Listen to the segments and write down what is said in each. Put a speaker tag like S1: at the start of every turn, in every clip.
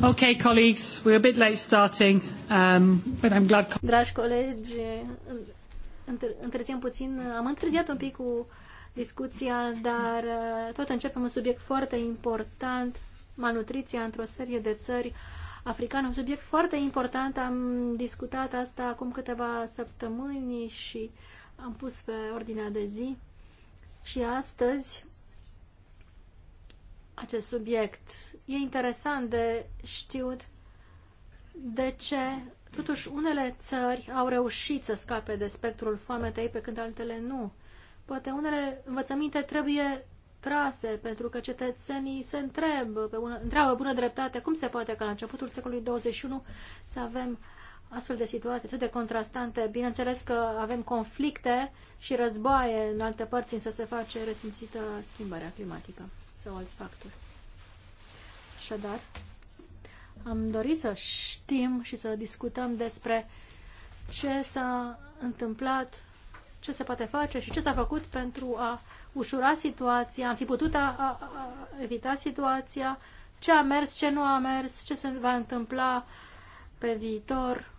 S1: Okay, colleagues, we're a bit late starting, um, but I'm glad... Dragi
S2: colegi, întârziem puțin. Am întârziat un pic cu discuția, dar uh, tot începem un subiect foarte important, malnutriția într-o serie de țări africane. Un subiect foarte important, am discutat asta acum câteva săptămâni și am pus pe ordinea de zi. Și astăzi acest subiect. E interesant de știut de ce totuși unele țări au reușit să scape de spectrul foametei pe când altele nu. Poate unele învățăminte trebuie trase pentru că cetățenii se întreb, pe bună, întreabă bună dreptate cum se poate ca la începutul secolului 21 să avem astfel de situații atât de contrastante. Bineînțeles că avem conflicte și războaie în alte părți, însă se face resimțită schimbarea climatică sau alți factori. Așadar, am dorit să știm și să discutăm despre ce s-a întâmplat, ce se poate face și ce s-a făcut pentru a ușura situația, am fi putut a, a, a evita situația, ce a mers, ce nu a mers, ce se va întâmpla pe viitor,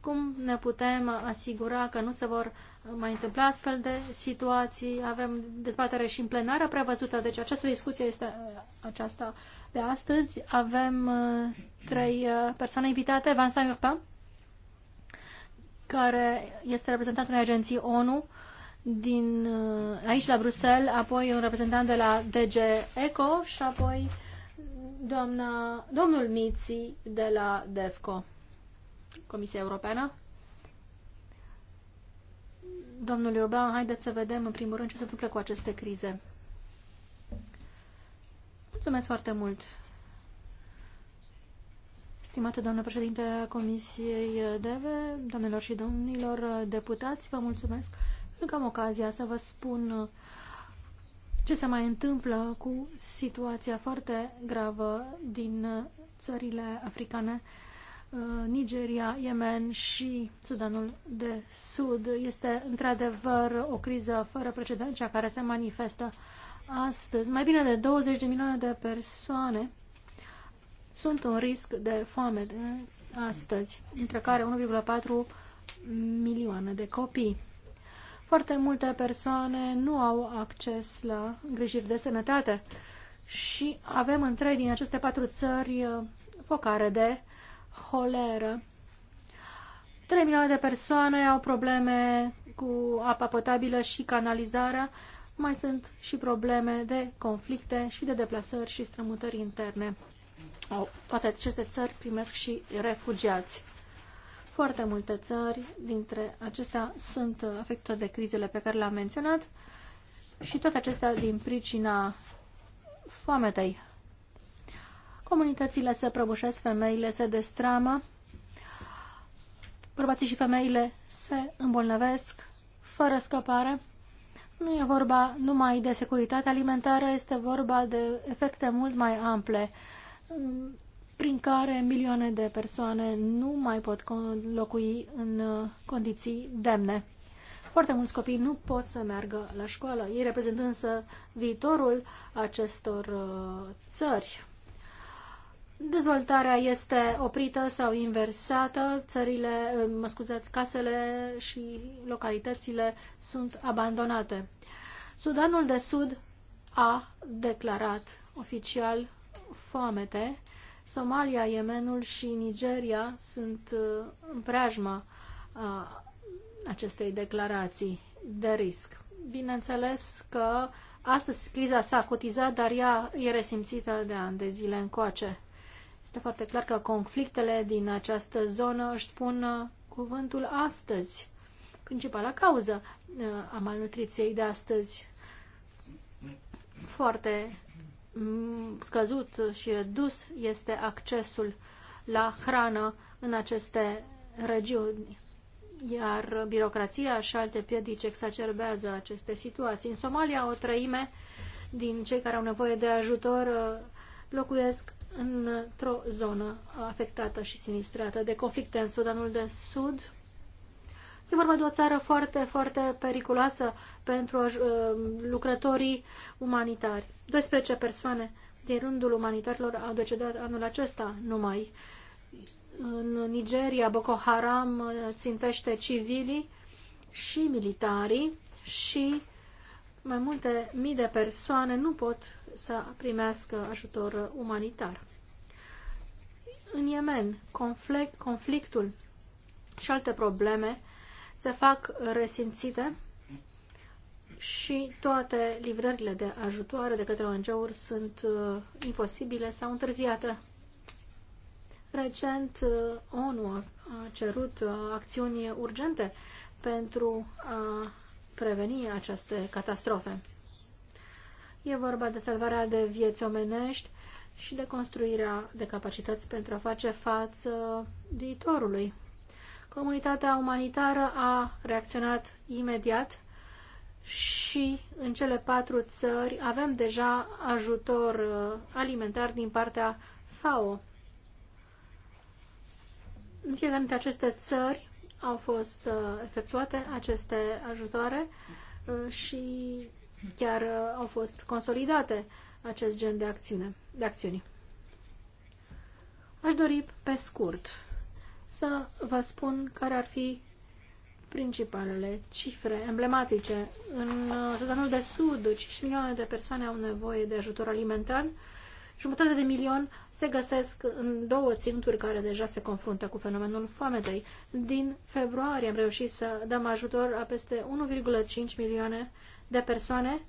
S2: cum ne putem asigura că nu se vor mai întâmpla astfel de situații. Avem dezbatere și în plenară prevăzută, deci această discuție este uh, aceasta de astăzi. Avem uh, trei uh, persoane invitate, Vincent Urpin, care este reprezentantul unei agenții ONU din aici la Bruxelles, apoi un reprezentant de la DG ECO și apoi doamna, domnul Miții de la DEFCO, Comisia Europeană. Domnule Urban, haideți să vedem în primul rând ce se întâmplă cu aceste crize. Mulțumesc foarte mult. Stimată doamnă președinte a Comisiei DEVE, domnilor și domnilor deputați, vă mulțumesc pentru că am ocazia să vă spun ce se mai întâmplă cu situația foarte gravă din țările africane Uh, Nigeria, Yemen și Sudanul de Sud. Este într-adevăr o criză fără precedent, cea care se manifestă astăzi. Mai bine de 20 de milioane de persoane sunt în risc de foame de astăzi, între care 1,4 milioane de copii. Foarte multe persoane nu au acces la îngrijiri de sănătate și avem în trei din aceste patru țări focare de holeră. 3 milioane de persoane au probleme cu apa potabilă și canalizarea. Mai sunt și probleme de conflicte și de deplasări și strămutări interne. Au, toate aceste țări primesc și refugiați. Foarte multe țări dintre acestea sunt afectate de crizele pe care le-am menționat și toate acestea din pricina foametei. Comunitățile se prăbușesc, femeile se destramă, bărbații și femeile se îmbolnăvesc fără scăpare. Nu e vorba numai de securitate alimentară, este vorba de efecte mult mai ample, prin care milioane de persoane nu mai pot locui în condiții demne. Foarte mulți copii nu pot să meargă la școală. Ei reprezintă însă viitorul acestor uh, țări dezvoltarea este oprită sau inversată, țările, eh, mă scuzați, casele și localitățile sunt abandonate. Sudanul de Sud a declarat oficial foamete. Somalia, Yemenul și Nigeria sunt eh, în preajma eh, acestei declarații de risc. Bineînțeles că astăzi criza s-a cotizat, dar ea e resimțită de ani de zile încoace. Este foarte clar că conflictele din această zonă își spun uh, cuvântul astăzi. Principala cauză uh, a malnutriției de astăzi. Foarte mm, scăzut și redus este accesul la hrană în aceste regiuni, iar birocrația și alte piedici exacerbează aceste situații. În Somalia, o treime din cei care au nevoie de ajutor uh, locuiesc într-o zonă afectată și sinistrată de conflicte în Sudanul de Sud. E vorba de o țară foarte, foarte periculoasă pentru uh, lucrătorii umanitari. 12 persoane din rândul umanitarilor au decedat anul acesta numai. În Nigeria, Boko Haram uh, țintește civilii și militarii și mai multe mii de persoane nu pot să primească ajutor umanitar. În Yemen, conflict, conflictul și alte probleme se fac resimțite și toate livrările de ajutoare de către ONG-uri sunt uh, imposibile sau întârziate. Recent, uh, ONU a, a cerut uh, acțiuni urgente pentru a preveni aceste catastrofe. E vorba de salvarea de vieți omenești și de construirea de capacități pentru a face față viitorului. Comunitatea umanitară a reacționat imediat și în cele patru țări avem deja ajutor uh, alimentar din partea FAO. În fiecare dintre aceste țări au fost uh, efectuate aceste ajutoare uh, și chiar uh, au fost consolidate acest gen de, acțiune, de acțiuni. Aș dori, pe scurt, să vă spun care ar fi principalele cifre emblematice. În uh, Sudanul de Sud, 5 milioane de persoane au nevoie de ajutor alimentar, jumătate de milion se găsesc în două ținuturi care deja se confruntă cu fenomenul foametei. Din februarie am reușit să dăm ajutor a peste 1,5 milioane de persoane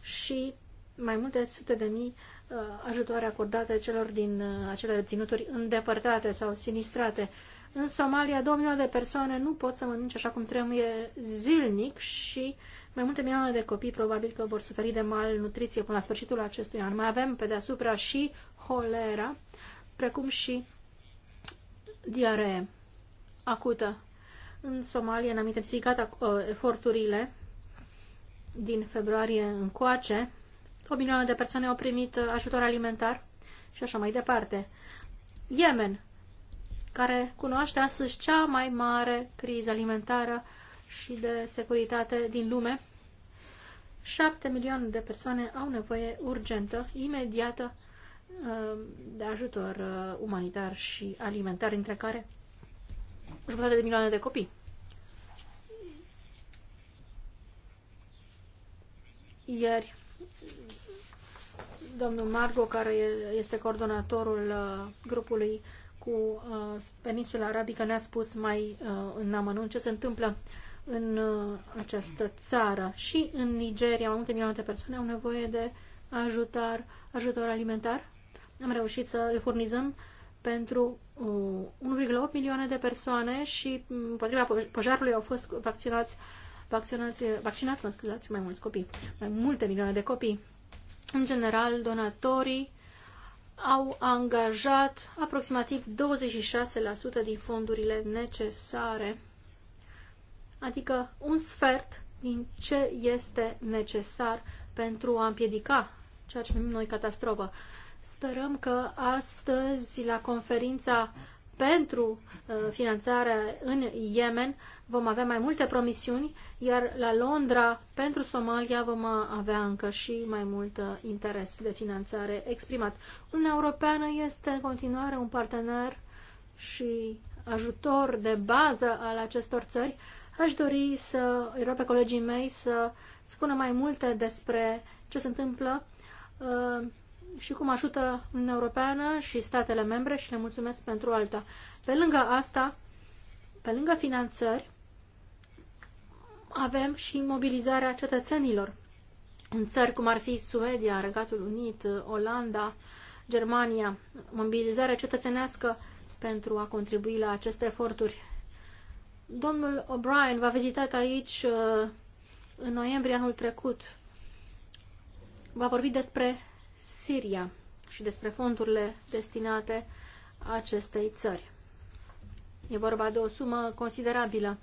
S2: și mai multe sute de mii uh, ajutoare acordate celor din uh, acele reținuturi îndepărtate sau sinistrate. În Somalia, 2 milioane de persoane nu pot să mănânce așa cum trebuie zilnic și mai multe milioane de copii probabil că vor suferi de malnutriție până la sfârșitul acestui an. Mai avem pe deasupra și holera, precum și diaree acută. În Somalia ne-am intensificat uh, eforturile din februarie încoace, o milioană de persoane au primit ajutor alimentar și așa mai departe. Yemen, care cunoaște astăzi cea mai mare criză alimentară și de securitate din lume, 7 milioane de persoane au nevoie urgentă, imediată, uh, de ajutor uh, umanitar și alimentar, între care jumătate de milioane de copii. Ieri, domnul Margo, care este coordonatorul uh, grupului cu uh, Peninsula Arabică, ne-a spus mai uh, în amănunt ce se întâmplă în această țară. Și în Nigeria, multe milioane de persoane au nevoie de ajutor, ajutor alimentar. Am reușit să le furnizăm pentru 1,8 milioane de persoane și mm, împotriva pojarului au fost vaccinați vaccinați, vaccinați mă scuzați, mai mulți copii, mai multe milioane de copii. În general, donatorii au angajat aproximativ 26% din fondurile necesare, adică un sfert din ce este necesar pentru a împiedica ceea ce numim noi catastrofă. Sperăm că astăzi, la conferința pentru uh, finanțarea în Yemen vom avea mai multe promisiuni, iar la Londra pentru Somalia vom avea încă și mai mult uh, interes de finanțare exprimat. Uniunea Europeană este în continuare un partener și ajutor de bază al acestor țări. Aș dori să îi rog pe colegii mei să spună mai multe despre ce se întâmplă uh, și cum ajută Uniunea Europeană și statele membre și le mulțumesc pentru alta. Pe lângă asta, pe lângă finanțări, avem și mobilizarea cetățenilor în țări cum ar fi Suedia, Regatul Unit, Olanda, Germania, mobilizarea cetățenească pentru a contribui la aceste eforturi. Domnul O'Brien v-a vizitat aici uh, în noiembrie anul trecut. Va vorbi despre Siria și despre fondurile destinate acestei țări. E vorba de o sumă considerabilă.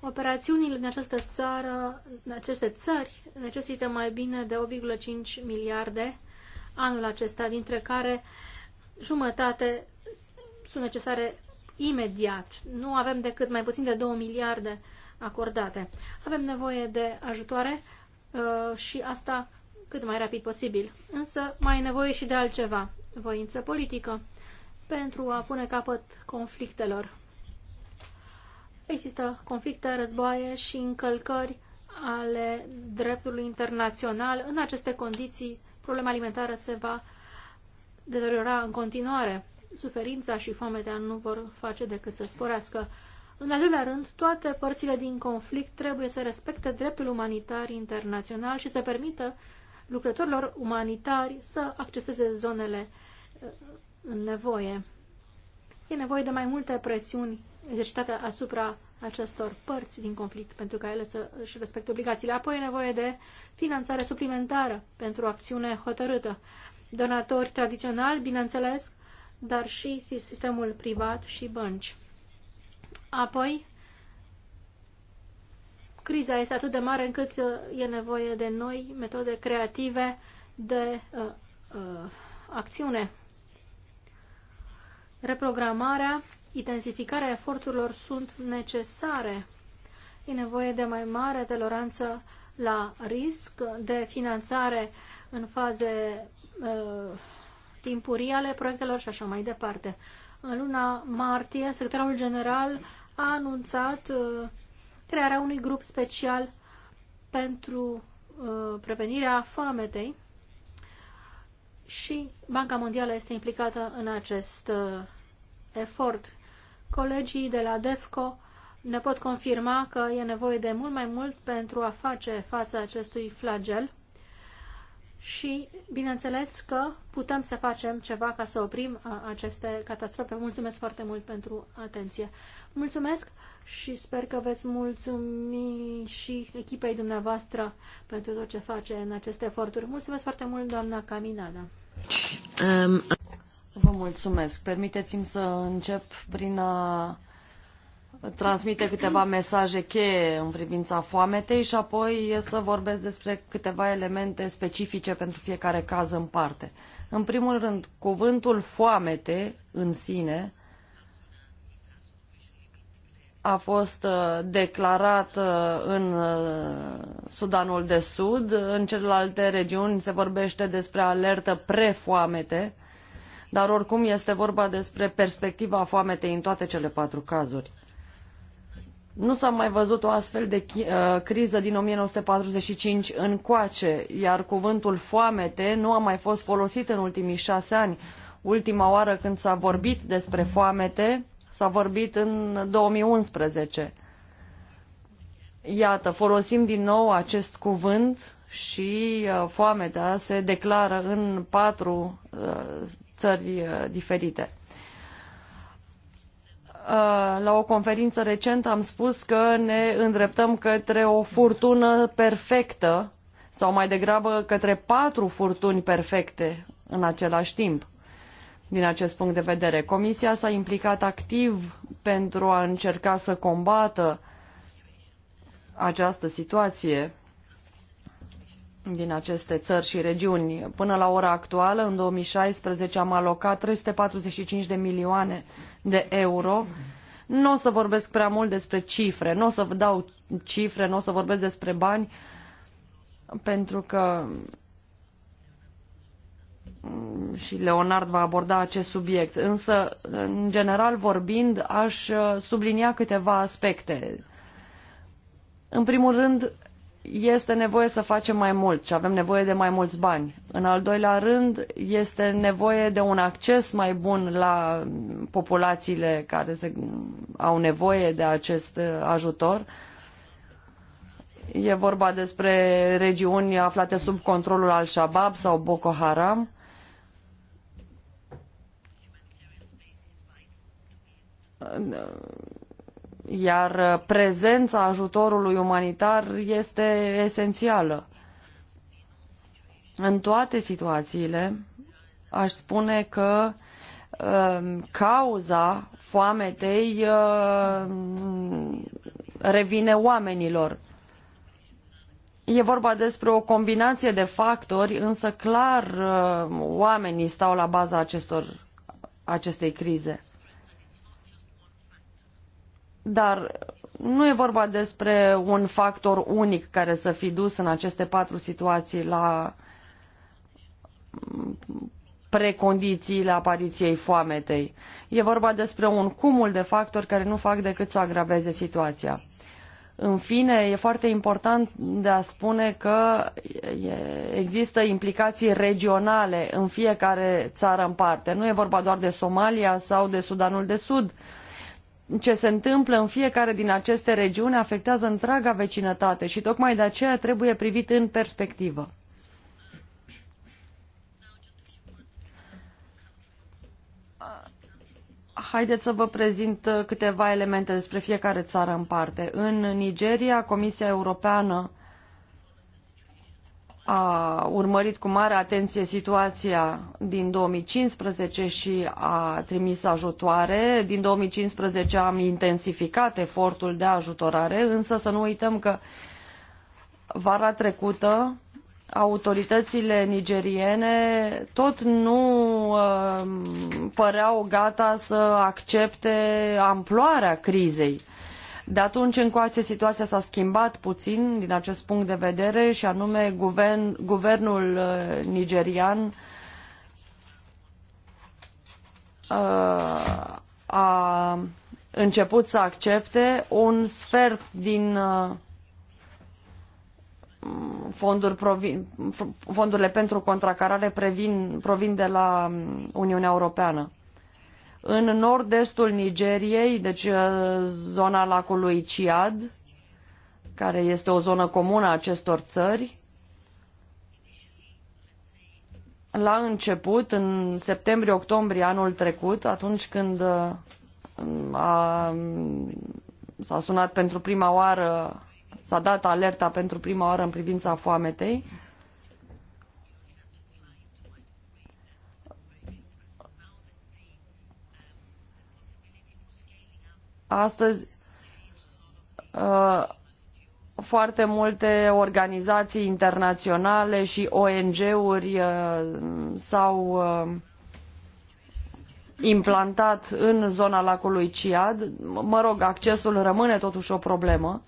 S2: Operațiunile în această țară, în aceste țări necesită mai bine de 8,5 miliarde anul acesta, dintre care jumătate sunt necesare imediat. Nu avem decât mai puțin de 2 miliarde acordate. Avem nevoie de ajutoare uh, și asta cât mai rapid posibil. Însă mai e nevoie și de altceva, voință politică, pentru a pune capăt conflictelor. Există conflicte, războaie și încălcări ale dreptului internațional. În aceste condiții, problema alimentară se va deteriora în continuare. Suferința și foametea nu vor face decât să sporească. În al doilea rând, toate părțile din conflict trebuie să respecte dreptul umanitar internațional și să permită lucrătorilor umanitari să acceseze zonele uh, în nevoie. E nevoie de mai multe presiuni exercitate asupra acestor părți din conflict pentru ca ele să își respecte obligațiile. Apoi e nevoie de finanțare suplimentară pentru acțiune hotărâtă. Donatori tradiționali, bineînțeles, dar și sistemul privat și bănci. Apoi, criza este atât de mare încât uh, e nevoie de noi metode creative de uh, uh, acțiune. Reprogramarea, intensificarea eforturilor sunt necesare. E nevoie de mai mare toleranță la risc, de finanțare în faze uh, timpurii ale proiectelor și așa mai departe. În luna martie, secretarul general a anunțat uh, crearea unui grup special pentru uh, prevenirea foametei și Banca Mondială este implicată în acest uh, efort. Colegii de la DEFCO ne pot confirma că e nevoie de mult mai mult pentru a face față acestui flagel și, bineînțeles, că putem să facem ceva ca să oprim aceste catastrofe. Mulțumesc foarte mult pentru atenție. Mulțumesc și sper că veți mulțumi și echipei dumneavoastră pentru tot ce face în aceste eforturi. Mulțumesc foarte mult, doamna Caminada.
S1: Um, Vă mulțumesc. Permiteți-mi să încep prin a transmite câteva mesaje cheie în privința foametei și apoi să vorbesc despre câteva elemente specifice pentru fiecare caz în parte. În primul rând, cuvântul foamete în sine a fost uh, declarat uh, în uh, Sudanul de Sud, în celelalte regiuni se vorbește despre alertă pre-foamete, dar oricum este vorba despre perspectiva foametei în toate cele patru cazuri. Nu s-a mai văzut o astfel de uh, criză din 1945 încoace, iar cuvântul foamete nu a mai fost folosit în ultimii șase ani. Ultima oară când s-a vorbit despre foamete, s-a vorbit în 2011. Iată, folosim din nou acest cuvânt și uh, foamea se declară în patru uh, țări uh, diferite. Uh, la o conferință recentă am spus că ne îndreptăm către o furtună perfectă sau mai degrabă către patru furtuni perfecte în același timp. Din acest punct de vedere, Comisia s-a implicat activ pentru a încerca să combată această situație din aceste țări și regiuni. Până la ora actuală, în 2016, am alocat 345 de milioane de euro. Nu o să vorbesc prea mult despre cifre, nu o să vă dau cifre, nu o să vorbesc despre bani, pentru că mm, și Leonard va aborda acest subiect. Însă, în general vorbind, aș uh, sublinia câteva aspecte. În primul rând, este nevoie să facem mai mult și avem nevoie de mai mulți bani. În al doilea rând, este nevoie de un acces mai bun la populațiile care se, au nevoie de acest ajutor. E vorba despre regiuni aflate sub controlul al Shabab sau Boko Haram iar prezența ajutorului umanitar este esențială. În toate situațiile, aș spune că um, cauza foametei um, revine oamenilor. E vorba despre o combinație de factori, însă clar um, oamenii stau la baza acestor, acestei crize. Dar nu e vorba despre un factor unic care să fi dus în aceste patru situații la precondițiile apariției foametei. E vorba despre un cumul de factori care nu fac decât să agraveze situația. În fine, e foarte important de a spune că există implicații regionale în fiecare țară în parte. Nu e vorba doar de Somalia sau de Sudanul de Sud, uh, ce se întâmplă în fiecare din aceste regiuni afectează întreaga vecinătate și tocmai de aceea trebuie privit în perspectivă. Haideți să vă prezint uh, câteva elemente despre fiecare țară în parte. În Nigeria, Comisia Europeană a urmărit cu mare atenție situația din 2015 și a trimis ajutoare. Din 2015 am intensificat efortul de ajutorare, însă să nu uităm că vara trecută autoritățile nigeriene tot nu um, păreau gata să accepte amploarea crizei de atunci încoace situația s-a schimbat puțin din acest punct de vedere și anume guvern, guvernul uh, nigerian uh, a început să accepte un sfert din uh, fonduri provin, fondurile pentru contracarare previn, provin de la Uniunea Europeană în nord-estul Nigeriei, deci uh, zona lacului Ciad, care este o zonă comună a acestor țări. La început, în septembrie-octombrie anul trecut, atunci când uh, a, s-a sunat pentru prima oară, s-a dat alerta pentru prima oară în privința foametei, Astăzi uh, foarte multe organizații internaționale și ONG-uri uh, s-au uh, implantat în zona lacului Ciad. Mă rog, accesul rămâne totuși o problemă.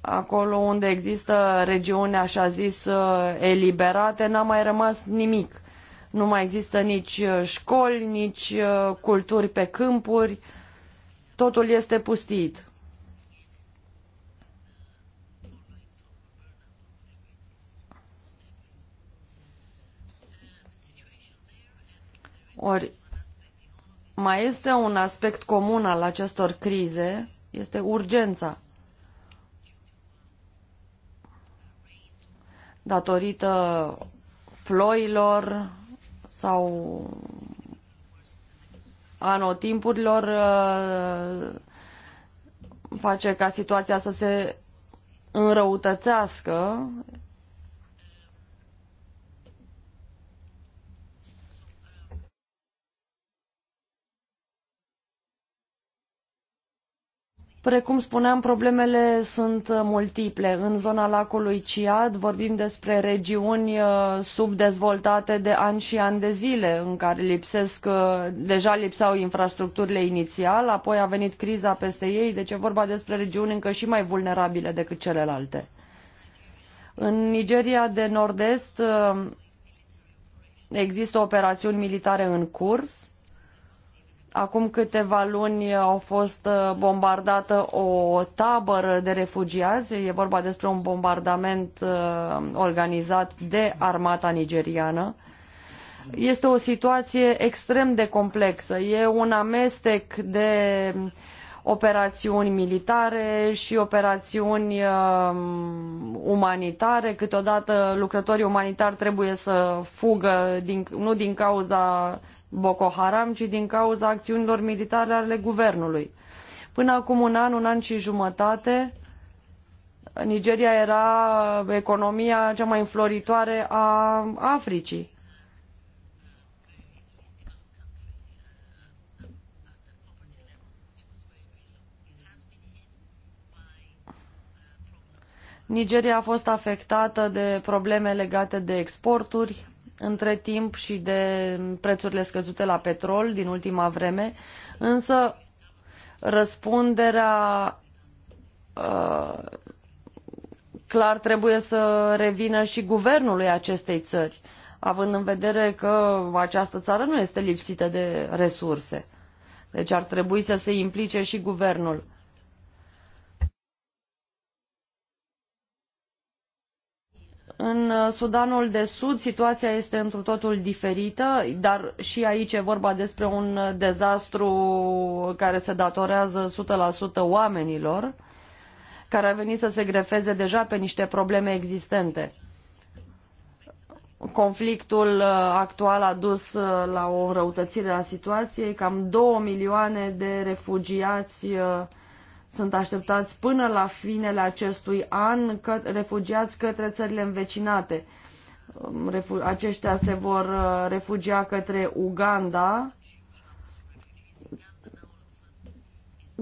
S1: Acolo unde există regiuni, așa zis, eliberate, n-a mai rămas nimic. Nu mai există nici uh, școli, nici uh, culturi pe câmpuri. Totul este pustit. Ori mai este un aspect comun al acestor crize, este urgența. Datorită ploilor, sau anotimpurilor uh, face ca situația să se înrăutățească Precum spuneam, problemele sunt uh, multiple. În zona lacului Ciad vorbim despre regiuni uh, subdezvoltate de ani și ani de zile, în care lipsesc, uh, deja lipsau infrastructurile inițial, apoi a venit criza peste ei, deci e vorba despre regiuni încă și mai vulnerabile decât celelalte. În Nigeria de nord-est există operațiuni militare în curs, Acum câteva luni au fost uh, bombardată o tabără de refugiați. E vorba despre un bombardament uh, organizat de armata nigeriană. Este o situație extrem de complexă. E un amestec de operațiuni militare și operațiuni um, umanitare. Câteodată lucrătorii umanitari trebuie să fugă din, nu din cauza uh, Boko Haram, ci din cauza acțiunilor militare ale guvernului. Până acum un an, un an și jumătate, Nigeria era economia cea mai înfloritoare a Africii. Nigeria a fost afectată de probleme legate de exporturi, între timp și de prețurile scăzute la petrol din ultima vreme, însă răspunderea uh, clar trebuie să revină și guvernului acestei țări, având în vedere că această țară nu este lipsită de resurse. Deci ar trebui să se implice și guvernul. În uh, Sudanul de Sud situația este întru totul diferită, dar și aici e vorba despre un uh, dezastru care se datorează 100% oamenilor care au venit să se grefeze deja pe niște probleme existente. Conflictul uh, actual a dus la o înrăutățire a situației, cam 2 milioane de refugiați sunt așteptați până la finele acestui an că, refugiați către țările învecinate. Um, refu, aceștia se vor uh, refugia către Uganda,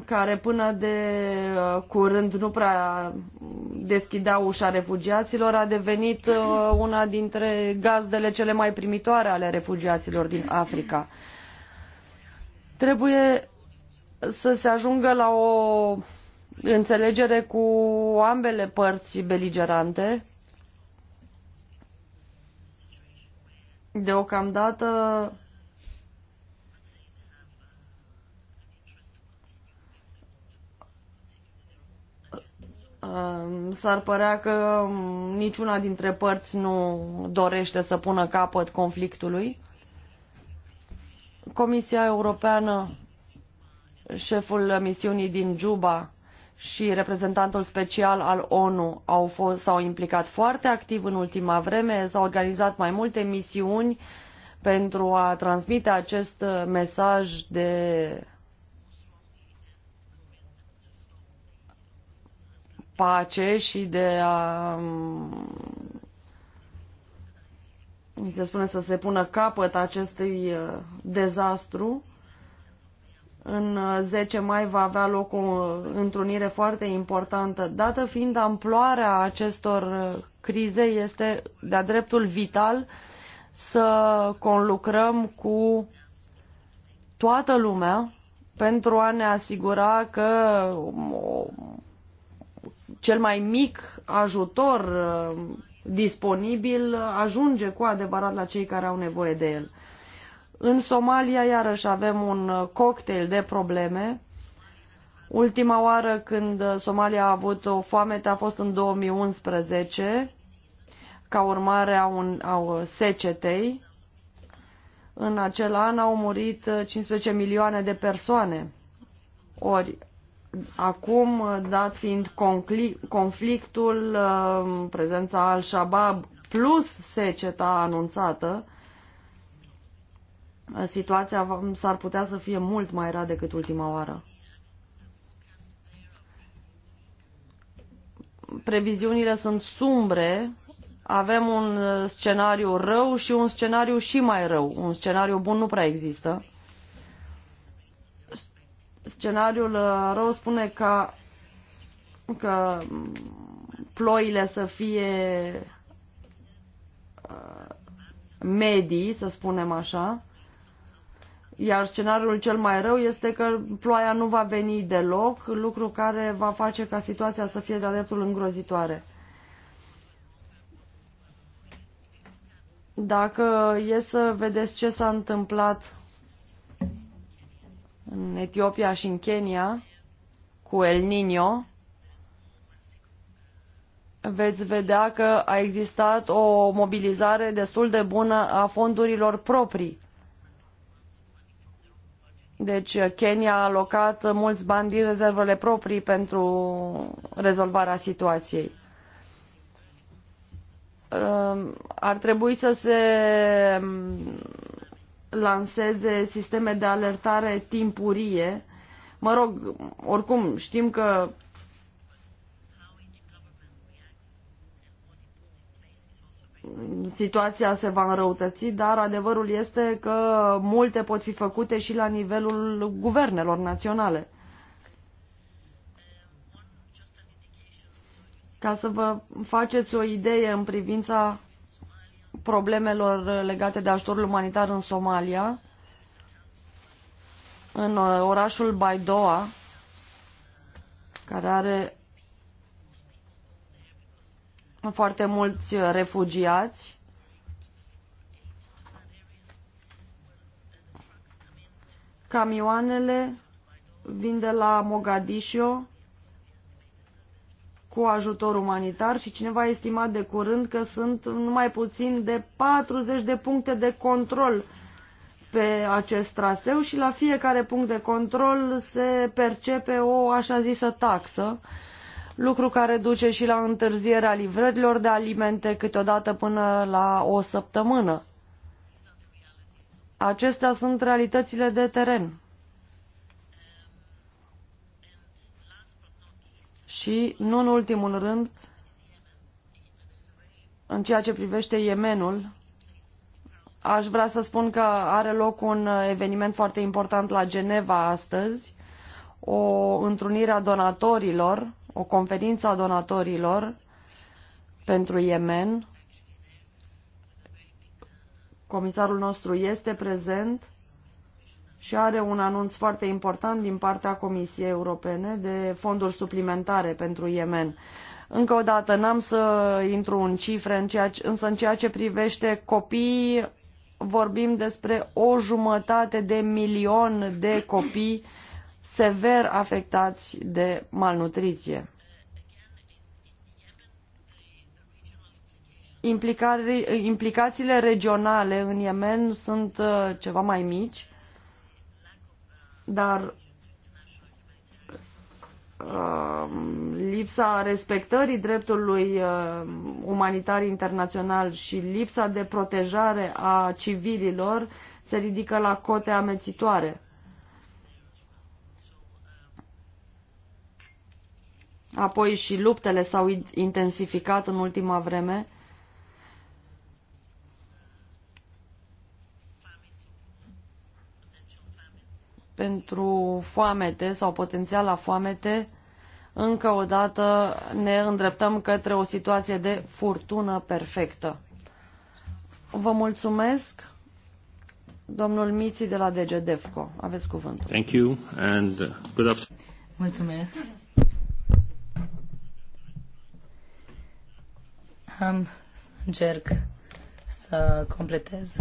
S1: care până de uh, curând nu prea deschidea ușa refugiaților, a devenit uh, una dintre gazdele cele mai primitoare ale refugiaților din Africa. Trebuie să se ajungă la o înțelegere cu ambele părți beligerante. Deocamdată um, s-ar părea că niciuna dintre părți nu dorește să pună capăt conflictului. Comisia Europeană șeful misiunii din Juba și reprezentantul special al ONU au fost, s-au implicat foarte activ în ultima vreme, s-au organizat mai multe misiuni pentru a transmite acest mesaj de pace și de a mi se spune să se pună capăt acestui uh, dezastru în 10 uh, mai va avea loc o întrunire foarte importantă. Dată fiind amploarea acestor uh, crize, este de-a dreptul vital să conlucrăm cu toată lumea pentru a ne asigura că um, cel mai mic ajutor uh, disponibil ajunge cu adevărat la cei care au nevoie de el. În Somalia, iarăși, avem un uh, cocktail de probleme. Ultima oară când uh, Somalia a avut o foamete a fost în 2011, ca urmare a, un, a uh, secetei. În acel an au murit 15 milioane de persoane. Ori acum, dat fiind conflictul, prezența al-Shabaab plus seceta anunțată, situația s-ar putea să fie mult mai rea decât ultima oară. Previziunile sunt sumbre, avem un uh, scenariu rău și un scenariu și mai rău. Un scenariu bun nu prea există. Scenariul uh, rău spune că, că ploile să fie uh, medii, să spunem așa, iar scenariul cel mai rău este că ploaia nu va veni deloc, lucru care va face ca situația să fie de-a dreptul îngrozitoare. Dacă e să vedeți ce s-a întâmplat în Etiopia și în Kenya cu El Nino, veți vedea că a existat o mobilizare destul de bună a fondurilor proprii deci uh, Kenya a alocat mulți bani din rezervele proprii pentru rezolvarea situației. Uh, ar trebui să se um, lanseze sisteme de alertare timpurie. Mă rog, oricum știm că situația se va înrăutăți, dar adevărul este că multe pot fi făcute și la nivelul guvernelor naționale. Ca să vă faceți o idee în privința problemelor legate de ajutorul umanitar în Somalia, în orașul Baidoa, care are foarte mulți uh, refugiați. Camioanele vin de la Mogadiscio cu ajutor umanitar și cineva a estimat de curând că sunt numai puțin de 40 de puncte de control pe acest traseu și la fiecare punct de control se percepe o așa zisă taxă lucru care duce și la întârzierea livrărilor de alimente câteodată până la o săptămână. Acestea sunt realitățile de teren. Și, nu în ultimul rând, în ceea ce privește Yemenul, aș vrea să spun că are loc un eveniment foarte important la Geneva astăzi, o întrunire a donatorilor o conferință a donatorilor pentru Yemen. Comisarul nostru este prezent și are un anunț foarte important din partea Comisiei Europene de fonduri suplimentare pentru Yemen. Încă o dată, n-am să intru în cifre, în ceea ce, însă în ceea ce privește copiii, vorbim despre o jumătate de milion de copii sever afectați de malnutriție. Implicare, implicațiile regionale în Yemen sunt uh, ceva mai mici, dar uh, lipsa respectării dreptului uh, umanitar internațional și lipsa de protejare a civililor se ridică la cote amețitoare. Apoi și luptele s-au intensificat în ultima vreme. pentru foamete sau potențiala foamete, încă o dată ne îndreptăm către o situație de furtună perfectă. Vă mulțumesc, domnul Miții de la DGDEFCO. Aveți cuvântul. Thank you and good afternoon.
S3: Mulțumesc. Am să încerc să completez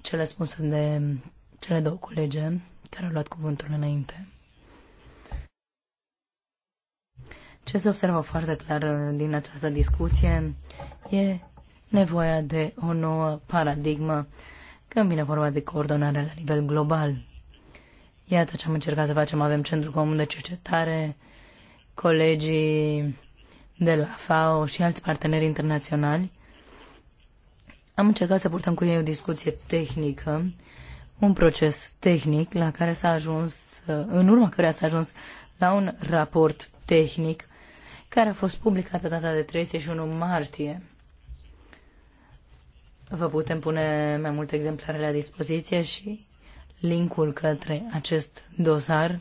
S3: cele spuse de cele două colege care au luat cuvântul înainte. Ce se observă foarte clar din această discuție e nevoia de o nouă paradigmă când vine vorba de coordonare la nivel global. Iată ce am încercat să facem. Avem Centrul Comun de Cercetare, colegii de la FAO și alți parteneri internaționali. Am încercat să purtăm cu ei o discuție tehnică, un proces tehnic la care s-a ajuns, în urma căreia s-a ajuns la un raport tehnic care a fost publicat pe data de 31 martie. Vă putem pune mai multe exemplare la dispoziție și linkul către acest dosar.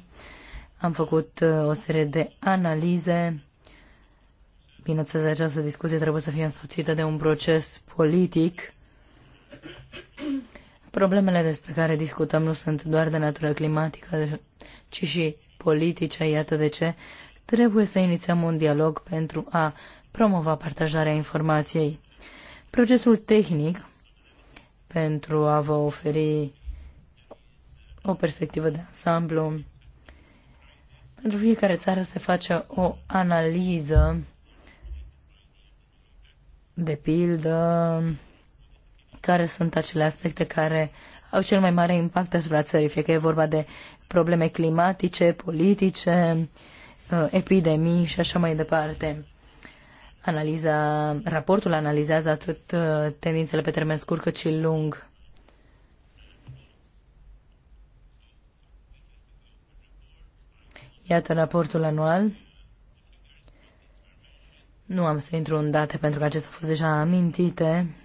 S3: Am făcut uh, o serie de analize Bineînțeles, această discuție trebuie să fie însoțită de un proces politic. Problemele despre care discutăm nu sunt doar de natură climatică, ci și politice, iată de ce. Trebuie să inițiem un dialog pentru a promova partajarea informației. Procesul tehnic pentru a vă oferi o perspectivă de ansamblu. Pentru fiecare țară se face o analiză de pildă, care sunt acele aspecte care au cel mai mare impact asupra țării, fie că e vorba de probleme climatice, politice, uh, epidemii și așa mai departe. Analiza, raportul analizează atât uh, tendințele pe termen scurt cât și lung. Iată raportul anual nu am să intru în date pentru că acestea au fost deja amintite.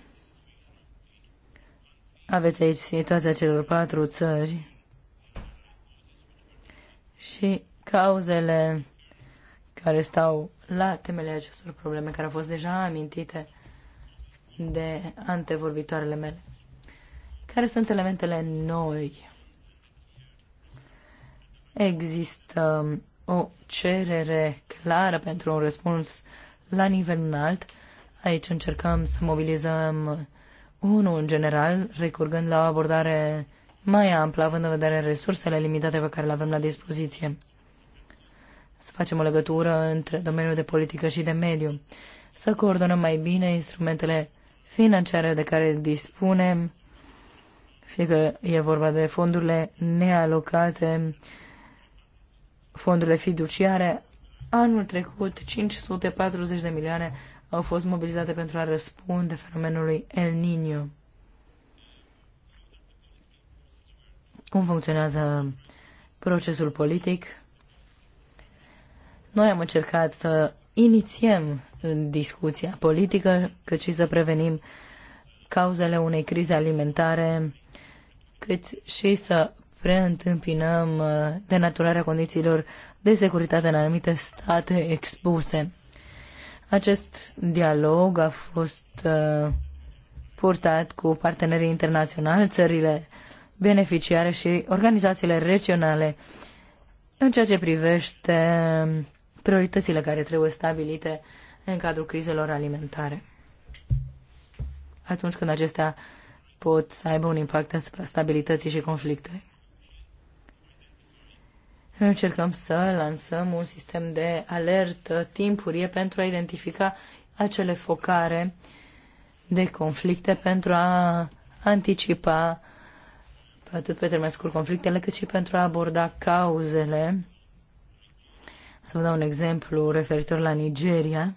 S3: Aveți aici situația celor patru țări și cauzele care stau la temele acestor probleme care au fost deja amintite de antevorbitoarele mele. Care sunt elementele noi? Există o cerere clară pentru un răspuns uh, la nivel înalt. Aici încercăm să mobilizăm unul în general, recurgând la o abordare mai amplă, având în vedere resursele limitate pe care le avem la dispoziție. Să facem o legătură între domeniul de politică și de mediu. Să coordonăm mai bine instrumentele financiare de care dispunem, fie că e vorba de fondurile nealocate, fondurile fiduciare, Anul trecut, 540 de milioane au fost mobilizate pentru a răspunde fenomenului El Niño. Cum funcționează procesul politic? Noi am încercat să inițiem discuția politică, cât și să prevenim cauzele unei crize alimentare, cât și să preîntâmpinăm uh, denaturarea condițiilor de securitate în anumite state expuse. Acest dialog a fost uh, purtat cu partenerii internaționali, țările beneficiare și organizațiile regionale în ceea ce privește prioritățile care trebuie stabilite în cadrul crizelor alimentare. Atunci când acestea pot să aibă un impact asupra stabilității și conflictului încercăm să lansăm un sistem de alertă timpurie pentru a identifica acele focare de conflicte, pentru a anticipa atât pe termen scurt conflictele, cât și pentru a aborda cauzele. Să vă dau un exemplu referitor la Nigeria.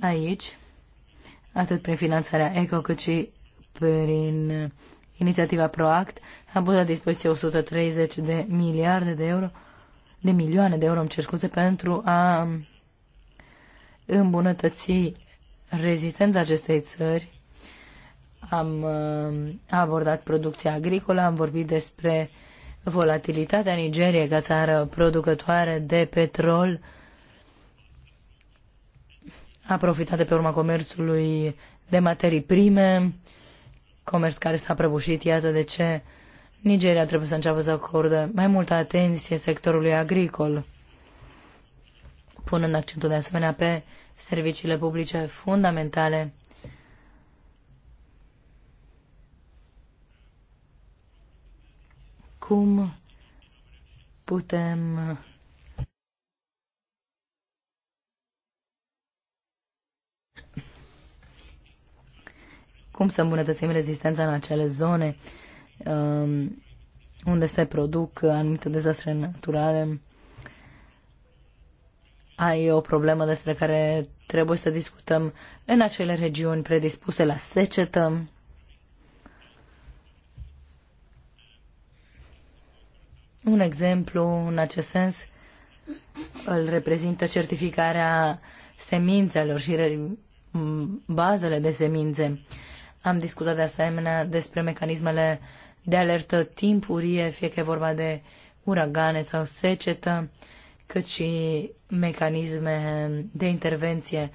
S3: Aici, atât prin finanțarea ECO, cât și prin inițiativa ProAct, a pus la dispoziție 130 de miliarde de euro, de milioane de euro, îmi cer scuze, pentru a îmbunătăți rezistența acestei țări. Am uh, abordat producția agricolă, am vorbit despre volatilitatea Nigeriei ca țară producătoare de petrol, a profitat de pe urma comerțului de materii prime, comerț care s-a prăbușit. Iată de ce Nigeria trebuie să înceapă să acorde mai multă atenție sectorului agricol, punând accentul de asemenea pe serviciile publice fundamentale cum putem cum să îmbunătățim rezistența în acele zone um, unde se produc anumite dezastre naturale. Ai o problemă despre care trebuie să discutăm în acele regiuni predispuse la secetă. Un exemplu în acest sens îl reprezintă certificarea semințelor și bazele de semințe. Am discutat de asemenea despre mecanismele de alertă timpurie, fie că e vorba de uragane sau secetă, cât și mecanisme de intervenție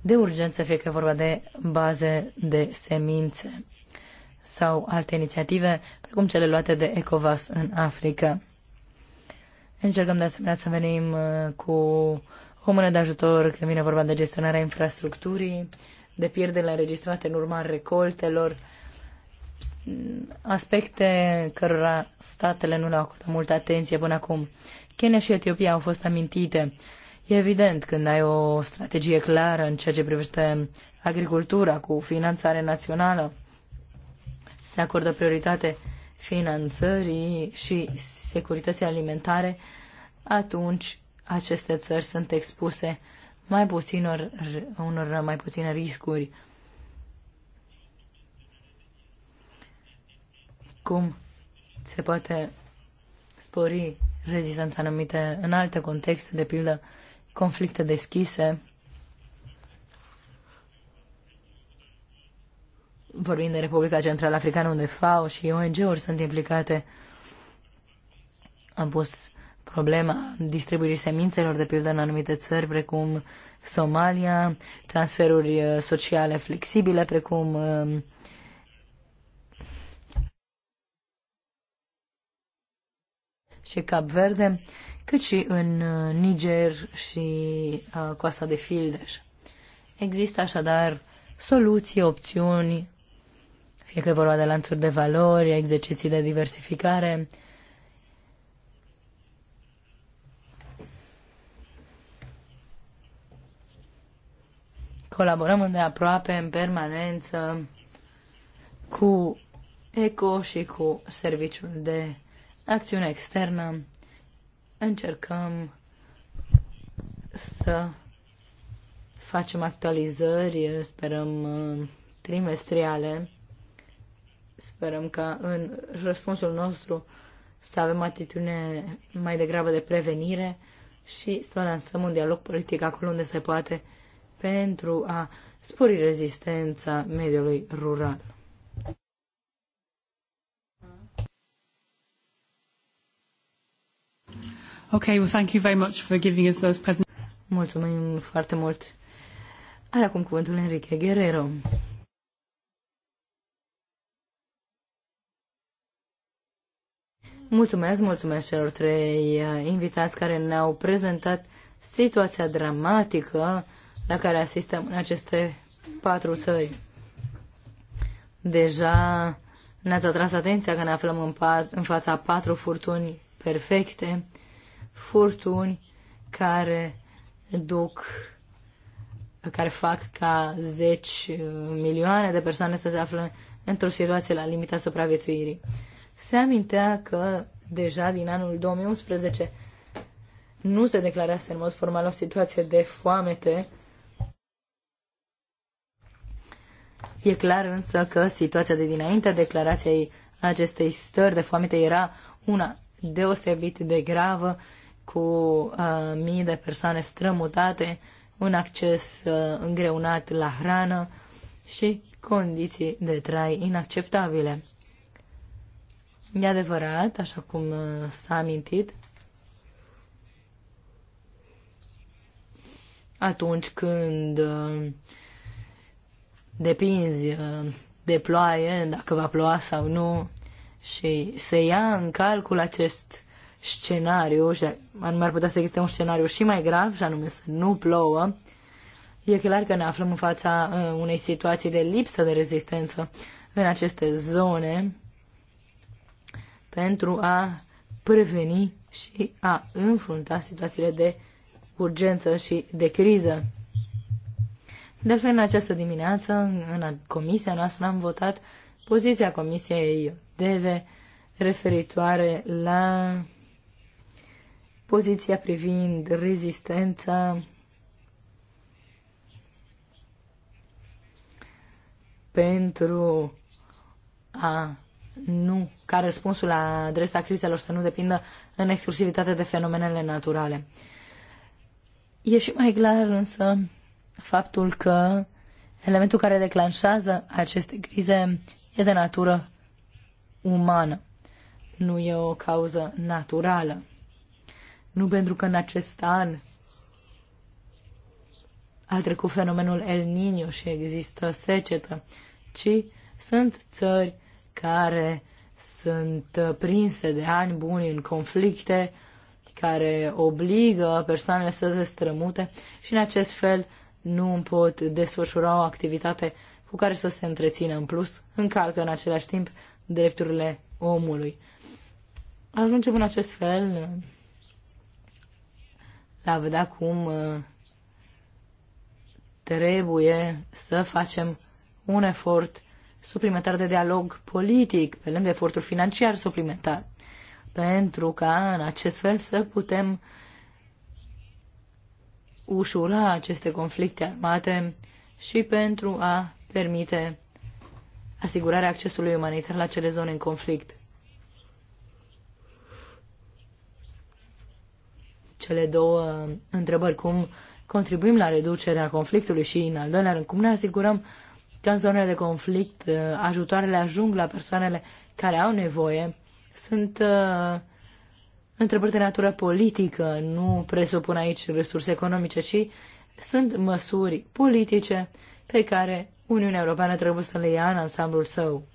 S3: de urgență, fie că e vorba de baze de semințe sau alte inițiative, precum cele luate de ECOVAS în Africa. Încercăm de asemenea să venim uh, cu o mână de ajutor când vine vorba de gestionarea infrastructurii, de pierderile înregistrate în urma recoltelor, aspecte cărora statele nu le-au acordat multă atenție până acum. Kenya și Etiopia au fost amintite. E evident, când ai o strategie clară în ceea ce privește agricultura cu finanțare națională, se acordă prioritate finanțării și securității alimentare, atunci aceste țări sunt expuse mai or, unor mai puține riscuri. Cum se poate spori rezistența în, anumite, în alte contexte, de pildă conflicte deschise, vorbind de Republica Central Africană, unde FAO și ONG-uri sunt implicate, am pus problema distribuirii semințelor, de pildă, în anumite țări, precum Somalia, transferuri uh, sociale flexibile, precum um, și Cap Verde, cât și în uh, Niger și uh, Coasta de Fildeș. Există așadar soluții, opțiuni, fie că e vorba de lanțuri de valori, exerciții de diversificare, Colaborăm îndeaproape, în permanență, cu ECO și cu Serviciul de Acțiune Externă. Încercăm să facem actualizări, sperăm uh, trimestriale. Sperăm că în răspunsul nostru să avem atitudine mai degrabă de prevenire și să lansăm un dialog politic acolo unde se poate pentru a spori rezistența mediului rural. Okay, well, thank you very much for giving us those presents. Mulțumim foarte mult. Are acum cuvântul Enrique Guerrero. Mulțumesc, mulțumesc celor trei invitați care ne-au prezentat situația dramatică la care asistăm în aceste patru țări. Deja ne-ați atras atenția că ne aflăm în, pat, în fața patru furtuni perfecte, furtuni care duc care fac ca zeci uh, milioane de persoane să se află într-o situație la limita supraviețuirii. Se amintea că deja din anul 2011 nu se declarase în mod formal o situație de foamete E clar însă că situația de dinainte declarației acestei stări de foamete era una deosebit de gravă, cu uh, mii de persoane strămutate, un acces uh, îngreunat la hrană și condiții de trai inacceptabile. E adevărat, așa cum uh, s-a amintit, atunci când uh, depinzi uh, de ploaie, dacă va ploua sau nu, și se ia în calcul acest scenariu, și anume ar putea să existe un scenariu și mai grav, și anume să nu plouă, e clar că ne aflăm în fața uh, unei situații de lipsă de rezistență în aceste zone pentru a preveni și a înfrunta situațiile de urgență și de criză. De altfel, în această dimineață, în comisia noastră, am votat poziția comisiei DEVE referitoare la poziția privind rezistența pentru a nu, ca răspunsul la adresa crizelor să nu depindă în exclusivitate de fenomenele naturale. E și mai clar însă faptul că elementul care declanșează aceste crize e de natură umană. Nu e o cauză naturală. Nu pentru că în acest an a trecut fenomenul El Niño și există secetă, ci sunt țări care sunt prinse de ani buni în conflicte, care obligă persoanele să se strămute și în acest fel nu îmi pot desfășura o activitate cu care să se întrețină în plus, încalcă în același timp drepturile omului. Ajungem în acest fel uh, la vedea cum uh, trebuie să facem un efort suplimentar de dialog politic, pe lângă efortul financiar suplimentar, pentru ca în acest fel să putem uh, ușura aceste conflicte armate și pentru a permite asigurarea accesului umanitar la cele zone în conflict. Cele două întrebări, cum contribuim la reducerea conflictului și, în al doilea rând, cum ne asigurăm că în zonele de conflict uh, ajutoarele ajung la persoanele care au nevoie, sunt uh, întrebări de natură politică, nu presupun aici resurse economice, ci sunt măsuri politice pe care Uniunea Europeană trebuie să le ia în ansamblul său.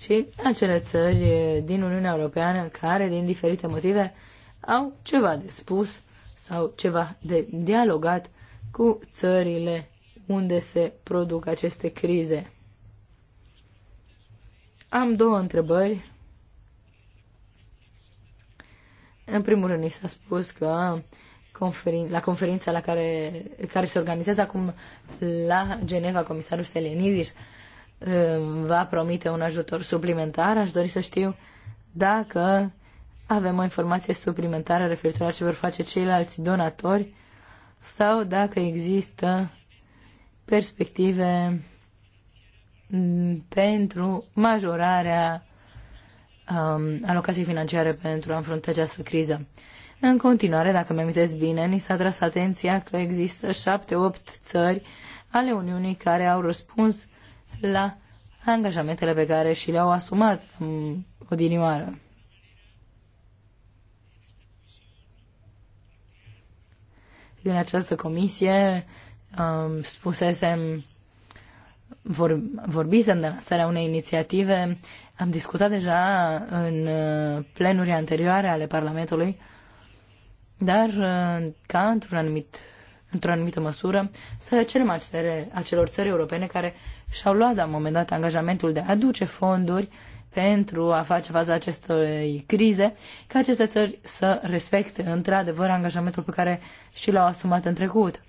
S3: Și acele țări din Uniunea Europeană care, din diferite motive, au ceva de spus sau ceva de dialogat cu țările unde se produc aceste crize. Am două întrebări În primul rând, ni s-a spus că conferin, la conferința la care, care se organizează acum la Geneva, comisarul Selenidis um, va promite un ajutor suplimentar. Aș dori să știu dacă avem o informație suplimentară referitor la ce vor face ceilalți donatori sau dacă există perspective pentru majorarea um, alocații financiare pentru a înfrunta această criză. În continuare, dacă mi amintesc bine, ni s-a tras atenția că există șapte-opt țări ale Uniunii care au răspuns la angajamentele pe care și le-au asumat um, odinioară. În această comisie um, spusesem vor, vorbisem de lansarea unei inițiative, am discutat deja în uh, plenuri anterioare ale Parlamentului, dar uh, ca într-un anumit, într-o anumită măsură să le cerem acele, acelor țări europene care și-au luat la un moment dat angajamentul de a aduce fonduri pentru a face față acestei crize, ca aceste țări să respecte într-adevăr angajamentul pe care și l-au asumat în trecut.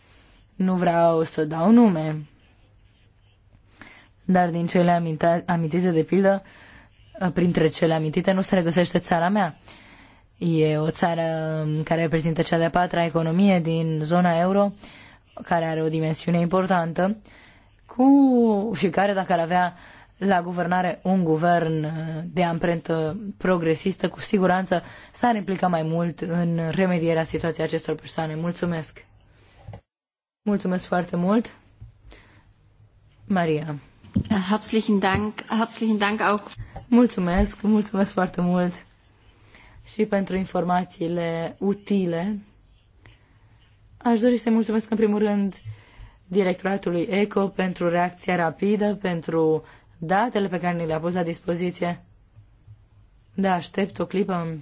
S3: Nu vreau să dau nume, dar din cele aminte, amintite de pildă, printre cele amintite nu se regăsește țara mea. E o țară care reprezintă cea de-a patra economie din zona euro, care are o dimensiune importantă cu, și care, dacă ar avea la guvernare un guvern de amprentă progresistă, cu siguranță s-ar implica mai mult în remedierea situației acestor persoane. Mulțumesc! Mulțumesc foarte mult! Maria. Äh, herzlichen Dank, herzlichen Dank auch. Mulțumesc, mulțumesc foarte mult și pentru informațiile utile. Aș dori să mulțumesc în primul rând directoratului ECO pentru reacția rapidă, pentru datele pe care ni le-a pus la dispoziție. Da, aștept o clipă.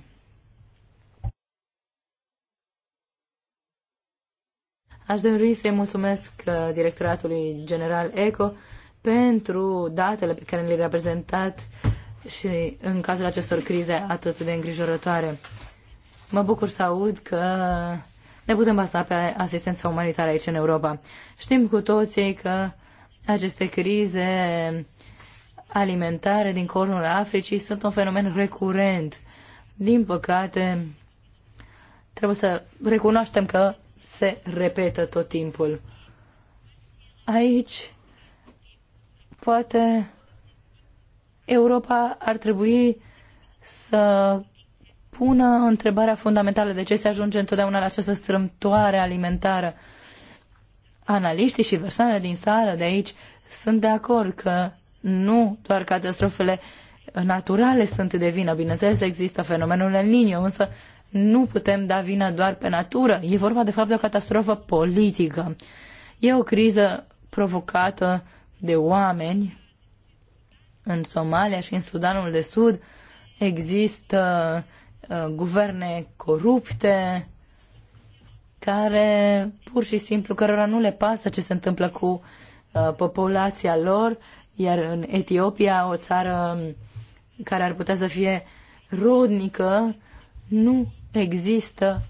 S3: Aș dori să-i mulțumesc uh, directoratului general ECO pentru datele pe care le-a prezentat și în cazul acestor crize atât de îngrijorătoare. Mă bucur să aud că ne putem baza pe asistența umanitară aici în Europa. Știm cu toții că aceste crize alimentare din cornul Africii sunt un fenomen recurent. Din păcate, trebuie să recunoaștem că se repetă tot timpul. Aici Poate Europa ar trebui să pună întrebarea fundamentală de ce se ajunge întotdeauna la această strâmtoare alimentară. Analiștii și persoanele din sală de aici sunt de acord că nu doar catastrofele naturale sunt de vină. Bineînțeles, există fenomenul El Niño, însă nu putem da vina doar pe natură. E vorba, de fapt, de o catastrofă politică. E o criză provocată de oameni în Somalia și în Sudanul de Sud există uh, guverne corupte care pur și simplu cărora nu le pasă ce se întâmplă cu uh, populația lor, iar în Etiopia, o țară um, care ar putea să fie rodnică, nu există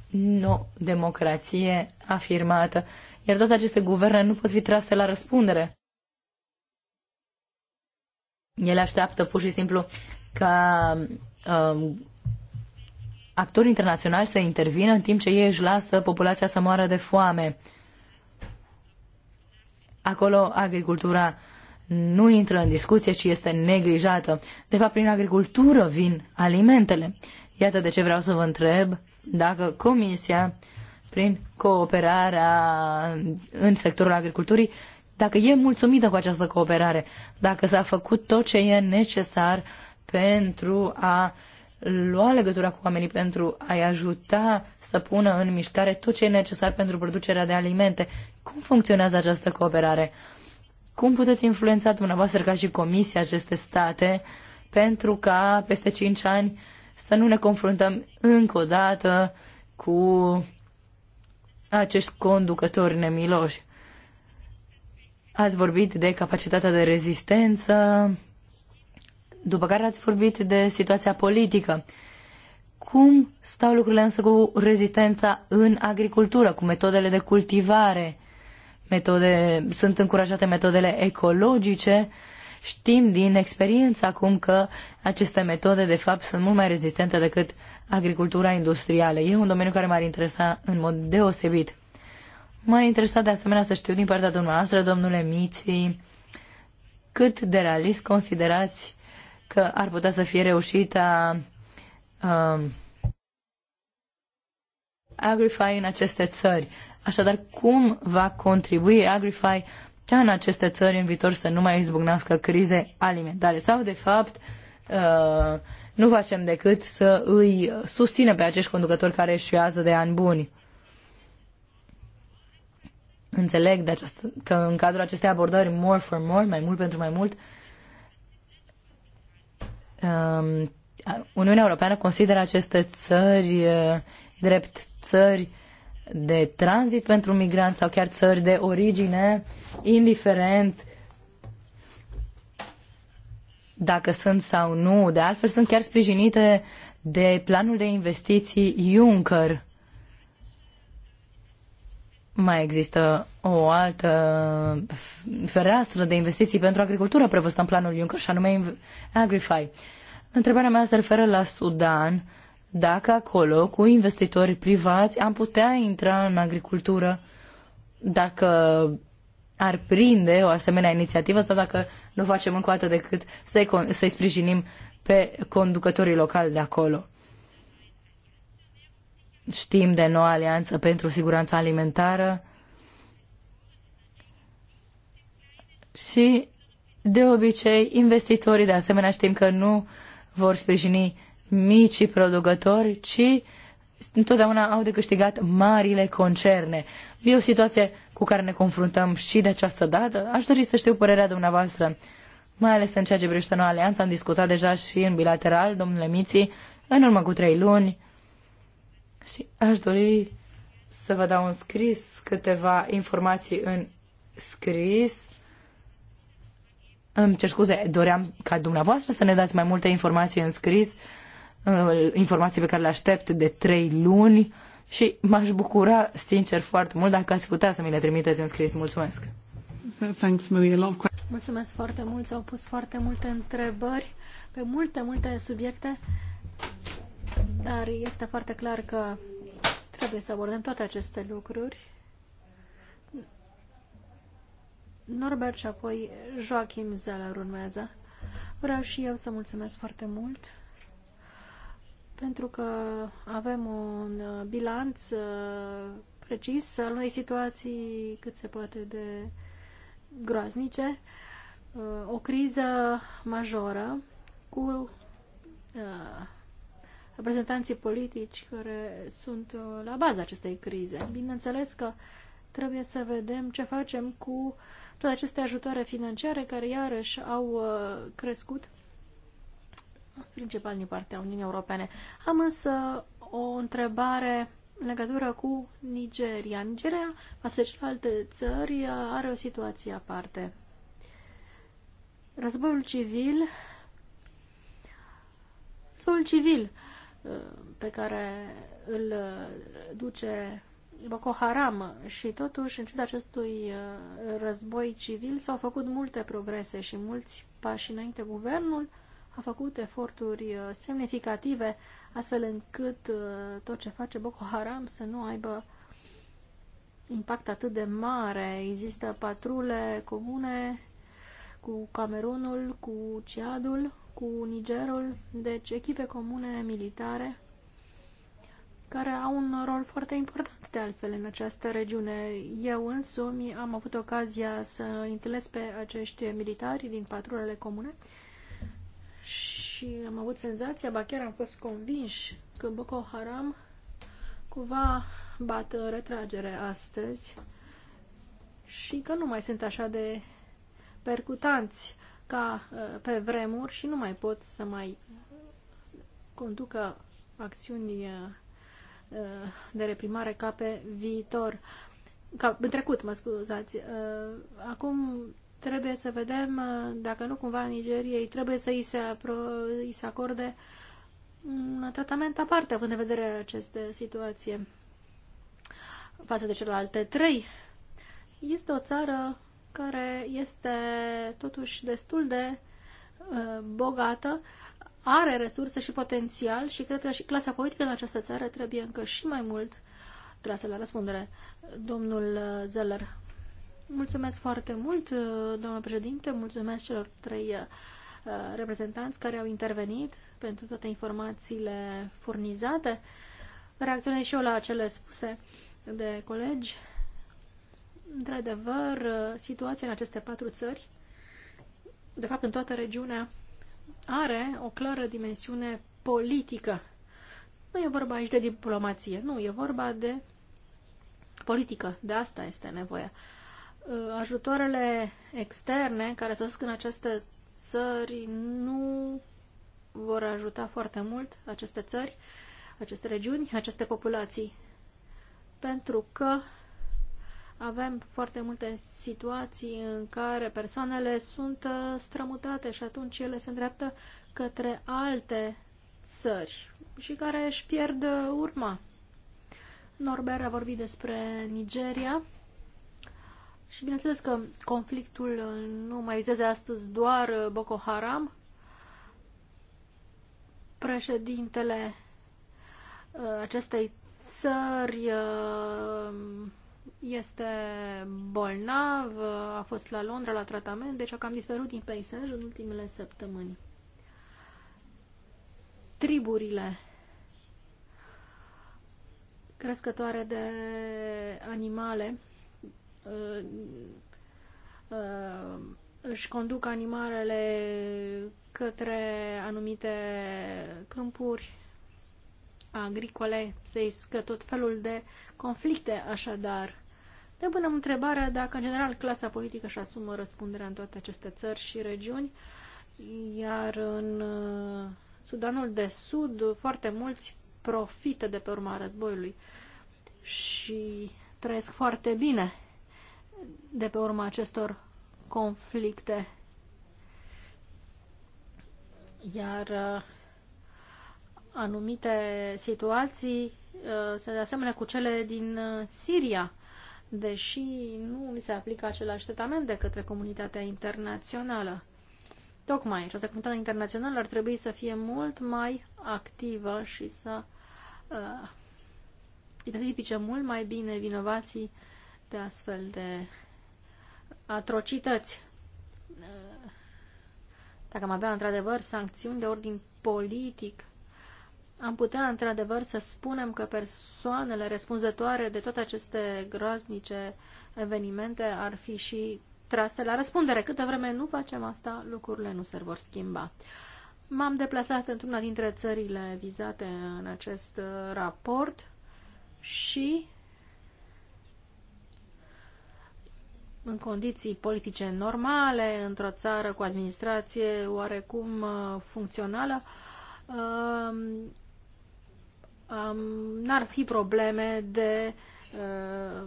S3: o democrație afirmată, iar toate aceste guverne nu pot fi trase la răspundere. Ele așteaptă pur și simplu ca um, actori internaționali să intervină în timp ce ei își lasă populația să moară de foame. Acolo agricultura nu intră în discuție, ci este neglijată. De fapt, prin agricultură vin alimentele. Iată de ce vreau să vă întreb dacă Comisia, prin cooperarea în sectorul agriculturii, dacă e mulțumită cu această cooperare, dacă s-a făcut tot ce e necesar pentru a lua legătura cu oamenii, pentru a-i ajuta să pună în mișcare tot ce e necesar pentru producerea de alimente. Cum funcționează această cooperare? Cum puteți influența dumneavoastră ca și comisia aceste state pentru ca peste 5 ani să nu ne confruntăm încă o dată cu acești conducători nemiloși? Ați vorbit de capacitatea de rezistență, după care ați vorbit de situația politică. Cum stau lucrurile însă cu rezistența în agricultură, cu metodele de cultivare? Metode, sunt încurajate metodele ecologice. Știm din experiență acum că aceste metode, de fapt, sunt mult mai rezistente decât agricultura industrială. E un domeniu care m-ar interesa în mod deosebit. M-ar interesa de asemenea să știu din partea dumneavoastră, domnule Miții, cât de realist considerați că ar putea să fie reușită uh, um, Agrify în aceste țări. Așadar, cum va contribui Agrify ca în aceste țări în viitor să nu mai izbucnească crize alimentare? Sau, de fapt, uh, nu facem decât să îi susținem pe acești conducători care eșuează de ani buni. Înțeleg de această, că în cadrul acestei abordări more for more, mai mult pentru mai mult, um, Uniunea Europeană consideră aceste țări uh, drept țări de tranzit pentru migranți sau chiar țări de origine, indiferent dacă sunt sau nu. De altfel, sunt chiar sprijinite de planul de investiții Juncker. Mai există o altă fereastră de investiții pentru agricultură prevăzută în planul Juncker și anume Agrify. Întrebarea mea se referă la Sudan, dacă acolo cu investitori privați am putea intra în agricultură dacă ar prinde o asemenea inițiativă sau dacă nu facem încă o dată decât să-i, să, -i, să -i sprijinim pe conducătorii locali de acolo. Știm de noua alianță pentru siguranța alimentară și, de obicei, investitorii, de asemenea, știm că nu vor sprijini micii producători, ci întotdeauna au de câștigat marile concerne. E o situație cu care ne confruntăm și de această dată. Aș dori să știu părerea dumneavoastră, mai ales în ceea ce privește noua alianță. Am discutat deja și în bilateral, domnule Miții, în urmă cu trei luni. Și aș dori să vă dau un scris câteva informații în scris. Îmi cer scuze, doream ca dumneavoastră să ne dați mai multe informații în scris, uh, informații pe care le aștept de trei luni și m-aș bucura, sincer, foarte mult dacă ați putea să mi le trimiteți în scris. Mulțumesc!
S1: Thanks, Maria.
S2: Mulțumesc foarte mult, s-au pus foarte multe întrebări pe multe, multe subiecte. Dar este foarte clar că trebuie să abordăm toate aceste lucruri. Norbert și apoi Joachim Zeller urmează. Vreau și eu să mulțumesc foarte mult pentru că avem un bilanț uh, precis al unei situații cât se poate de groaznice, uh, o criză majoră cu uh, reprezentanții politici care sunt uh, la baza acestei crize. Bineînțeles că trebuie să vedem ce facem cu toate aceste ajutoare financiare care iarăși au uh, crescut principal din partea Uniunii Europene. Am însă o întrebare în legătură cu Nigeria. Nigeria, față de alte țări, are o situație aparte. Războiul civil Războiul civil pe care îl duce Boko Haram și totuși, în ciuda acestui uh, război civil, s-au făcut multe progrese și mulți pași înainte. Guvernul a făcut eforturi uh, semnificative astfel încât uh, tot ce face Boko Haram să nu aibă impact atât de mare. Există patrule comune cu Camerunul, cu Ciadul, cu Nigerul, deci echipe comune militare care au un rol foarte important de altfel în această regiune. Eu însumi am avut ocazia să întâlnesc pe acești militari din patrulele comune și am avut senzația, ba chiar am fost convinși că Boko Haram cumva bat retragere astăzi și că nu mai sunt așa de percutanți ca uh, pe vremuri și nu mai pot să mai conducă acțiuni uh, de reprimare ca pe viitor, ca în trecut, mă scuzați. Uh, acum trebuie să vedem dacă nu cumva Nigeriei trebuie să îi se, apro îi se acorde un tratament aparte, având în vedere aceste situație față de celelalte trei. Este o țară care este totuși destul de uh, bogată, are resurse și potențial și cred că și clasa politică în această țară trebuie încă și mai mult trasă la răspundere. Domnul uh, Zeller, mulțumesc foarte mult, uh, domnul președinte, mulțumesc celor trei reprezentanți care au intervenit pentru toate informațiile furnizate. Reacționez și eu la cele spuse de colegi Într-adevăr, uh, situația în aceste patru țări, de fapt în toată regiunea, are o clară dimensiune politică. Nu e vorba aici de diplomație, nu, e vorba de politică. De asta este nevoia. Uh, ajutoarele externe care sosesc în aceste țări nu vor ajuta foarte mult aceste țări, aceste regiuni, aceste populații. Pentru că avem foarte multe situații în care persoanele sunt uh, strămutate și atunci ele se îndreaptă către alte țări și care își pierd uh, urma. Norbert a vorbit despre Nigeria și bineînțeles că conflictul uh, nu mai vizează astăzi doar Boko Haram. Președintele acestei țări este bolnav, a fost la Londra la tratament, deci a cam dispărut din peisaj în ultimele săptămâni. Triburile crescătoare de animale uh, uh, își conduc animalele către anumite câmpuri agricole, se iscă tot felul de conflicte așadar ne punem întrebarea dacă, în general, clasa politică își asumă răspunderea în toate aceste țări și regiuni, iar în uh, Sudanul de Sud foarte mulți profită de pe urma războiului și trăiesc foarte bine de pe urma acestor conflicte. Iar uh, anumite situații uh, se aseamănă cu cele din Siria, deși nu li se aplică același tratament de către comunitatea internațională. Tocmai această comunitate internațională ar trebui să fie mult mai activă și să uh, identifice mult mai bine vinovații de astfel de atrocități. Uh, dacă am avea într-adevăr sancțiuni de ordin politic am putea într-adevăr să spunem că persoanele răspunzătoare de toate aceste groaznice evenimente ar fi și trase la răspundere. Câte vreme nu facem asta, lucrurile nu se vor schimba. M-am deplasat într-una dintre țările vizate în acest uh, raport și în condiții politice normale, într-o țară cu administrație oarecum uh, funcțională, uh, um, n-ar fi probleme de uh,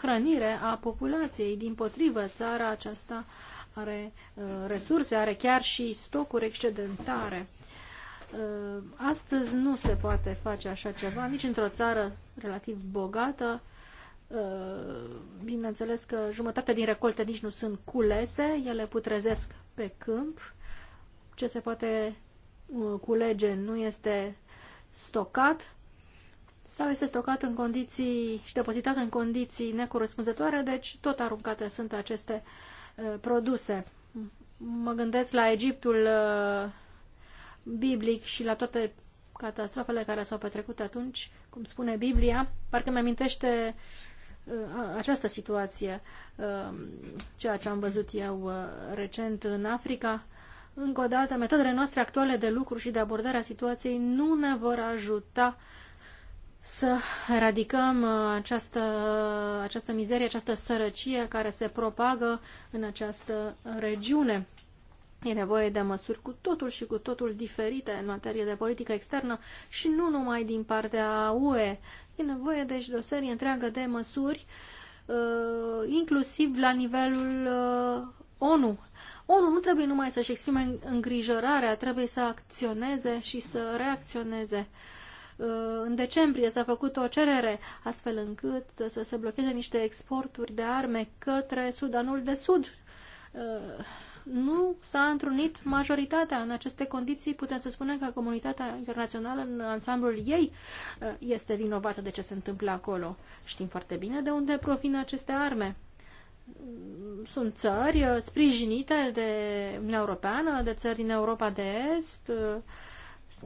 S2: hrănire a populației. Din potrivă, țara aceasta are uh, resurse, are chiar și stocuri excedentare. Uh, astăzi nu se poate face așa ceva, nici într-o țară relativ bogată. Uh, bineînțeles că jumătate din recolte nici nu sunt culese, ele putrezesc pe câmp. Ce se poate uh, culege nu este stocat sau este stocat în condiții și depozitat în condiții necorespunzătoare, deci tot aruncate sunt aceste uh, produse. Mă gândesc la Egiptul uh, biblic și la toate catastrofele care s-au petrecut atunci, cum spune Biblia, parcă mi amintește uh, această situație, ceea ce am văzut eu recent în Africa, încă o dată, metodele noastre actuale de lucru și de abordare a situației nu ne vor ajuta să eradicăm uh, această, această mizerie, această sărăcie care se propagă în această regiune. E nevoie de măsuri cu totul și cu totul diferite în materie de politică externă și nu numai din partea UE. E nevoie deci de o serie întreagă de măsuri, uh, inclusiv la nivelul uh, ONU. ONU nu trebuie numai să-și exprime îngrijorarea, trebuie să acționeze și să reacționeze. Uh, în decembrie s-a făcut o cerere astfel încât să se blocheze niște exporturi de arme către Sudanul de Sud. Uh, nu s-a întrunit majoritatea. În aceste condiții putem să spunem că comunitatea internațională în ansamblul ei uh, este vinovată de ce se întâmplă acolo. Știm foarte bine de unde provin aceste arme sunt țări uh, sprijinite de Uniunea Europeană, de țări din Europa de Est. Uh,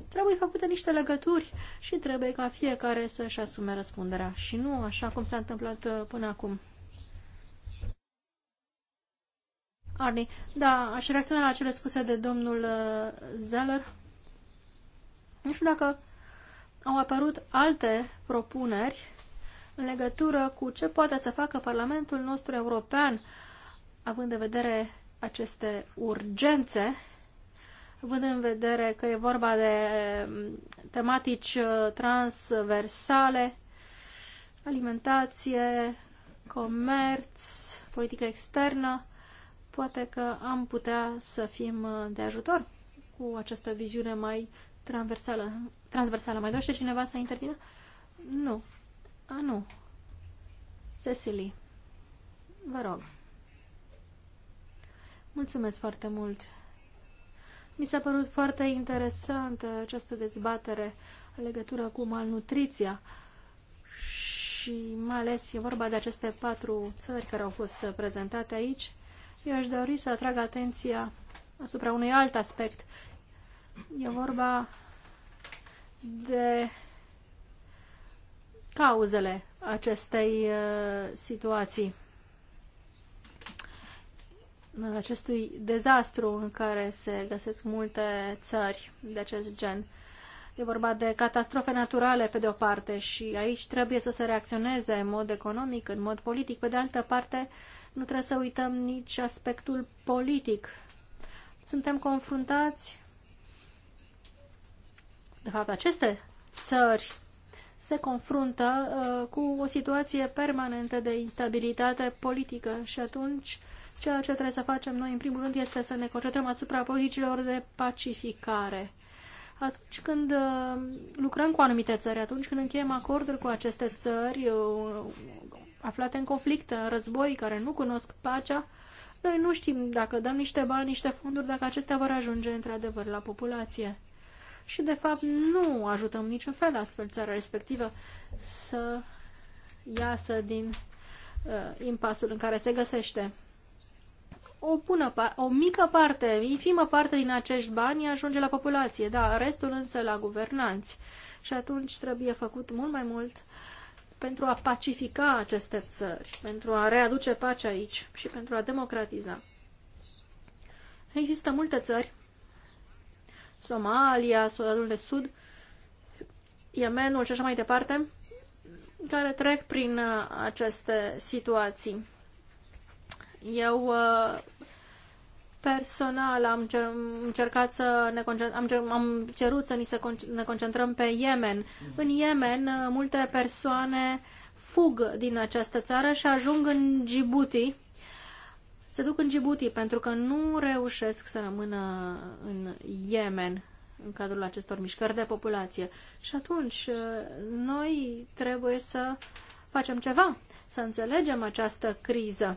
S2: trebuie făcute niște legături și trebuie ca fiecare să-și asume răspunderea și nu așa cum s-a întâmplat uh, până acum. Arni, da, aș reacționa la cele spuse de domnul Zeller. Nu știu dacă au apărut alte propuneri în legătură cu ce poate să facă Parlamentul nostru european, având în vedere aceste urgențe, având în vedere că e vorba de mm, tematici uh, transversale, alimentație, comerț, politică externă, poate că am putea să fim uh, de ajutor cu această viziune mai transversală. transversală. Mai dorește cineva să intervină? Nu. A, nu. Cecily, vă rog. Mulțumesc foarte mult. Mi s-a părut foarte interesantă această dezbatere în legătură cu malnutriția și mai ales e vorba de aceste patru țări care au fost prezentate aici. Eu aș dori să atrag atenția asupra unui alt aspect. E vorba de cauzele acestei uh, situații, acestui dezastru în care se găsesc multe țări de acest gen. E vorba de catastrofe naturale, pe de o parte, și aici trebuie să se reacționeze în mod economic, în mod politic. Pe de altă parte, nu trebuie să uităm nici aspectul politic. Suntem confruntați, de fapt, aceste țări se confruntă uh, cu o situație permanentă de instabilitate politică și atunci ceea ce trebuie să facem noi, în primul rând, este să ne concentrăm asupra politicilor de pacificare. Atunci când uh, lucrăm cu anumite țări, atunci când încheiem acorduri cu aceste țări uh, aflate în conflict, în război, care nu cunosc pacea, noi nu știm dacă dăm niște bani, niște fonduri, dacă acestea vor ajunge într-adevăr la populație și, de fapt, nu ajutăm niciun fel astfel țara respectivă să iasă din uh, impasul în care se găsește. O, bună, o mică parte, infimă parte din acești bani ajunge la populație, da, restul însă la guvernanți. Și atunci trebuie făcut mult mai mult pentru a pacifica aceste țări, pentru a readuce pacea aici și pentru a democratiza. Există multe țări Somalia, Sudanul de Sud, Yemenul și așa mai departe, care trec prin uh, aceste situații. Eu uh, personal am încercat să ne am, cer am cerut să ni se ne concentrăm pe Yemen. În Yemen, uh, multe persoane fug din această țară și ajung în Djibouti, se duc în Djibouti pentru că nu reușesc să rămână în Yemen în cadrul acestor mișcări de populație. Și atunci noi trebuie să facem ceva, să înțelegem această criză.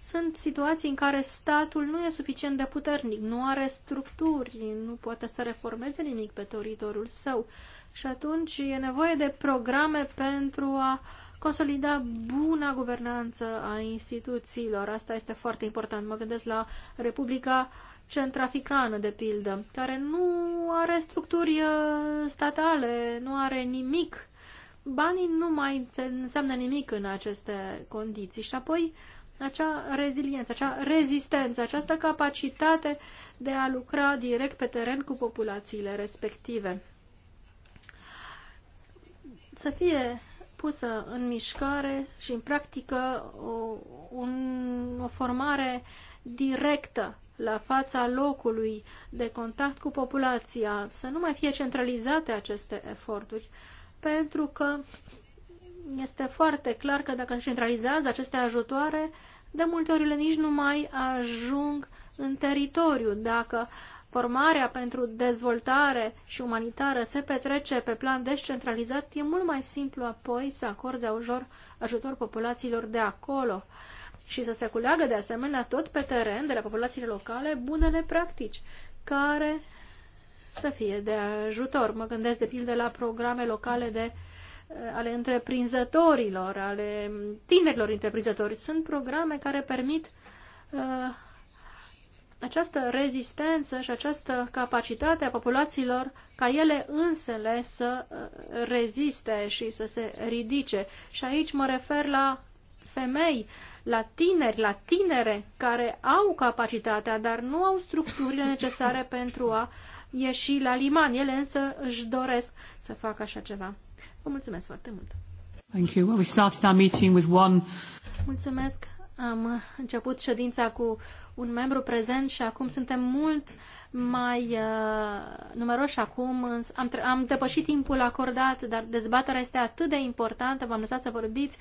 S2: Sunt situații în care statul nu e suficient de puternic, nu are structuri, nu poate să reformeze nimic pe teritoriul său. Și atunci e nevoie de programe pentru a uh, consolida buna guvernanță a instituțiilor. Asta este foarte important. Mă gândesc la Republica Centrafricană, de pildă, care nu are structuri uh, statale, nu are nimic. Banii nu mai înseamnă nimic în aceste condiții. Și apoi acea reziliență, acea rezistență, această capacitate de a lucra direct pe teren cu populațiile respective. Să fie pusă în mișcare și în practică o, un, o formare directă la fața locului de contact cu populația, să nu mai fie centralizate aceste eforturi, pentru că este foarte clar că dacă se centralizează aceste ajutoare, de multe ori ele nici nu mai ajung în teritoriu. Dacă formarea pentru dezvoltare și umanitară se petrece pe plan descentralizat, e mult mai simplu apoi să acorde ușor ajutor populațiilor de acolo și să se culeagă de asemenea tot pe teren de la populațiile locale bunele practici care să fie de ajutor. Mă gândesc de pildă la programe locale de eh, ale întreprinzătorilor, ale tinerilor întreprinzători. Sunt programe care permit uh, această rezistență și această capacitate a populațiilor ca ele însele să uh, reziste și să se ridice. Și aici mă refer la femei, la tineri, la tinere care au capacitatea, dar nu au structurile necesare pentru a ieși la liman. Ele însă își doresc să facă așa ceva. Vă mulțumesc foarte mult!
S1: Thank you. Well, we started our meeting with one...
S2: Mulțumesc! Am început ședința cu un membru prezent și acum suntem mult mai uh, numeroși acum. Am, am depășit timpul acordat, dar dezbaterea este atât de importantă, v-am lăsat să vorbiți.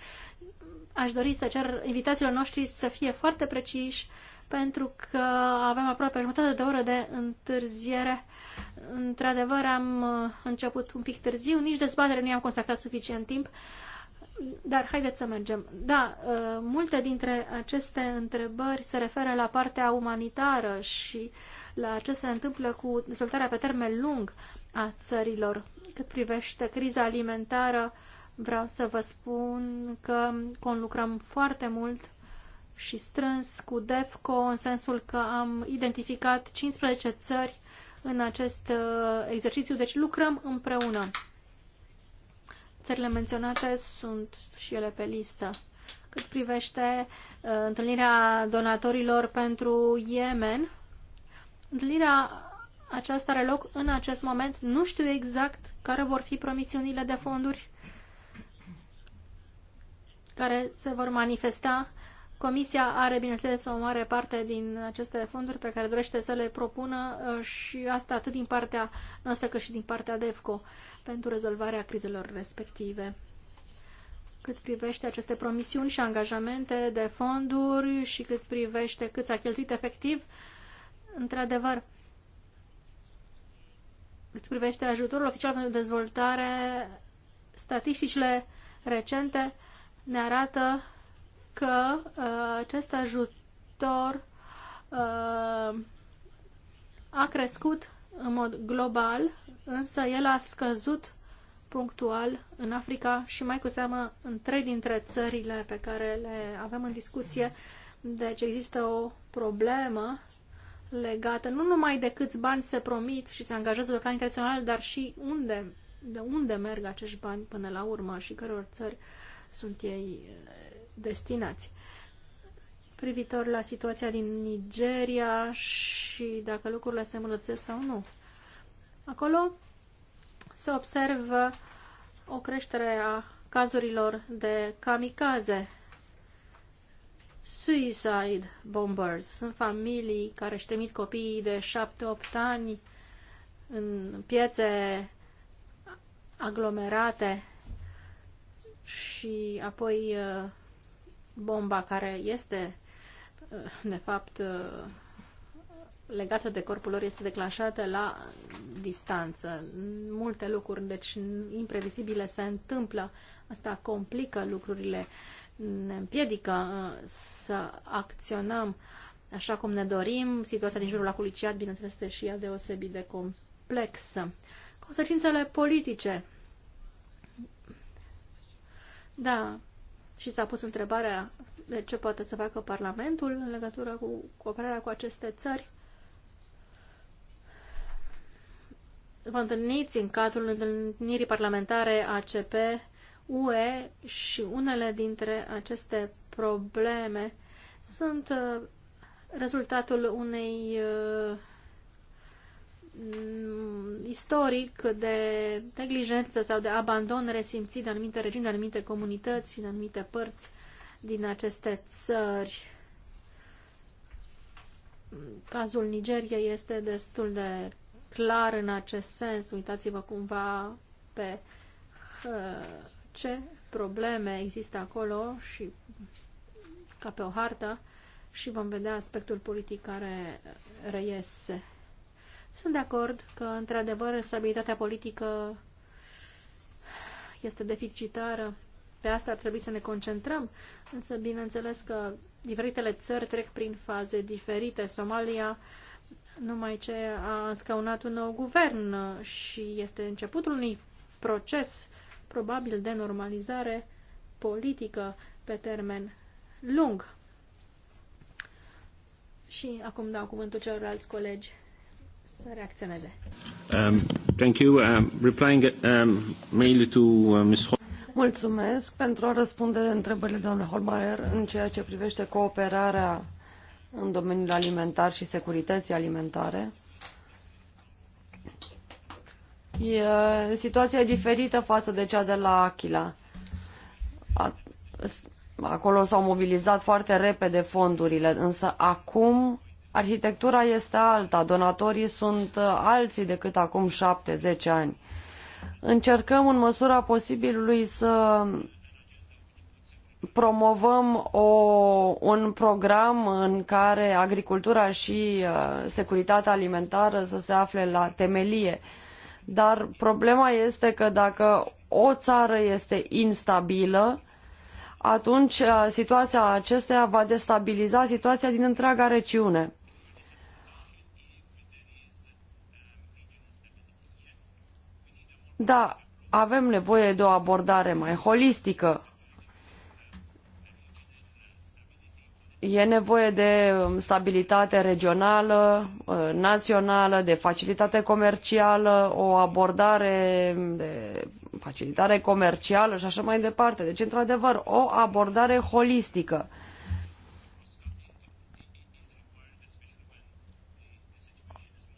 S2: Aș dori să cer invitațiilor noștri să fie foarte preciși, pentru că avem aproape jumătate de oră de întârziere. Într-adevăr, am uh, început un pic târziu, nici dezbaterea nu i-am consacrat suficient timp. Uh, dar haideți să mergem. Da, uh, multe dintre aceste întrebări se referă la partea umanitară și la ce se întâmplă cu dezvoltarea pe termen lung a țărilor. Cât privește criza alimentară, vreau să vă spun că conlucrăm foarte mult și strâns cu DEFCO în sensul că am identificat 15 țări în acest uh, exercițiu, deci lucrăm împreună. Țările menționate sunt și ele pe listă. Cât privește uh, întâlnirea donatorilor pentru Yemen, întâlnirea aceasta are loc în acest moment. Nu știu exact care vor fi promisiunile de fonduri care se vor manifesta. Comisia are, bineînțeles, o mare parte din aceste fonduri pe care dorește să le propună uh, și asta atât din partea noastră cât și din partea DEFCO pentru rezolvarea crizelor respective. Cât privește aceste promisiuni și angajamente de fonduri și cât privește cât s-a cheltuit efectiv, într-adevăr, cât privește ajutorul oficial pentru dezvoltare, statisticile recente ne arată că uh, acest ajutor uh, a crescut în mod global, însă el a scăzut punctual în Africa și mai cu seamă în trei dintre țările pe care le avem în discuție. Deci există o problemă legată nu numai de câți bani se promit și se angajează pe plan internațional, dar și unde, de unde merg acești bani până la urmă și căror țări sunt ei eh, destinați privitor la situația din Nigeria și dacă lucrurile se îmbunătățesc sau nu. Acolo se observă o creștere a cazurilor de kamikaze, suicide bombers. Sunt familii care își trimit copiii de 7-8 ani în piețe aglomerate și apoi uh, bomba care este de fapt, uh, legată de corpul lor este declanșată la distanță. Multe lucruri, deci, imprevizibile se întâmplă. Asta complică lucrurile, ne împiedică uh, să acționăm așa cum ne dorim. Situația din jurul lacului Ciad, bineînțeles, este și ea deosebit de complexă. Consecințele politice. Da, și s-a pus întrebarea de ce poate să facă Parlamentul în legătură cu cooperarea cu aceste țări. Vă întâlniți în cadrul întâlnirii parlamentare ACP, UE și unele dintre aceste probleme sunt uh, rezultatul unei uh, istoric de neglijență sau de abandon resimțit de anumite regiuni, de anumite comunități, în anumite părți din aceste țări. Cazul Nigeriei este destul de clar în acest sens. Uitați-vă cumva pe ce probleme există acolo și ca pe o hartă și vom vedea aspectul politic care reiese. Sunt de acord că, într-adevăr, stabilitatea politică este deficitară. Pe asta ar trebui să ne concentrăm însă bineînțeles că diferitele țări trec prin faze diferite. Somalia, numai ce a scaunat un nou guvern și este începutul unui proces probabil de normalizare politică pe termen lung. Și acum dau cuvântul
S1: celorlalți colegi să reacționeze.
S2: Um, thank you. Um, replying
S1: um, mainly to uh, Ms. Mulțumesc pentru a răspunde întrebările doamnei Holmarer în ceea ce privește cooperarea în domeniul alimentar și securității alimentare. E, situația e diferită față de cea de la Achila. acolo s-au mobilizat foarte repede fondurile, însă acum arhitectura este alta, donatorii sunt uh, alții decât acum 7-10 ani. Încercăm în măsura posibilului să promovăm o, un program în care agricultura și uh, securitatea alimentară să se afle la temelie. Dar problema este că dacă o țară este instabilă, atunci uh, situația acesteia va destabiliza situația din întreaga regiune. Da, avem nevoie de o abordare mai holistică. E nevoie de um, stabilitate regională, uh, națională, de facilitate comercială, o abordare um, de facilitare comercială și așa mai departe. Deci, într-adevăr, o abordare holistică.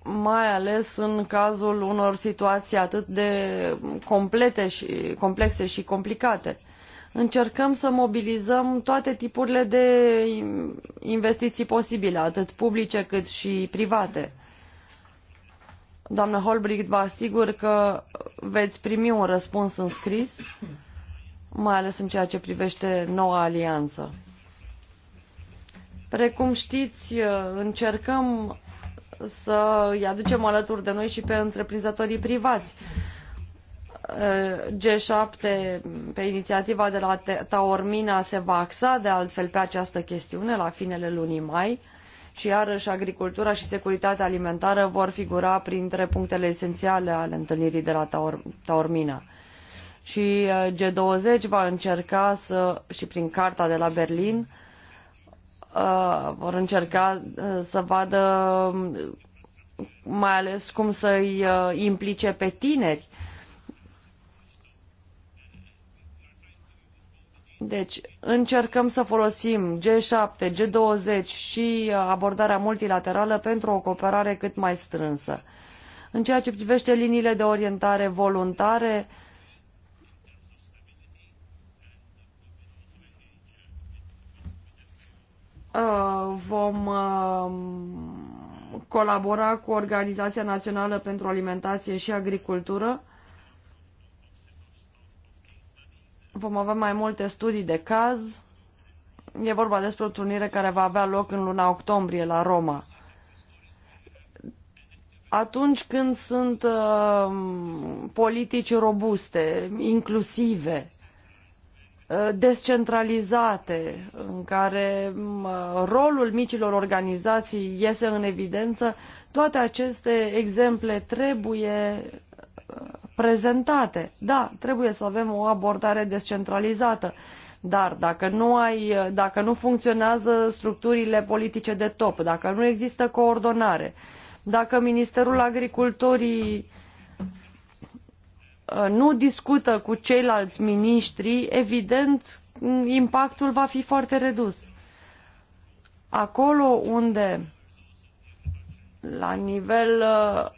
S1: mai ales în cazul unor situații atât de complete și, complexe și complicate. Încercăm să mobilizăm toate tipurile de investiții posibile, atât publice cât și private. Doamnă Holbrick, vă asigur că veți primi un răspuns în scris, mai ales în ceea ce privește noua alianță. Precum știți, încercăm să îi aducem alături de noi și pe întreprinzătorii privați. G7, pe inițiativa de la Taormina, se va axa de altfel pe această chestiune la finele lunii mai și iarăși agricultura și securitatea alimentară vor figura printre punctele esențiale ale întâlnirii de la Taor Taormina. Și uh, G20 va încerca să, și prin carta de la Berlin, Uh, vor încerca uh, să vadă mai ales cum să-i uh, implice pe tineri. Deci, încercăm să folosim G7, G20 și abordarea multilaterală pentru o cooperare cât mai strânsă. În ceea ce privește liniile de orientare voluntare, uh, Uh, vom uh, colabora cu Organizația Națională pentru Alimentație și Agricultură. Vom avea mai multe studii de caz. E vorba despre o întâlnire care va avea loc în luna octombrie la Roma. Atunci când sunt uh, politici robuste, inclusive, Eh, descentralizate, în care mm, rolul micilor organizații iese în evidență, toate aceste exemple trebuie eh, prezentate. Da, trebuie să avem o abordare descentralizată, dar dacă nu, ai, eh, dacă nu funcționează structurile politice de top, dacă nu există coordonare, dacă Ministerul Agriculturii Uh, nu discută cu ceilalți miniștri, evident, impactul va fi foarte redus. Acolo unde la nivel uh,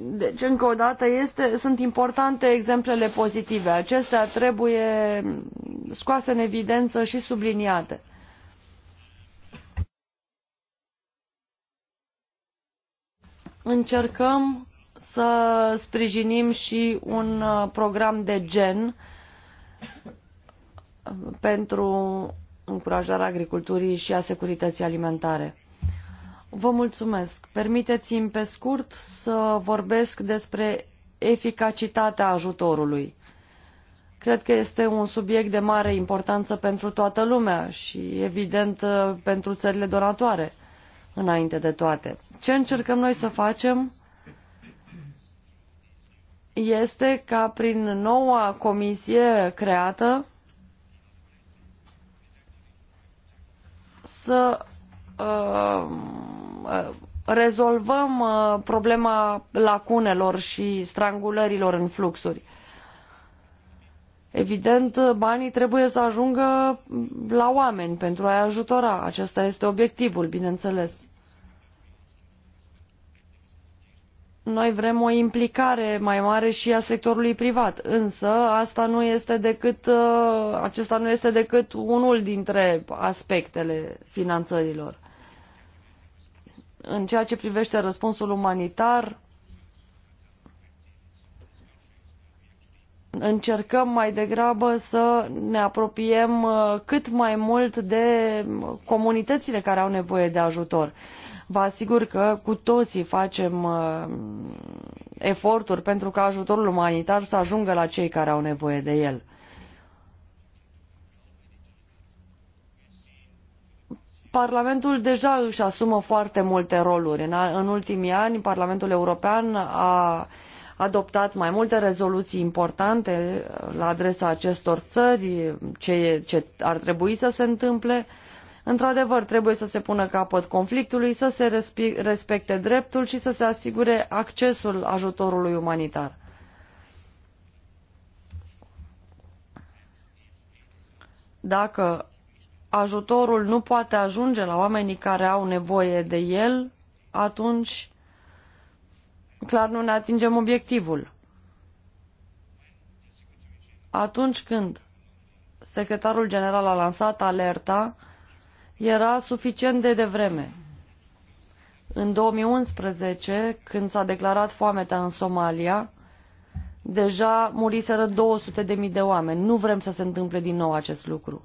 S1: Deci, încă o dată, este, sunt importante exemplele pozitive. Acestea trebuie scoase în evidență și subliniate. încercăm să sprijinim și un uh, program de gen uh, pentru încurajarea agriculturii și a securității alimentare. Vă mulțumesc. Permiteți-mi pe scurt să vorbesc despre eficacitatea ajutorului. Cred că este un subiect de mare importanță pentru toată lumea și, evident, uh, pentru țările donatoare înainte de toate. Ce încercăm noi să facem este ca prin noua comisie creată să uh, rezolvăm uh, problema lacunelor și strangulărilor în fluxuri. Evident, banii trebuie să ajungă la oameni pentru a-i ajutora. Acesta este obiectivul, bineînțeles. Noi vrem o implicare mai mare și a sectorului privat, însă asta nu este decât, uh, acesta nu este decât unul dintre aspectele finanțărilor. În ceea ce privește răspunsul umanitar, încercăm mai degrabă să ne apropiem uh, cât mai mult de comunitățile care au nevoie de ajutor. Vă asigur că cu toții facem uh, eforturi pentru ca ajutorul umanitar să ajungă la cei care au nevoie de el. Parlamentul deja își asumă foarte multe roluri. În, ultimii ani, Parlamentul European a adoptat mai multe rezoluții importante uh, la adresa acestor țări, ce, ce ar trebui să se întâmple. Într-adevăr, trebuie să se pună capăt conflictului, să se respecte dreptul și să se asigure accesul ajutorului umanitar. Dacă ajutorul nu poate ajunge la oamenii care au nevoie de el, atunci clar nu ne atingem obiectivul. Atunci când secretarul general a lansat alerta, era suficient de devreme. În 2011, când s-a declarat foametea în Somalia, deja muriseră 200 de mii de oameni. Nu vrem să se întâmple din nou acest lucru.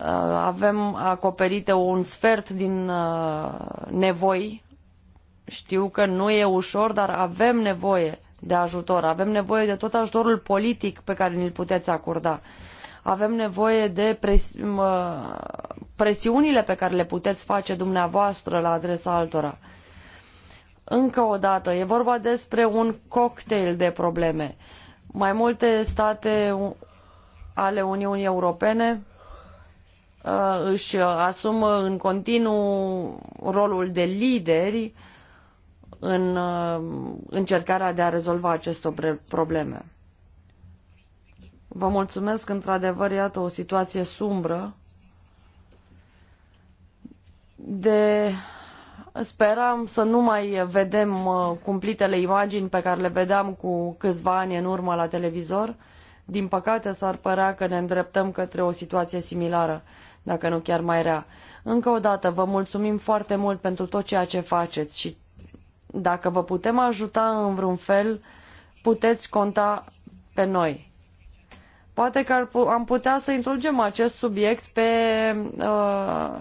S1: Uh, avem acoperite un sfert din uh, nevoi știu că nu e ușor, dar avem nevoie de ajutor. Avem nevoie de tot ajutorul politic pe care ni-l puteți acorda. Avem nevoie de presi presiunile pe care le puteți face dumneavoastră la adresa altora. Încă o dată, e vorba despre un cocktail de probleme. Mai multe state ale Uniunii Europene uh, își asumă în continuu rolul de lideri în uh, încercarea de a rezolva aceste probleme. Vă mulțumesc, într-adevăr, iată o situație sumbră de speram să nu mai vedem uh, cumplitele imagini pe care le vedeam cu câțiva ani în urmă la televizor. Din păcate, s-ar părea că ne îndreptăm către o situație similară, dacă nu chiar mai rea. Încă o dată, vă mulțumim foarte mult pentru tot ceea ce faceți și dacă vă putem ajuta în vreun fel, puteți conta pe noi. Poate că am putea să introducem acest subiect pe uh,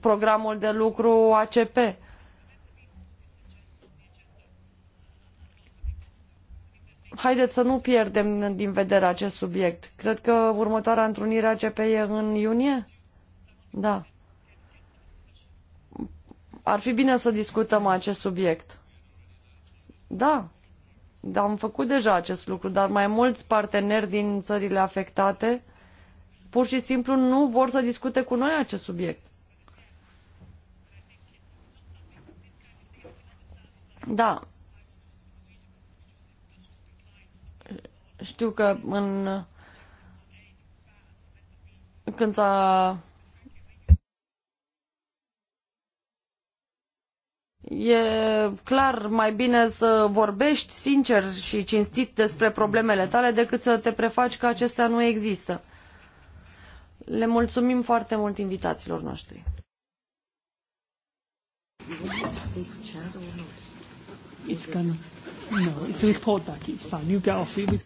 S1: programul de lucru ACP. Haideți să nu pierdem din vedere acest subiect. Cred că următoarea întrunire ACP e în iunie? Da ar fi bine să discutăm acest subiect. Da, dar am făcut deja acest lucru, dar mai mulți parteneri din țările afectate pur și simplu nu vor să discute cu noi acest subiect. Da. Știu că în când s-a E clar mai bine să vorbești sincer și cinstit despre problemele tale decât să te prefaci că acestea nu există. Le mulțumim foarte mult invitațiilor noștri. It's gonna... No, it's a report back. It's fine. You get off. It was...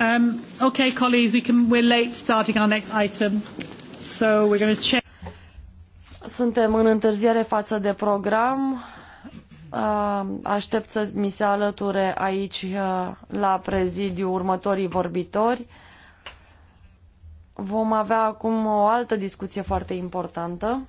S1: Um, okay, colleagues, we can, we're late starting our next item, so we're going to check. Suntem în întârziere față de program. Um, aștept să mi se alăture aici uh, la prezidiu următorii vorbitori. Vom avea acum o altă discuție foarte importantă.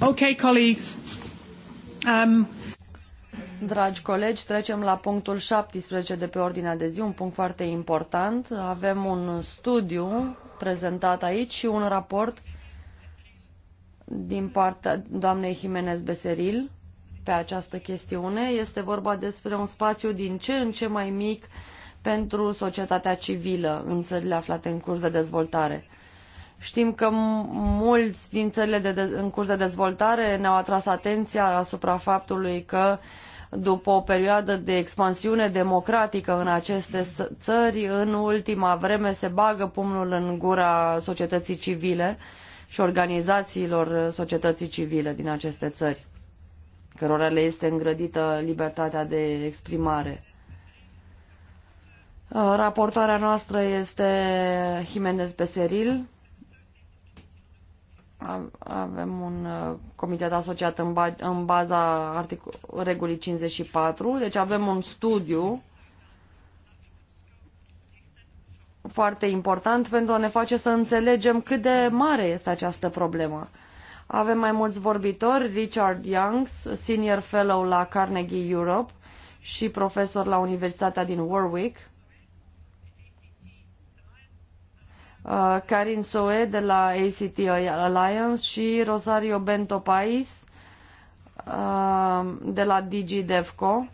S1: Okay, colleagues. Um... Dragi colegi, trecem la punctul 17 de pe ordinea de zi, un punct foarte important. Avem un studiu prezentat aici și un raport din partea doamnei Jimenez Beseril pe această chestiune. Este vorba despre un spațiu din ce în ce mai mic pentru societatea civilă în țările aflate în curs de dezvoltare. Știm că mulți din țările de de- în curs de dezvoltare ne-au atras atenția asupra faptului că după o perioadă de expansiune democratică în aceste țări, în ultima vreme se bagă pumnul în gura societății civile și organizațiilor societății civile din aceste țări, cărora le este îngrădită libertatea de exprimare. Raportoarea noastră este Jimenez Beseril avem un uh, comitet asociat în, ba- în baza articol- regulii 54, deci avem un studiu foarte important pentru a ne face să înțelegem cât de mare este această problemă. Avem mai mulți vorbitori, Richard Youngs, senior fellow la Carnegie Europe și profesor la Universitatea din Warwick, Uh, Karin Soe de la ACT Alliance și Rosario Bento Pais uh, de la DG DevCo,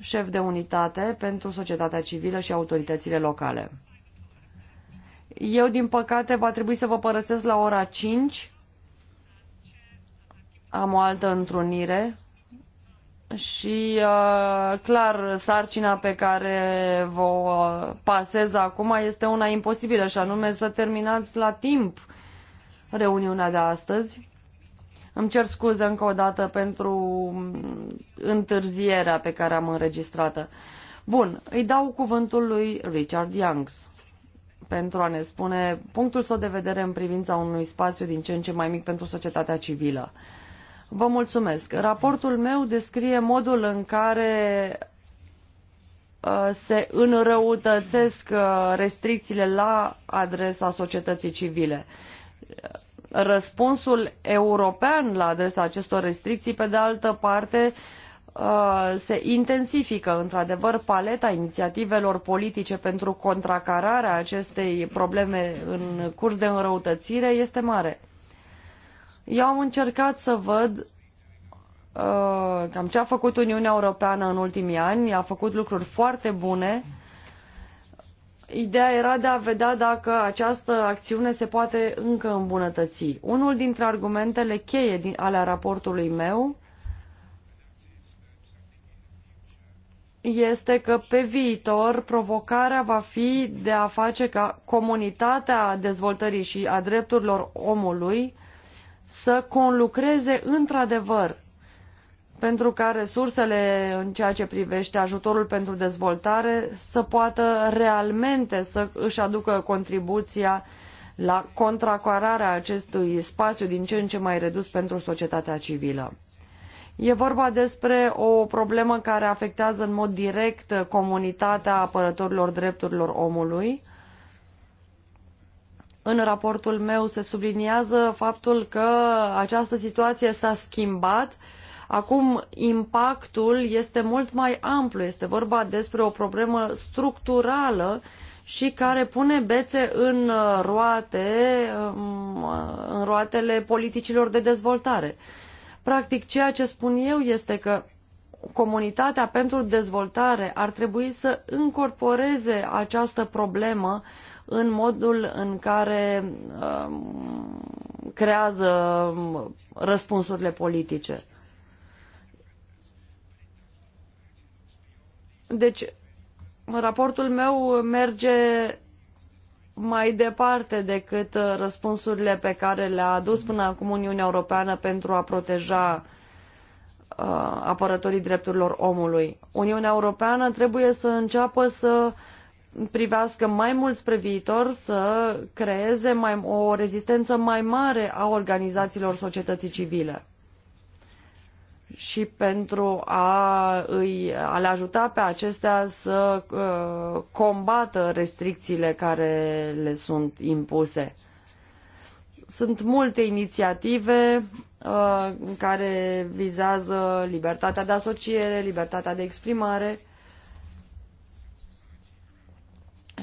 S1: șef de unitate pentru societatea civilă și autoritățile locale. Eu, din păcate, va trebui să vă părăsesc la ora 5. Am o altă întrunire și uh, clar sarcina pe care vă uh, pasez acum este una imposibilă și anume să terminați la timp reuniunea de astăzi. Îmi cer scuze încă o dată pentru întârzierea pe care am înregistrată. Bun, îi dau cuvântul lui Richard Youngs pentru a ne spune punctul său de vedere în privința unui spațiu din ce în ce mai mic pentru societatea civilă. Vă mulțumesc. Raportul meu descrie modul în care uh, se înrăutățesc uh, restricțiile la adresa societății civile. Răspunsul european la adresa acestor restricții, pe de altă parte, uh, se intensifică. Într-adevăr, paleta inițiativelor politice pentru contracararea acestei probleme în curs de înrăutățire este mare. Eu am încercat să văd uh, cam ce a făcut Uniunea Europeană în ultimii ani. A făcut lucruri foarte bune. Ideea era de a vedea dacă această acțiune se poate încă îmbunătăți. Unul dintre argumentele cheie din, ale raportului meu este că pe viitor provocarea va fi de a face ca comunitatea dezvoltării și a drepturilor omului să conlucreze într-adevăr pentru ca resursele în ceea ce privește ajutorul pentru dezvoltare să poată realmente să își aducă contribuția la contracararea acestui spațiu din ce în ce mai redus pentru societatea civilă. E vorba despre o problemă care afectează în mod direct comunitatea apărătorilor drepturilor omului, în raportul meu se subliniază faptul că această situație s-a schimbat. Acum impactul este mult mai amplu, este vorba despre o problemă structurală și care pune bețe în roate, în roatele politicilor de dezvoltare. Practic, ceea ce spun eu este că comunitatea pentru dezvoltare ar trebui să încorporeze această problemă în modul în care um, creează um, răspunsurile politice. Deci, raportul meu merge mai departe decât răspunsurile pe care le-a adus până acum Uniunea Europeană pentru a proteja uh, apărătorii drepturilor omului. Uniunea Europeană trebuie să înceapă să uh, privească mai mult spre viitor, să creeze mai, o rezistență mai mare a organizațiilor societății civile și pentru a, îi, a le ajuta pe acestea să uh, combată restricțiile care le sunt impuse. Sunt multe inițiative uh, care vizează libertatea de asociere, libertatea de exprimare,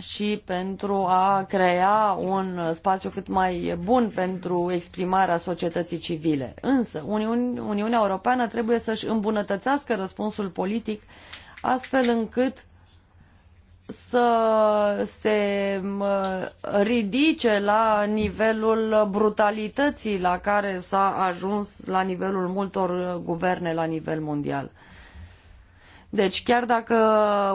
S1: și pentru a crea un spațiu cât mai bun pentru exprimarea societății civile. Însă, Uniunea Europeană trebuie să-și îmbunătățească răspunsul politic astfel încât să se ridice la nivelul brutalității la care s-a ajuns la nivelul multor guverne la nivel mondial. Deci chiar dacă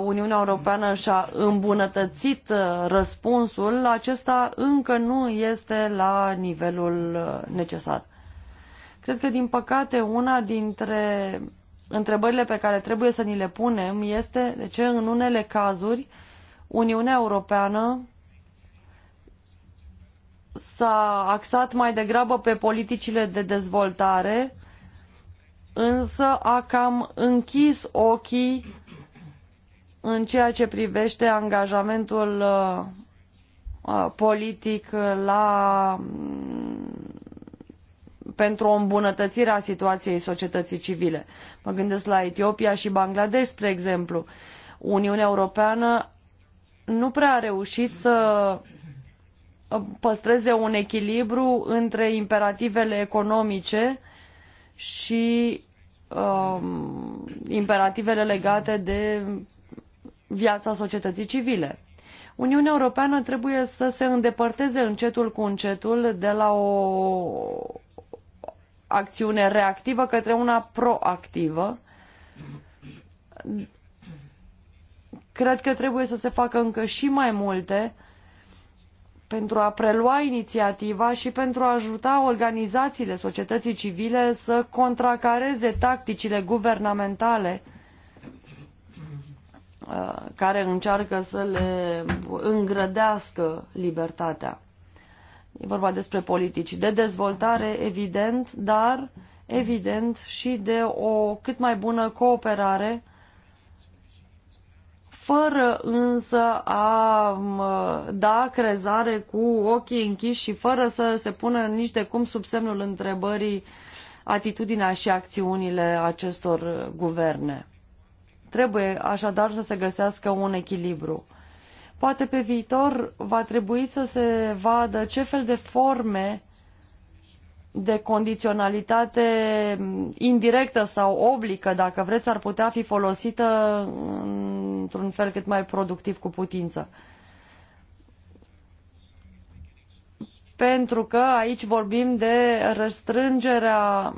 S1: Uniunea Europeană și-a îmbunătățit uh, răspunsul, acesta încă nu este la nivelul uh, necesar. Cred că, din păcate, una dintre întrebările pe care trebuie să ni le punem este de ce în unele cazuri Uniunea Europeană s-a axat mai degrabă pe politicile de dezvoltare însă a cam închis ochii în ceea ce privește angajamentul uh, uh, politic la mm, pentru o îmbunătățire a situației societății civile. Mă gândesc la Etiopia și Bangladesh, spre exemplu. Uniunea Europeană nu prea a reușit să uh, păstreze un echilibru între imperativele economice și um, imperativele legate de viața societății civile. Uniunea Europeană trebuie să se îndepărteze încetul cu încetul de la o acțiune reactivă către una proactivă. Cred că trebuie să se facă încă și mai multe uh, pentru a prelua inițiativa și pentru a ajuta organizațiile societății civile să contracareze tacticile guvernamentale uh, care încearcă să le îngrădească libertatea. E vorba despre politici de dezvoltare, evident, dar evident și de o cât mai bună cooperare fără însă a da crezare cu ochii închiși și fără să se pună nici de cum sub semnul întrebării atitudinea și acțiunile acestor guverne. Trebuie așadar să se găsească un echilibru. Poate pe viitor va trebui să se vadă ce fel de forme de condiționalitate indirectă sau oblică, dacă vreți, ar putea fi folosită într-un fel cât mai productiv cu putință. Pentru că aici vorbim de restrângerea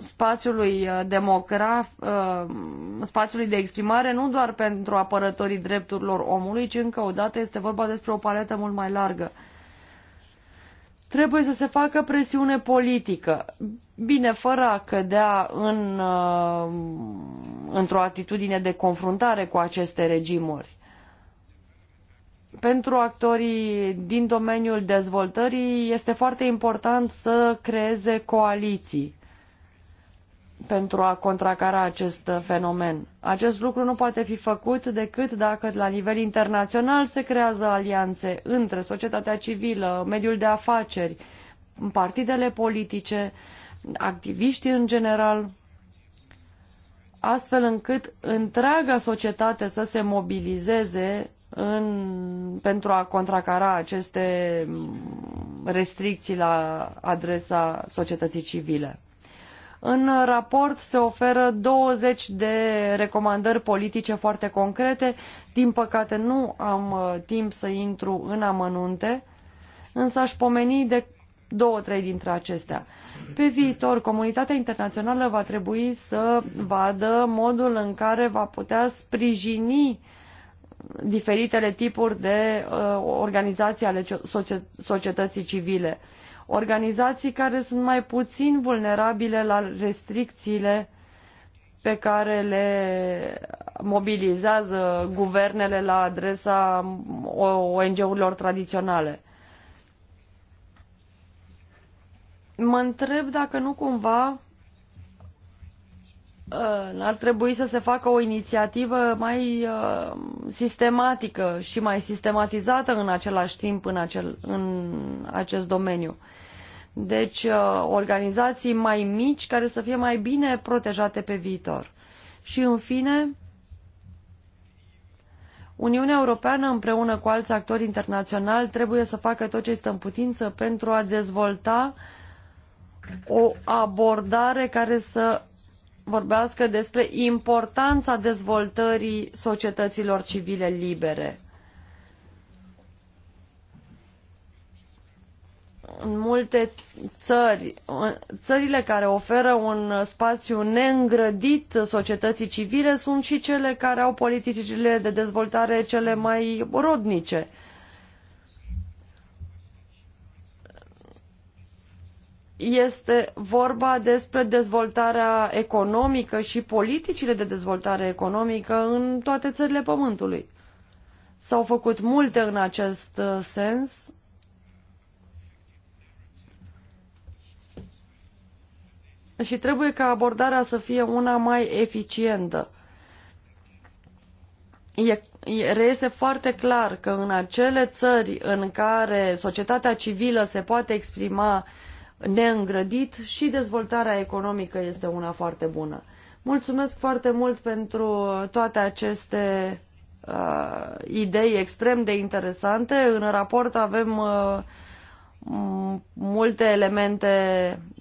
S1: spațiului democraf, uh, spațiului de exprimare nu doar pentru apărătorii drepturilor omului, ci încă o dată este vorba despre o paletă mult mai largă trebuie să se facă presiune politică. Bine, fără a cădea în, uh, într-o atitudine de confruntare cu aceste regimuri. Pentru actorii din domeniul dezvoltării este foarte important să creeze coaliții pentru a contracara acest fenomen. Acest lucru nu poate fi făcut decât dacă la nivel internațional se creează alianțe între societatea civilă, mediul de afaceri, partidele politice, activiștii în general, astfel încât întreaga societate să se mobilizeze în, pentru a contracara aceste restricții la adresa societății civile. În raport se oferă 20 de recomandări politice foarte concrete. Din păcate nu am uh, timp să intru în amănunte, însă aș pomeni de două-trei dintre acestea. Pe viitor, comunitatea internațională va trebui să vadă modul în care va putea sprijini diferitele tipuri de uh, organizații ale societății civile. Uh, organizații care sunt mai puțin vulnerabile la restricțiile pe care le mobilizează guvernele la adresa ONG-urilor tradiționale. Mă întreb dacă nu cumva Uh, n-ar trebui să se facă o inițiativă mai uh, sistematică și mai sistematizată în același timp în, acel, în acest domeniu. Deci, uh, organizații mai mici care să fie mai bine protejate pe viitor. Și, în fine, Uniunea Europeană împreună cu alți actori internaționali trebuie să facă tot ce este în putință pentru a dezvolta o abordare care să vorbească despre importanța dezvoltării societăților civile libere. În multe țări, țările care oferă un spațiu neîngrădit societății civile sunt și cele care au politicile de dezvoltare cele mai rodnice. Uh, este vorba despre dezvoltarea economică și politicile de dezvoltare economică în toate țările Pământului. S-au făcut multe în acest uh, sens. Și trebuie ca abordarea să fie una mai eficientă. E, reiese foarte clar că în acele țări în care societatea civilă se poate exprima uh, neîngrădit și dezvoltarea economică este una foarte bună. Mulțumesc foarte mult pentru toate aceste uh, idei extrem de interesante. În raport avem uh, multe elemente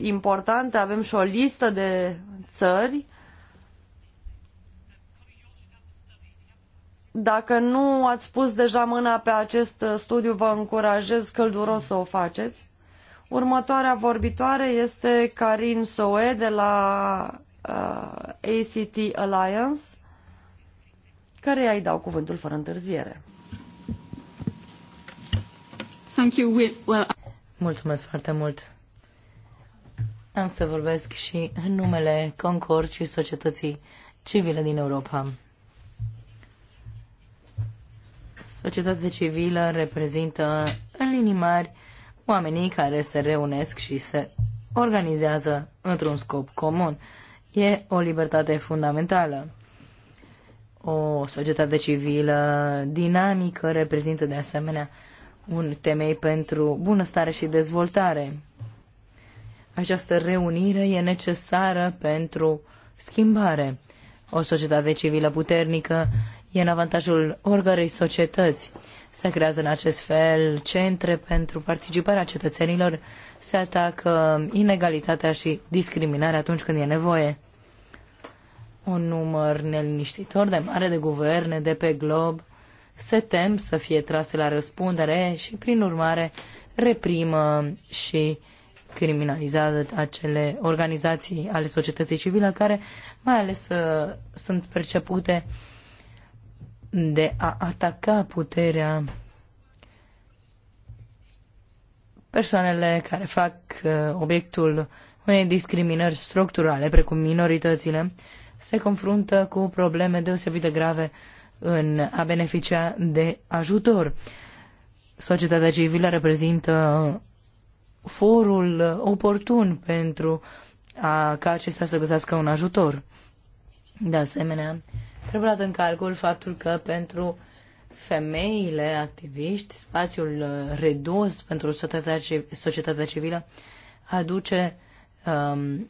S1: importante, avem și o listă de țări. Dacă nu ați pus deja mâna pe acest studiu, vă încurajez călduros să o faceți. Următoarea vorbitoare este Karin Soe de la uh, ACT Alliance, care îi dau cuvântul fără întârziere.
S3: Thank you, Will. Well, Mulțumesc foarte mult. Am să vorbesc și în numele Concord și societății civile din Europa. Societatea civilă reprezintă în linii mari oamenii care se reunesc și se organizează într-un scop comun. E o libertate fundamentală. O societate civilă dinamică reprezintă de asemenea un temei pentru bunăstare și dezvoltare. Această reunire e necesară pentru schimbare. O societate civilă puternică e în avantajul oricărei societăți. Se creează în acest fel centre pentru participarea cetățenilor, se atacă inegalitatea și discriminarea atunci când e nevoie. Un număr neliniștitor de mare de guverne de pe glob se tem să fie trase la răspundere și, prin urmare, reprimă și criminalizează acele organizații ale societății civile care mai ales uh, sunt percepute uh, de a ataca puterea persoanele care fac uh, obiectul unei discriminări structurale, precum minoritățile, se confruntă cu probleme deosebit de grave în a beneficia de ajutor. Societatea civilă reprezintă forul oportun pentru a, ca acesta să găsească un ajutor. De asemenea, Trebuie luat în calcul faptul că pentru femeile activiști, spațiul uh, redus pentru societatea civilă aduce um,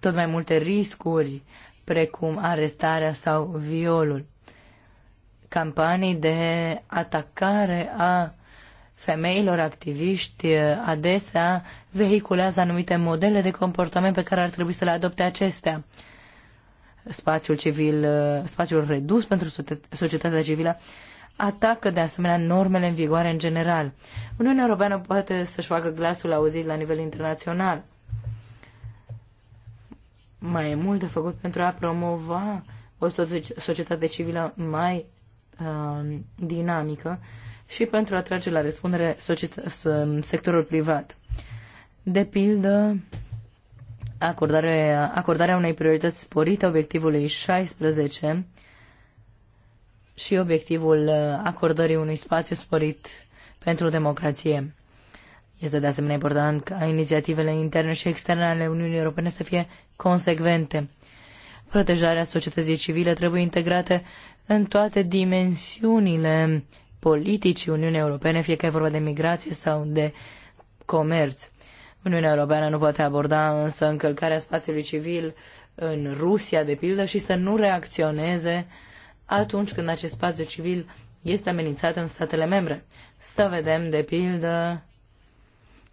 S3: tot mai multe riscuri, precum arestarea sau violul. Campanii de atacare a femeilor activiști uh, adesea vehiculează anumite modele de comportament pe care ar trebui să le adopte acestea spațiul civil, uh, spațiul redus pentru societatea civilă, atacă de asemenea normele în vigoare în general. Uniunea Europeană poate să-și facă glasul auzit la nivel internațional. Mai e mult de făcut pentru a promova o societate civilă mai uh, dinamică și pentru a trage la răspundere sectorul privat. De pildă, acordare, acordarea unei priorități sporite obiectivului 16 și obiectivul acordării unui spațiu sporit pentru democrație. Este de asemenea important ca inițiativele interne și externe ale Uniunii Europene să fie consecvente. Protejarea societății civile trebuie integrată în toate dimensiunile politicii Uniunii Europene, fie că e vorba de migrație sau de comerț. Uniunea Europeană nu poate aborda însă încălcarea spațiului civil în Rusia, de pildă, și să nu reacționeze atunci când acest spațiu civil este amenințat în statele membre. Să vedem, de pildă,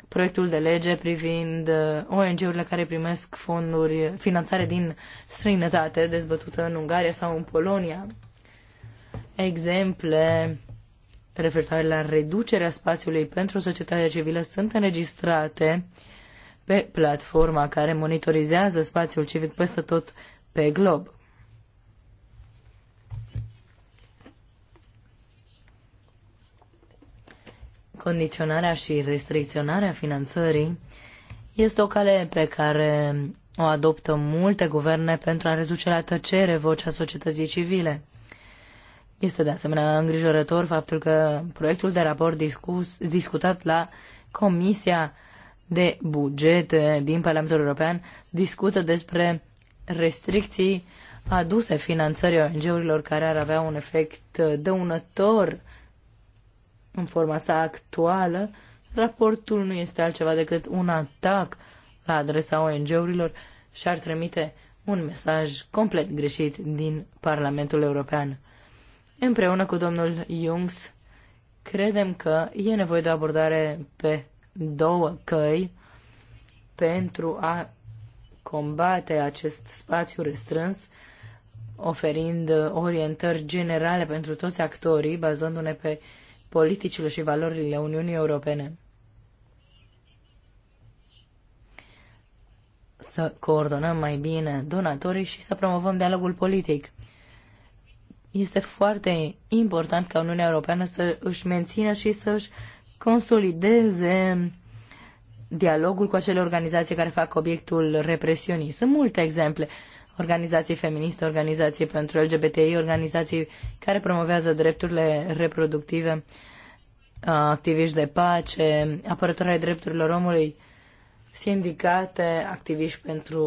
S3: proiectul de lege privind uh, ONG-urile care primesc fonduri, finanțare din străinătate, dezbătută în Ungaria sau în Polonia. Exemple referitoare la reducerea spațiului pentru societatea civilă sunt înregistrate pe platforma care monitorizează spațiul civic peste tot pe glob. Condiționarea și restricționarea finanțării este o cale pe care o adoptă multe guverne pentru a reduce la tăcere vocea societății civile. Este de asemenea îngrijorător faptul că proiectul de raport discus, discutat la Comisia de Buget din Parlamentul European discută despre restricții aduse finanțării ONG-urilor care ar avea un efect dăunător în forma sa actuală. Raportul nu este altceva decât un atac la adresa ONG-urilor și ar trimite un mesaj complet greșit din Parlamentul European împreună cu domnul Jungs, credem că e nevoie de o abordare pe două căi pentru a combate acest spațiu restrâns, oferind orientări generale pentru toți actorii, bazându-ne pe politicile și valorile Uniunii Europene. Să coordonăm mai bine donatorii și să promovăm dialogul politic este foarte important ca Uniunea Europeană să își mențină și să își consolideze dialogul cu acele organizații care fac obiectul represiunii. Sunt multe exemple. Organizații feministe, organizații pentru LGBTI, organizații care promovează drepturile reproductive, uh, activiști de pace, apărători ai drepturilor omului, sindicate, activiști pentru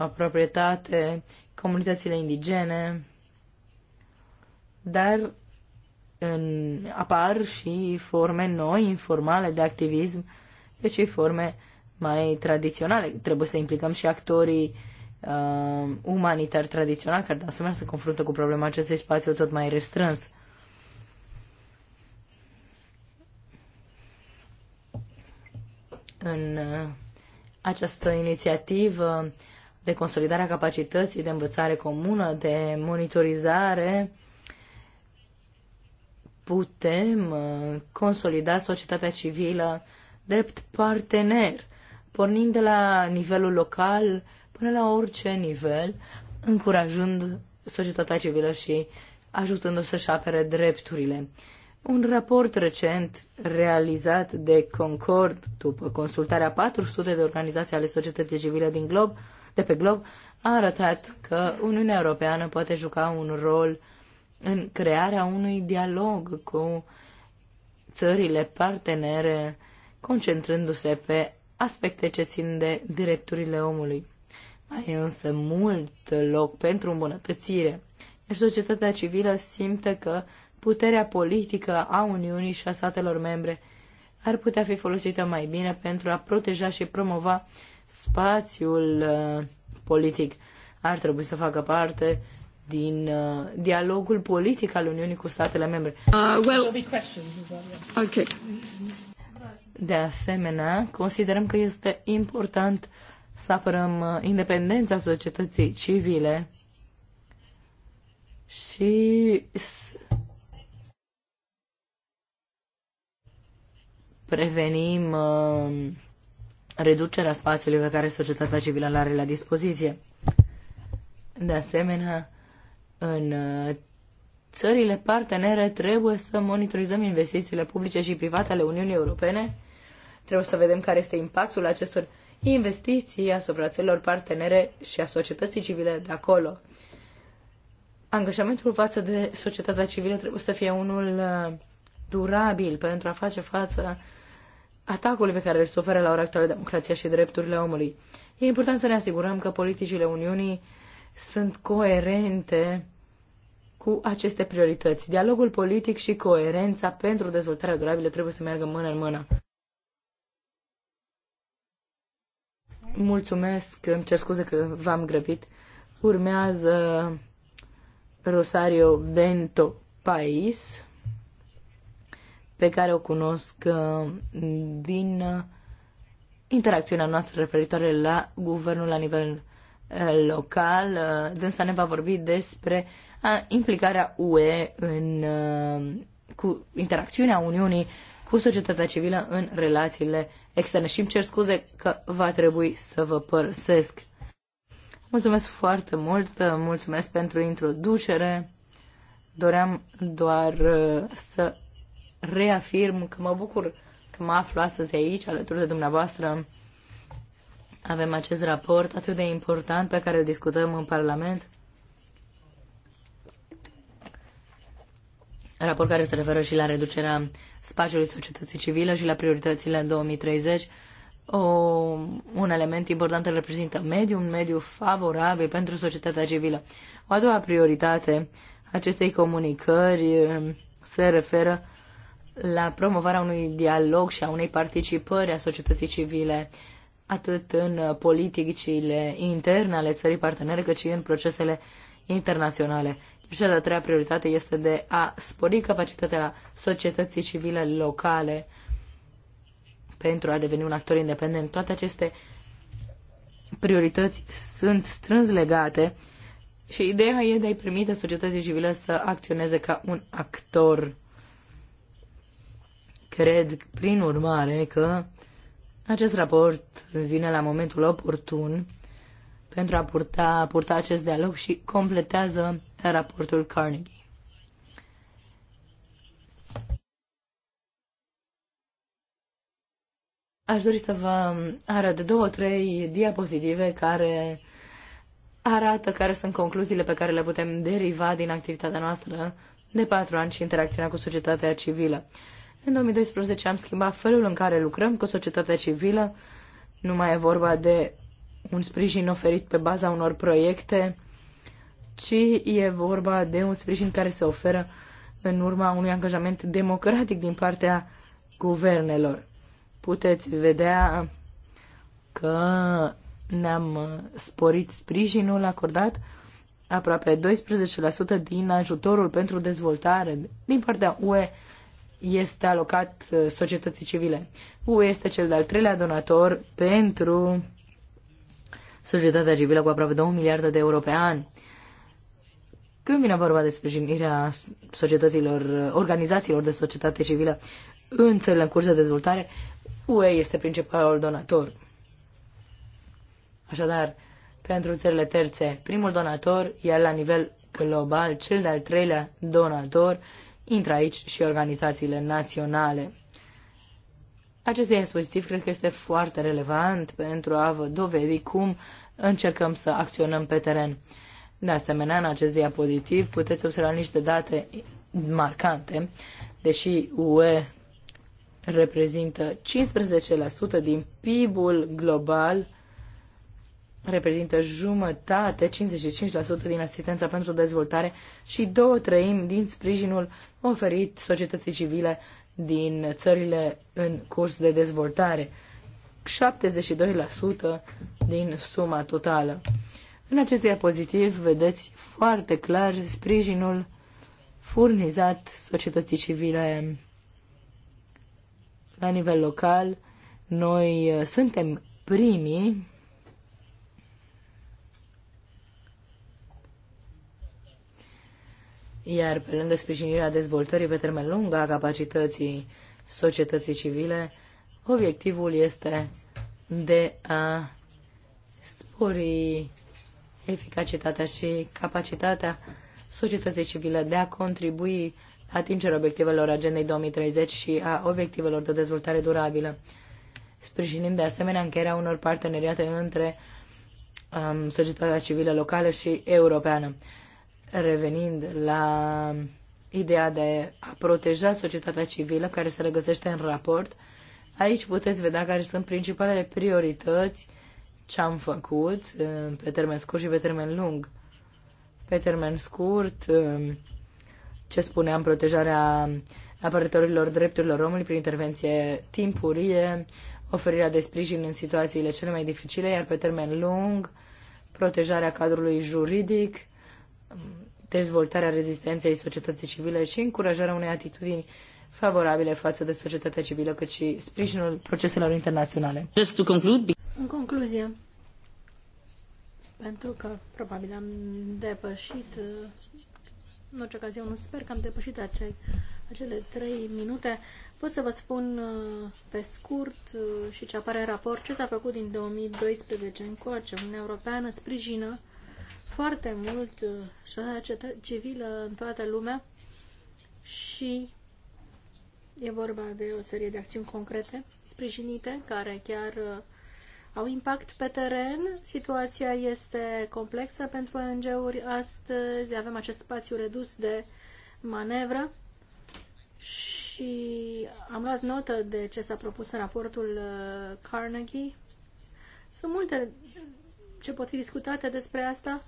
S3: uh, proprietate, comunitățile indigene, dar în, apar și forme noi, informale de activism, deci și forme mai tradiționale. Trebuie să implicăm și actorii uh, umanitari tradiționali, care de asemenea se confruntă cu problema acestui spațiu tot mai restrâns. În uh, această inițiativă de consolidare a capacității de învățare comună, de monitorizare, putem uh, consolida societatea civilă drept partener, pornind de la nivelul local până la orice nivel, încurajând societatea civilă și ajutându-o să-și apere drepturile. Un raport recent realizat de Concord după consultarea 400 de organizații ale societății civile din glob, de pe glob a arătat că Uniunea Europeană poate juca un rol în crearea unui dialog cu țările partenere, concentrându-se pe aspecte ce țin de drepturile omului. Mai e însă mult loc pentru îmbunătățire, iar societatea civilă simte că puterea politică a Uniunii și a statelor membre ar putea fi folosită mai bine pentru a proteja și promova spațiul uh, politic. Ar trebui să facă parte din uh, dialogul politic al Uniunii cu statele membre. Uh, well, okay. De asemenea, considerăm că este important să apărăm uh, independența societății civile și prevenim uh, reducerea spațiului pe care societatea civilă îl are la dispoziție. De asemenea, în uh, țările partenere trebuie să monitorizăm investițiile publice și private ale Uniunii Europene. Trebuie să vedem care este impactul acestor investiții asupra țărilor partenere și a societății civile de acolo. Angajamentul față de societatea civilă trebuie să fie unul uh, durabil pentru a face față atacului pe care îl suferă la ora actuală democrația și drepturile omului. E important să ne asigurăm că politicile Uniunii sunt coerente cu aceste priorități. Dialogul politic și coerența pentru dezvoltarea durabilă trebuie să meargă mână în mână. Mulțumesc, îmi cer scuze că v-am grăbit. Urmează Rosario Bento Pais, pe care o cunosc uh, din uh, interacțiunea noastră referitoare la guvernul la nivel uh, local. Dânsa ne va vorbi despre implicarea UE în, cu interacțiunea Uniunii cu societatea civilă în relațiile externe. Și îmi cer scuze că va trebui să vă părăsesc. Mulțumesc foarte mult, mulțumesc pentru introducere. Doream doar să reafirm că mă bucur că mă aflu astăzi aici, alături de dumneavoastră. Avem acest raport atât de important pe care îl discutăm în Parlament raport care se referă și la reducerea spațiului societății civile și la prioritățile în 2030. O, un element important îl reprezintă mediul, un mediu favorabil pentru societatea civilă. O a doua prioritate acestei comunicări um, se referă la promovarea unui dialog și a unei participări a societății civile atât în politicile interne ale țării partenere, cât și în procesele internaționale. Cea de-a treia prioritate este de a spori capacitatea societății civile locale pentru a deveni un actor independent. Toate aceste priorități sunt strâns legate și ideea e de a-i permite societății civile să acționeze ca un actor. Cred, prin urmare, că acest raport vine la momentul oportun pentru a purta, purta acest dialog și completează raportul Carnegie. Aș dori să vă arăt două, trei diapozitive care arată care sunt concluziile pe care le putem deriva din activitatea noastră de patru ani și interacțiunea cu societatea civilă. În 2012 am schimbat felul în care lucrăm cu societatea civilă. Nu mai e vorba de un sprijin oferit pe baza unor proiecte ci e vorba de un sprijin care se oferă în urma unui angajament democratic din partea guvernelor. Puteți vedea că ne-am sporit sprijinul acordat aproape 12% din ajutorul pentru dezvoltare din partea UE este alocat uh, societății civile. UE este cel de-al treilea donator pentru societatea civilă cu aproape 2 miliarde de euro pe an. Când vine vorba de sprijinirea societăților, organizațiilor de societate civilă în țările în curs de dezvoltare, UE este principalul donator. Așadar, pentru țările terțe, primul donator, iar la nivel global, cel de-al treilea donator, intră aici și organizațiile naționale. Acest dispozitiv cred că este foarte relevant pentru a vă dovedi cum încercăm să acționăm pe teren. De asemenea, în acest diapozitiv puteți observa niște date marcante, deși UE reprezintă 15% din PIB-ul global, reprezintă jumătate, 55% din asistența pentru dezvoltare și două treimi din sprijinul oferit societății civile din țările în curs de dezvoltare, 72% din suma totală. În acest diapozitiv vedeți foarte clar sprijinul furnizat societății civile la nivel local. Noi uh, suntem primii iar pe lângă sprijinirea dezvoltării pe termen lung a capacității societății civile, obiectivul este de a spori eficacitatea și capacitatea societății civile de a contribui la atingerea obiectivelor Agendei 2030 și a obiectivelor de dezvoltare durabilă, sprijinind de asemenea încheierea unor parteneriate între um, societatea civilă locală și europeană. Revenind la ideea de a proteja societatea civilă care se regăsește în raport, aici puteți vedea care sunt principalele priorități ce am făcut eh, pe termen scurt și pe termen lung. Pe termen scurt, eh, ce spuneam, protejarea apărătorilor drepturilor omului prin intervenție timpurie, oferirea de sprijin în situațiile cele mai dificile, iar pe termen lung, protejarea cadrului juridic, dezvoltarea rezistenței societății civile și încurajarea unei atitudini favorabile față de societatea civilă, cât și sprijinul proceselor internaționale. Just to conclude,
S2: în concluzie, pentru că probabil am depășit, în orice caz eu nu sper că am depășit acei, acele trei minute, pot să vă spun uh, pe scurt uh, și ce apare în raport, ce s-a făcut din 2012 încoace. Uniunea Europeană sprijină foarte mult uh, societatea civilă în toată lumea și e vorba de o serie de acțiuni concrete sprijinite care chiar au impact pe teren. Situația este complexă pentru ONG-uri. Astăzi avem acest spațiu redus de manevră și am luat notă de ce s-a propus în raportul uh, Carnegie. Sunt multe ce pot fi discutate despre asta,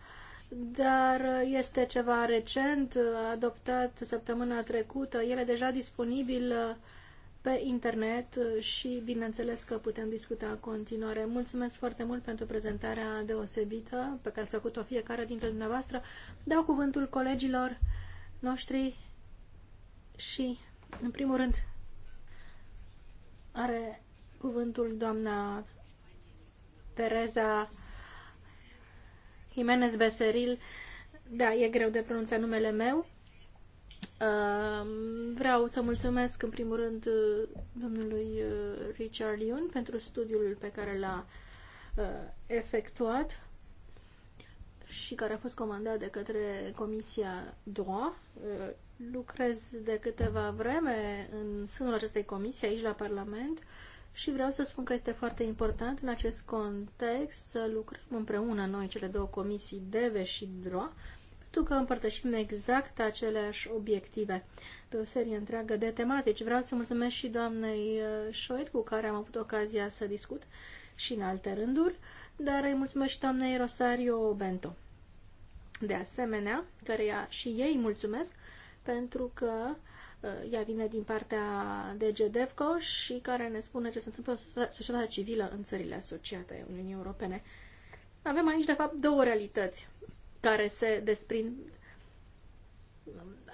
S2: dar uh, este ceva recent, uh, adoptat săptămâna trecută. El e deja disponibil uh, pe internet și bineînțeles că putem discuta în continuare. Mulțumesc foarte mult pentru prezentarea deosebită pe care s-a făcut-o fiecare dintre dumneavoastră. Dau cuvântul colegilor noștri și, în primul rând, are cuvântul doamna Tereza Jimenez Beseril. Da, e greu de pronunțat numele meu Vreau să mulțumesc în primul rând domnului uh, Richard Lyon pentru studiul pe care l-a uh, efectuat și care a fost comandat de către Comisia DOA. Uh, lucrez de câteva vreme în sânul acestei comisii aici la Parlament și vreau să spun că este foarte important în acest context să lucrăm împreună noi, cele două comisii DEVE și DROA, faptul că împărtășim exact aceleași obiective pe o serie întreagă de tematici. Vreau să mulțumesc și doamnei uh, Șoit, cu care am avut ocazia să discut și în alte rânduri, dar îi mulțumesc și doamnei Rosario Bento. De asemenea, căreia și ei mulțumesc pentru că uh, ea vine din partea de DEVCO și care ne spune ce se întâmplă în societatea civilă în țările asociate Uniunii Europene. Avem aici, de fapt, două realități care se desprind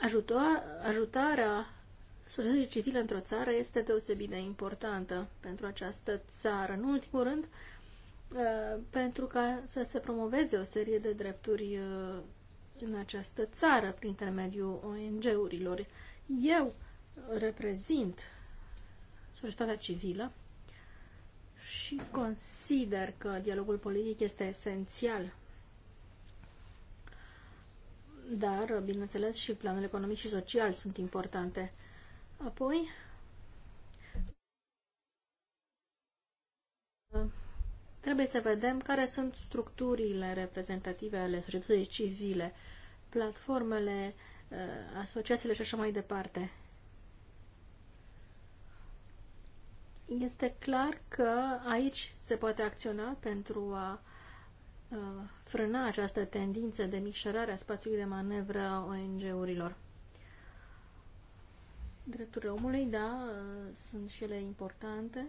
S2: ajutor, ajutarea societății civile într-o țară este deosebit de importantă pentru această țară. În ultimul rând, uh, pentru ca să se promoveze o serie de drepturi uh, în această țară prin intermediul ONG-urilor. Eu reprezint societatea civilă și consider că dialogul politic este esențial dar, bineînțeles, și planul economic și social sunt importante. Apoi, trebuie să vedem care sunt structurile reprezentative ale societății civile, platformele, eh, asociațiile și așa mai departe. Este clar că aici se poate acționa pentru a Uh, frâna această tendință de micșorare a spațiului de manevră a ONG-urilor. Drepturile omului, da, uh, sunt și ele importante.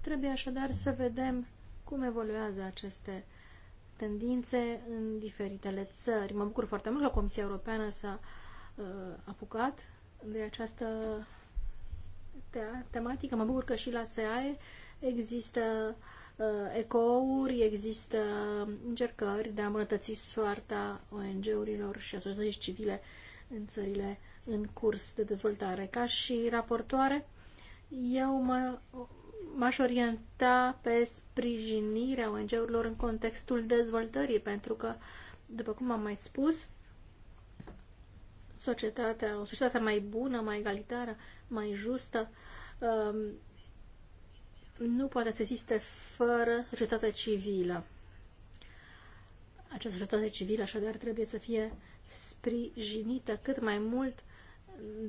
S2: Trebuie așadar să vedem cum evoluează aceste tendințe în diferitele țări. Mă bucur foarte mult că Comisia Europeană s-a uh, apucat de această tematică. Mă bucur că și la SEAE există uh, ecouri, există încercări de a îmbunătăți soarta ONG-urilor și societății civile în țările în curs de dezvoltare. Ca și raportoare, eu mă, m-aș orienta pe sprijinirea ONG-urilor în contextul dezvoltării, pentru că, după cum am mai spus, societatea, o societate mai bună, mai egalitară, mai justă, um, nu poate să existe fără societate civilă. Această societate civilă, așadar, trebuie să fie sprijinită cât mai mult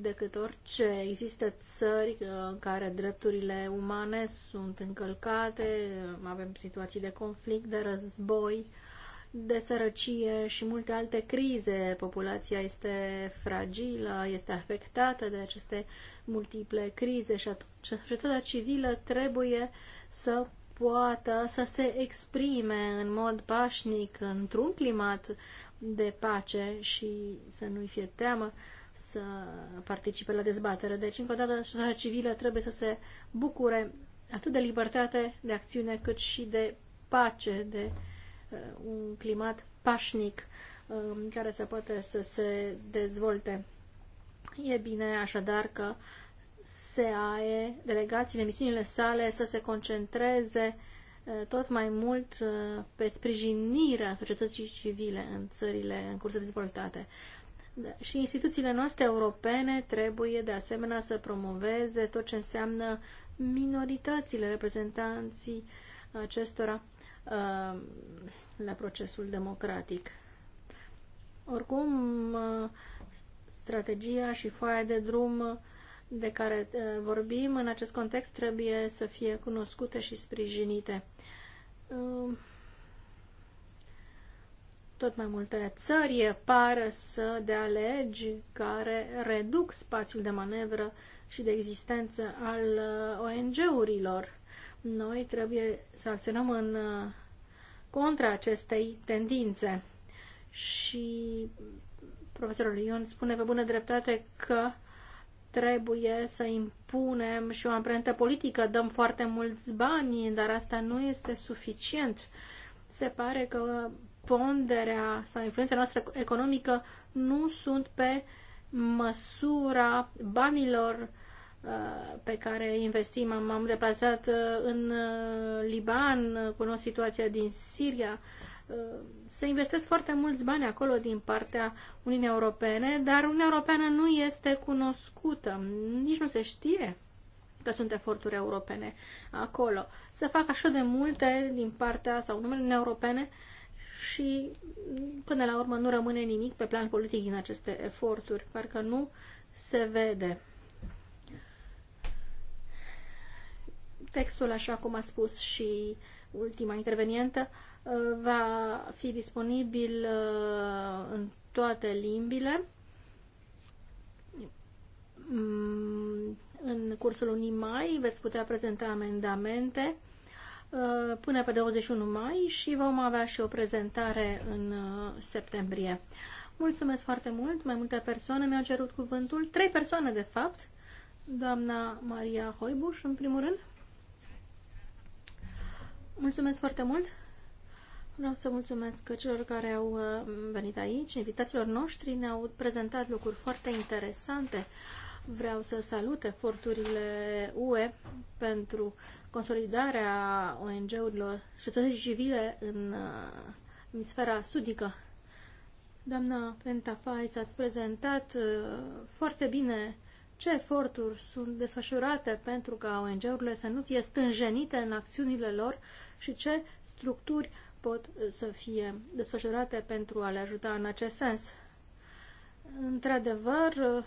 S2: decât orice. Există țări uh, în care drepturile umane sunt încălcate, avem situații de conflict, de război, de sărăcie și multe alte crize. Populația este fragilă, este afectată de aceste multiple crize și atunci societatea civilă trebuie să poată să se exprime în mod pașnic într-un climat de pace și să nu-i fie teamă să participe la dezbatere. Deci, încă o dată, societatea civilă trebuie să se bucure atât de libertate de acțiune cât și de pace, de Uh, un climat pașnic um, care să poate să se dezvolte. E bine așadar că SAE, delegațiile, misiunile sale să se concentreze uh, tot mai mult uh, pe sprijinirea societății civile în țările în curs de dezvoltate. Da, și instituțiile noastre europene trebuie de asemenea să promoveze tot ce înseamnă minoritățile, reprezentanții acestora Uh, la procesul democratic. Oricum, uh, strategia și foaia de drum de care uh, vorbim în acest context trebuie să fie cunoscute și sprijinite. Tot mai multe țări par să dea legi care reduc spațiul de manevră și de existență al ONG-urilor noi trebuie să acționăm în uh, contra acestei tendințe. Și profesorul Ion spune pe bună dreptate că trebuie să impunem și o amprentă politică, dăm foarte mulți bani, dar asta nu este suficient. Se pare că ponderea sau influența noastră economică nu sunt pe măsura banilor Uh, pe care investim. M-am deplasat uh, în uh, Liban, cunosc situația din Siria. Se investesc foarte mulți bani acolo din partea Uniunii Europene, dar Uniunea Europeană nu este cunoscută, nici nu se știe că sunt eforturi europene acolo. Se fac așa de multe din partea sau numele europene și mm, până la urmă nu rămâne nimic pe plan politic din aceste eforturi, parcă nu se vede. Textul, așa cum a spus și ultima intervenientă, uh, va fi disponibil uh, în toate limbile mm, în cursul lunii mai veți putea prezenta amendamente uh, până pe 21 mai și vom avea și o prezentare în septembrie. Mulțumesc foarte mult, mai multe persoane mi-au cerut cuvântul, trei persoane de fapt, doamna Maria Hoibuș în primul rând. Mulțumesc foarte mult! Vreau să mulțumesc celor care au uh, venit aici, invitațiilor noștri, ne-au prezentat lucruri foarte interesante. Vreau să salut eforturile UE pentru consolidarea ONG-urilor și societății civile în uh, sfera sudică. Doamna Penta Fais ați prezentat uh, foarte bine ce eforturi sunt desfășurate pentru ca ONG-urile să nu fie stânjenite în acțiunile lor și ce structuri pot uh, să fie desfășurate pentru a le ajuta în acest sens. Într-adevăr, uh,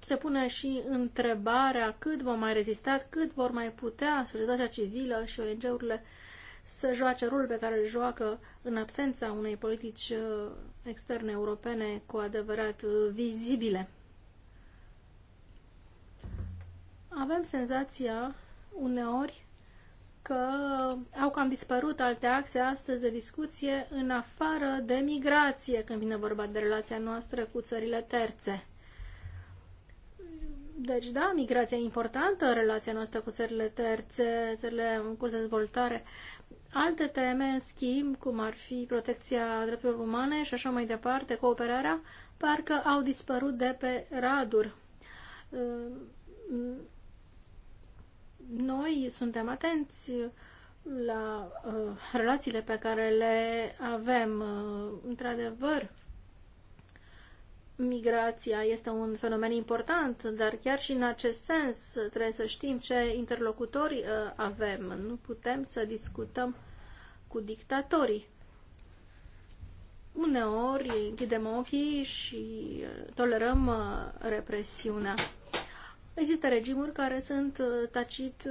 S2: se pune și întrebarea cât vor mai rezista, cât vor mai putea societatea civilă și ONG-urile să joace rolul pe care îl joacă în absența unei politici uh, externe europene cu adevărat uh, vizibile. Avem senzația uneori că au cam dispărut alte axe astăzi de discuție în afară de migrație când vine vorba de relația noastră cu țările terțe. Deci, da, migrația e importantă, relația noastră cu țările terțe, țările în curs de dezvoltare, Alte teme, în schimb, cum ar fi protecția drepturilor umane și așa mai departe, cooperarea, parcă au dispărut de pe raduri. Noi suntem atenți la uh, relațiile pe care le avem. Uh, într-adevăr, migrația este un fenomen important, dar chiar și în acest sens trebuie să știm ce interlocutori uh, avem. Nu putem să discutăm cu dictatorii. Uneori închidem ochii și uh, tolerăm uh, represiunea. Există regimuri care sunt uh, tacit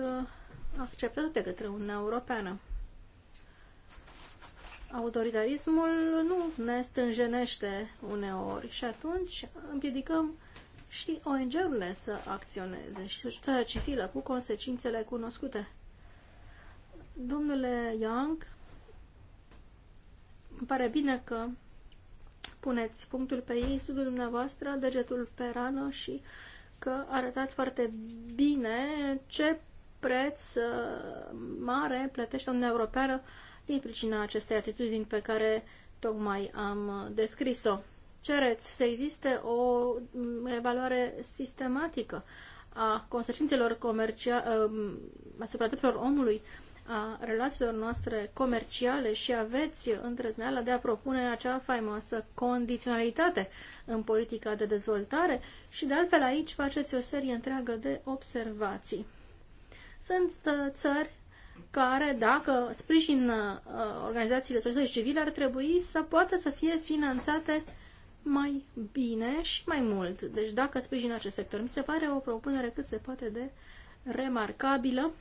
S2: acceptate de către Uniunea Europeană. Autoritarismul nu ne stânjenește uneori și atunci împiedicăm și ONG-urile să acționeze și societatea civilă cu consecințele cunoscute. Domnule Young, îmi pare bine că puneți punctul pe ei, sudul dumneavoastră, degetul pe rană și că arătați foarte bine ce preț uh, mare plătește Uniunea Europeană din pricina acestei atitudini pe care tocmai am uh, descris-o. Cereți să existe o um, evaluare sistematică a consecințelor comerciale uh, asupra drepturilor omului a relațiilor noastre comerciale și aveți îndrăzneala de a propune acea faimoasă condiționalitate în politica de dezvoltare și de altfel aici faceți o serie întreagă de observații. Sunt uh, țări care, dacă sprijin uh, organizațiile societății civile, ar trebui să poată să fie finanțate mai bine și mai mult. Deci dacă sprijin acest sector, mi se pare o propunere cât se poate de remarcabilă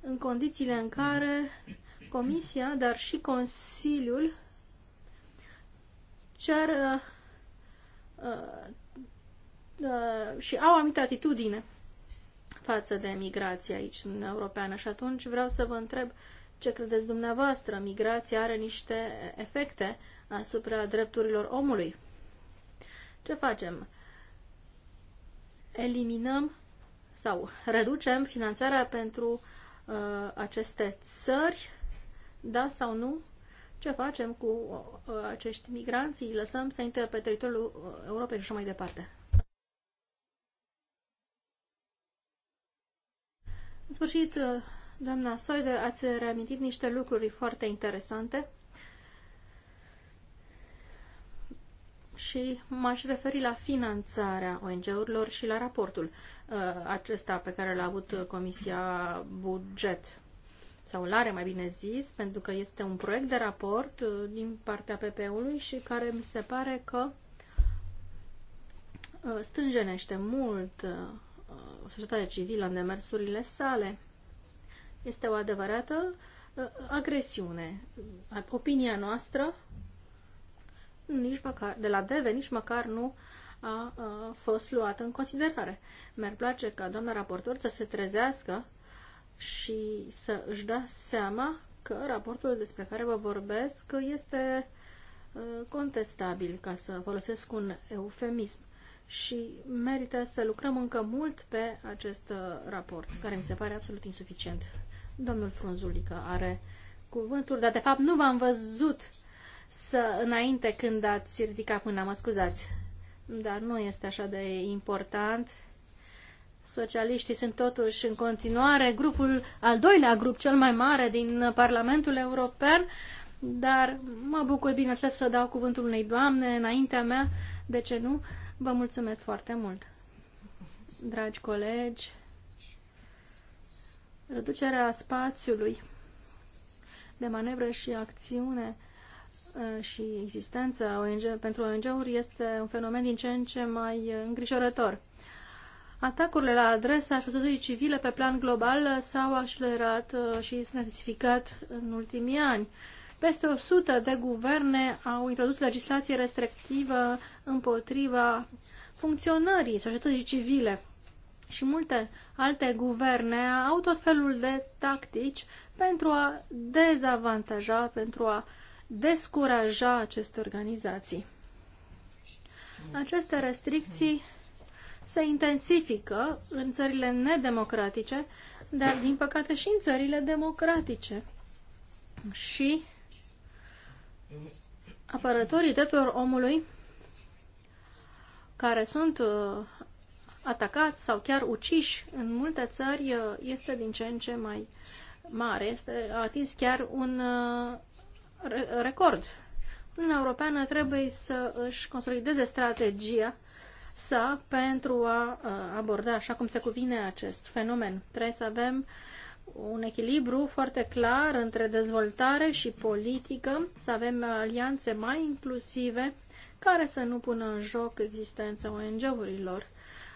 S2: în condițiile în care Comisia, dar și Consiliul cer uh, uh, uh și au anumită atitudine față de migrație aici în Europeană și atunci vreau să vă întreb ce credeți dumneavoastră? Migrația are niște efecte asupra drepturilor omului. Ce facem? Eliminăm sau reducem finanțarea pentru uh, Uh, aceste țări, da sau nu? Ce facem cu uh, acești migranți? Îi lăsăm să intre pe teritoriul uh, Europei și așa mai departe. În sfârșit, doamna Soider, ați reamintit niște lucruri foarte interesante și m-aș referi la finanțarea ONG-urilor și la raportul uh, acesta pe care l-a avut Comisia Buget sau lare mai bine zis, pentru că este un proiect de raport uh, din partea PP-ului și care mi se pare că uh, stânjenește mult societatea civilă în demersurile sale. Este o adevărată agresiune. Opinia noastră nici măcar, de la DEVE nici măcar nu a, a fost luată în considerare. Mi-ar place ca doamna raportor să se trezească și să își dea seama că raportul despre care vă vorbesc este contestabil, ca să folosesc un eufemism. Și merită să lucrăm încă mult pe acest raport, care mi se pare absolut insuficient. Domnul Frunzulică are cuvântul, dar de fapt nu v-am văzut să, înainte când ați ridicat până, mă scuzați, dar nu este așa de important. Socialiștii sunt totuși în continuare grupul, al doilea grup cel mai mare din Parlamentul European, dar mă bucur, bineînțeles, să dau cuvântul unei doamne înaintea mea, de ce nu? Vă mulțumesc foarte mult, dragi colegi. Reducerea spațiului de manevră și acțiune Uh, și existența ONG, pentru ONG-uri este un fenomen din ce în ce mai îngrijorător. Atacurile la adresa societății civile pe plan global s-au accelerat uh, și s-au intensificat în ultimii ani. Peste 100 de guverne au introdus legislație restrictivă împotriva funcționării societății civile și multe alte guverne au tot felul de tactici pentru a dezavantaja, pentru a uh, descuraja aceste organizații. Aceste restricții se intensifică în țările nedemocratice, dar din păcate și în țările democratice. Și apărătorii drepturilor omului care sunt uh, atacați sau chiar uciși în multe țări uh, este din ce în ce mai mare. Este a atins chiar un uh, record. Uniunea Europeană trebuie să își consolideze strategia sa pentru a aborda așa cum se cuvine acest fenomen. Trebuie să avem un echilibru foarte clar între dezvoltare și politică, să avem alianțe mai inclusive care să nu pună în joc existența ONG-urilor.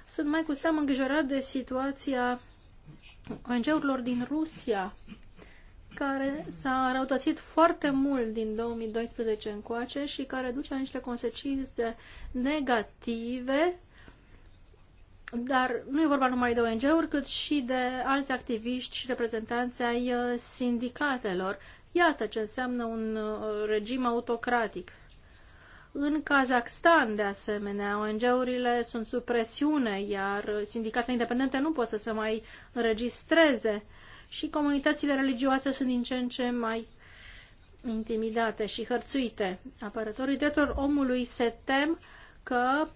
S2: Sunt mai cu seamă îngrijorat de situația ONG-urilor din Rusia, care s-a răutățit foarte mult din 2012 încoace și care duce la niște consecințe negative, dar nu e vorba numai de ONG-uri, cât și de alți activiști și reprezentanți ai uh, sindicatelor. Iată ce înseamnă un uh, regim autocratic. În Kazakhstan, de asemenea, ONG-urile sunt sub presiune, iar uh, sindicatele independente nu pot să se mai înregistreze și comunitățile religioase sunt din ce în ce mai intimidate și hărțuite. Apărătorii drepturilor omului se tem că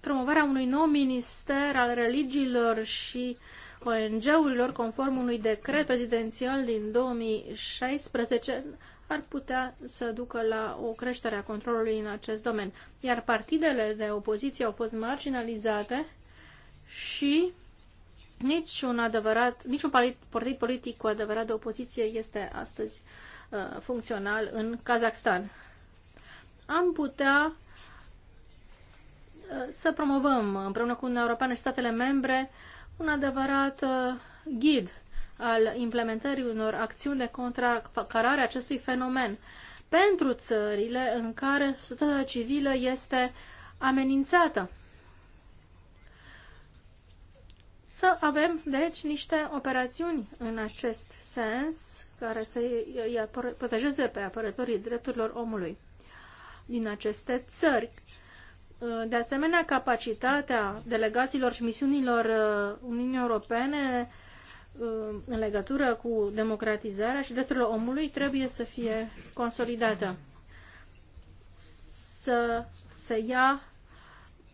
S2: promovarea unui nou minister al religiilor și ONG-urilor conform unui decret prezidențial din 2016 ar putea să ducă la o creștere a controlului în acest domeniu. Iar partidele de opoziție au fost marginalizate și nici un, adevărat, niciun partid politic cu adevărat de opoziție este astăzi uh, funcțional în Kazakhstan. Am putea uh, să promovăm împreună cu Uniunea Europeană și statele membre un adevărat uh, ghid al implementării unor acțiuni de contracarare acestui fenomen pentru țările în care societatea civilă este amenințată. Să avem, deci, niște operațiuni în acest sens care să îi protejeze pe apărătorii drepturilor omului din aceste țări. De asemenea, capacitatea delegațiilor și misiunilor uh, Uniunii Europene uh, în legătură cu democratizarea și drepturile omului trebuie să fie consolidată. Să se ia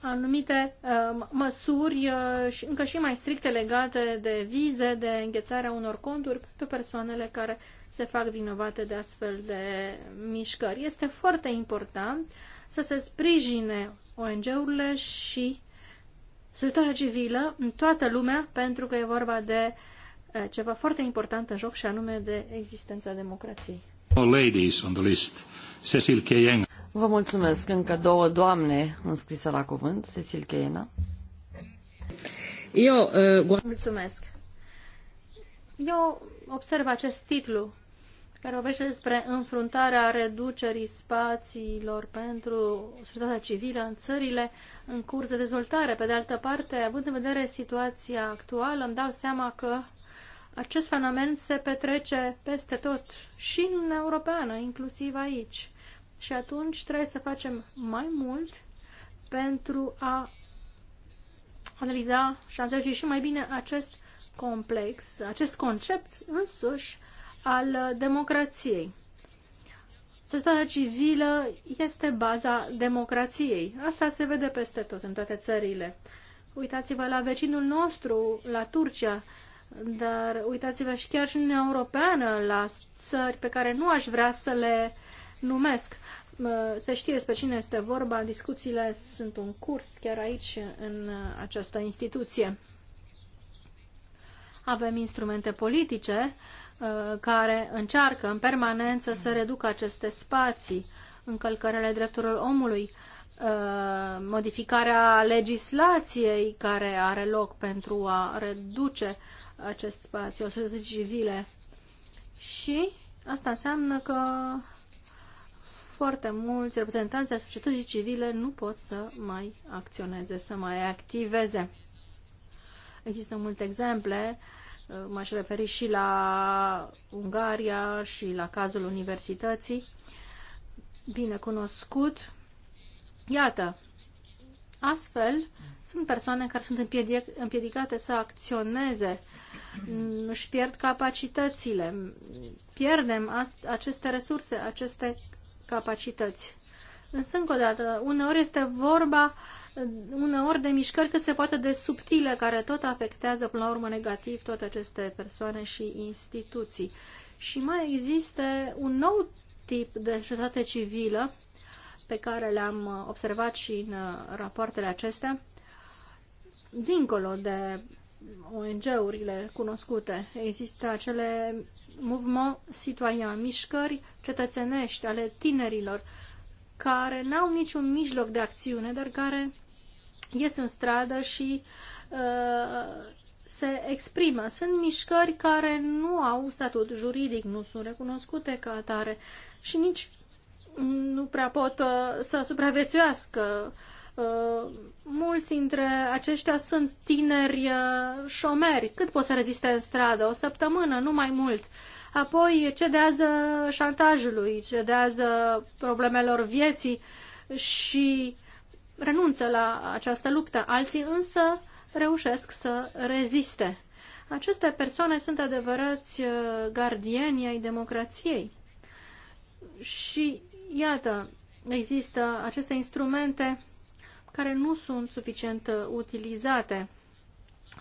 S2: anumite uh, măsuri uh, încă și mai stricte legate de vize, de înghețarea unor conturi pentru persoanele care se fac vinovate de astfel de mișcări. Este foarte important să se sprijine ONG-urile și societatea civilă în toată lumea, pentru că e vorba de uh, ceva foarte important în joc și anume de existența democrației.
S3: Ladies on the list. Cecil K.
S1: Vă mulțumesc. Încă două doamne înscrise la cuvânt. Cecil Cheiena. Eu... Uh,
S2: mulțumesc. Eu observ acest titlu care vorbește despre înfruntarea reducerii spațiilor pentru societatea civilă în țările în curs de dezvoltare. Pe de altă parte, având în vedere situația actuală, îmi dau seama că acest fenomen se petrece peste tot și în Uniunea Europeană, inclusiv aici și atunci trebuie să facem mai mult pentru a analiza și a înțelege și mai bine acest complex, acest concept însuși al democrației. Societatea civilă este baza democrației. Asta se vede peste tot, în toate țările. Uitați-vă la vecinul nostru, la Turcia, dar uitați-vă și chiar și în Europeană, la țări pe care nu aș vrea să le numesc se știe despre cine este vorba, discuțiile sunt în curs chiar aici, în această instituție. Avem instrumente politice uh, care încearcă în permanență să reducă aceste spații, încălcările drepturilor omului, uh, modificarea legislației care are loc pentru a reduce acest spațiu al societății civile. Și asta înseamnă că foarte mulți reprezentanți ai societății civile nu pot să mai acționeze, să mai activeze. Există multe exemple, m-aș referi și la Ungaria și la cazul universității, bine cunoscut. Iată, astfel sunt persoane care sunt împiedicate să acționeze își pierd capacitățile. Pierdem aceste resurse, aceste capacități. Însă, încă o dată, uneori este vorba uneori de mișcări cât se poate de subtile, care tot afectează până la urmă negativ toate aceste persoane și instituții. Și mai există un nou tip de societate civilă pe care le-am observat și în rapoartele acestea, dincolo de ONG-urile cunoscute. Există acele Mouvement Citoyen, mișcări cetățenești ale tinerilor care n-au niciun mijloc de acțiune, dar care ies în stradă și uh, se exprimă. Sunt mișcări care nu au statut juridic, nu sunt recunoscute ca atare și nici nu prea pot uh, să supraviețuiască uh, Uh, mulți dintre aceștia sunt tineri uh, șomeri. Cât pot să reziste în stradă? O săptămână, nu mai mult. Apoi cedează șantajului, cedează problemelor vieții și renunță la această luptă. Alții însă reușesc să reziste. Aceste persoane sunt adevărați uh, gardieni ai democrației. Și iată, există aceste instrumente care nu sunt suficient uh, utilizate.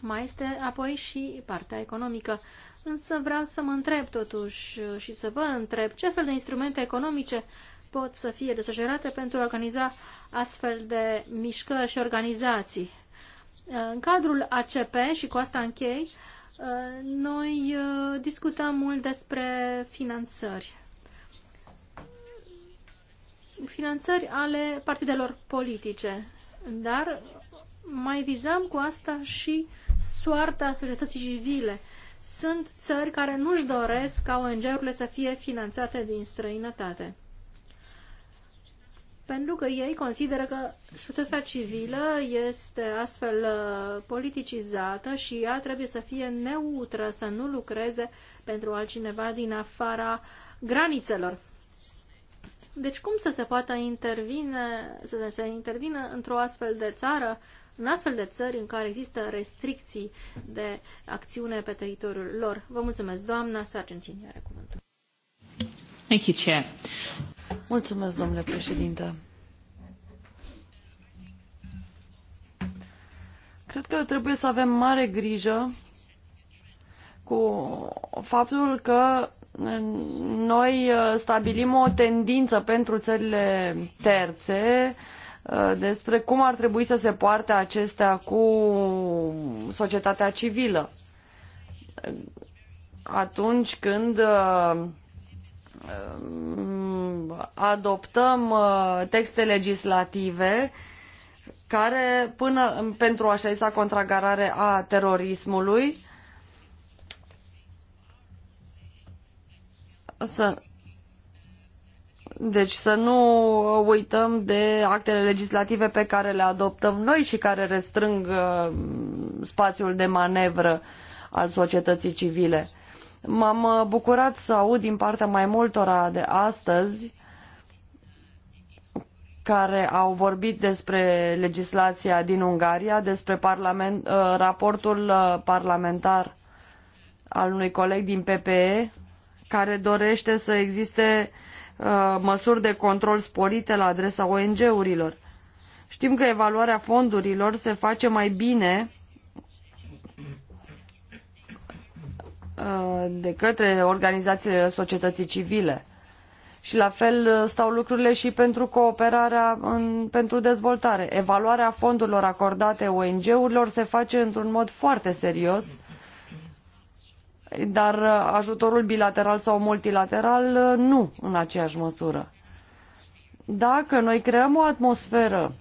S2: Mai este apoi și partea economică. Însă vreau să mă întreb totuși uh, și să vă întreb ce fel de instrumente economice pot să fie desfășurate pentru a organiza astfel de mișcări și organizații. Uh, în cadrul ACP, și cu asta închei, noi discutăm mult despre finanțări. Finanțări ale partidelor politice dar mai vizăm cu asta și soarta societății civile. Sunt țări care nu-și doresc ca ONG-urile să fie finanțate din străinătate. Pentru că ei consideră că societatea civilă este astfel uh, politicizată și ea trebuie să fie neutră, să nu lucreze pentru altcineva din afara granițelor deci cum să se poată intervine, să se intervine într-o astfel de țară, în astfel de țări în care există restricții de acțiune pe teritoriul lor? Vă mulțumesc, doamna Sargentini, are cuvântul.
S1: Thank you, Chair. Mulțumesc, domnule președinte. Cred că trebuie să avem mare grijă cu faptul că noi uh, stabilim o tendință pentru țările terțe uh, despre cum ar trebui să se poarte acestea cu societatea civilă. Atunci când uh, um, adoptăm texte legislative care până pentru așa zisa contragarare a terorismului să deci să nu uităm de actele legislative pe care le adoptăm noi și care restrâng uh, spațiul de manevră al societății civile. M-am uh, bucurat să aud din partea mai multora de astăzi care au vorbit despre legislația din Ungaria, despre parlament, uh, raportul parlamentar al unui coleg din PPE care dorește să existe uh, măsuri de control sporite la adresa ONG-urilor. Știm că evaluarea fondurilor se face mai bine uh, de către organizațiile societății civile. Și la fel uh, stau lucrurile și pentru cooperarea în, pentru dezvoltare. Evaluarea fondurilor acordate ONG-urilor se face într-un mod foarte serios uh, dar uh, ajutorul bilateral sau multilateral uh, nu în aceeași măsură. Dacă noi creăm o atmosferă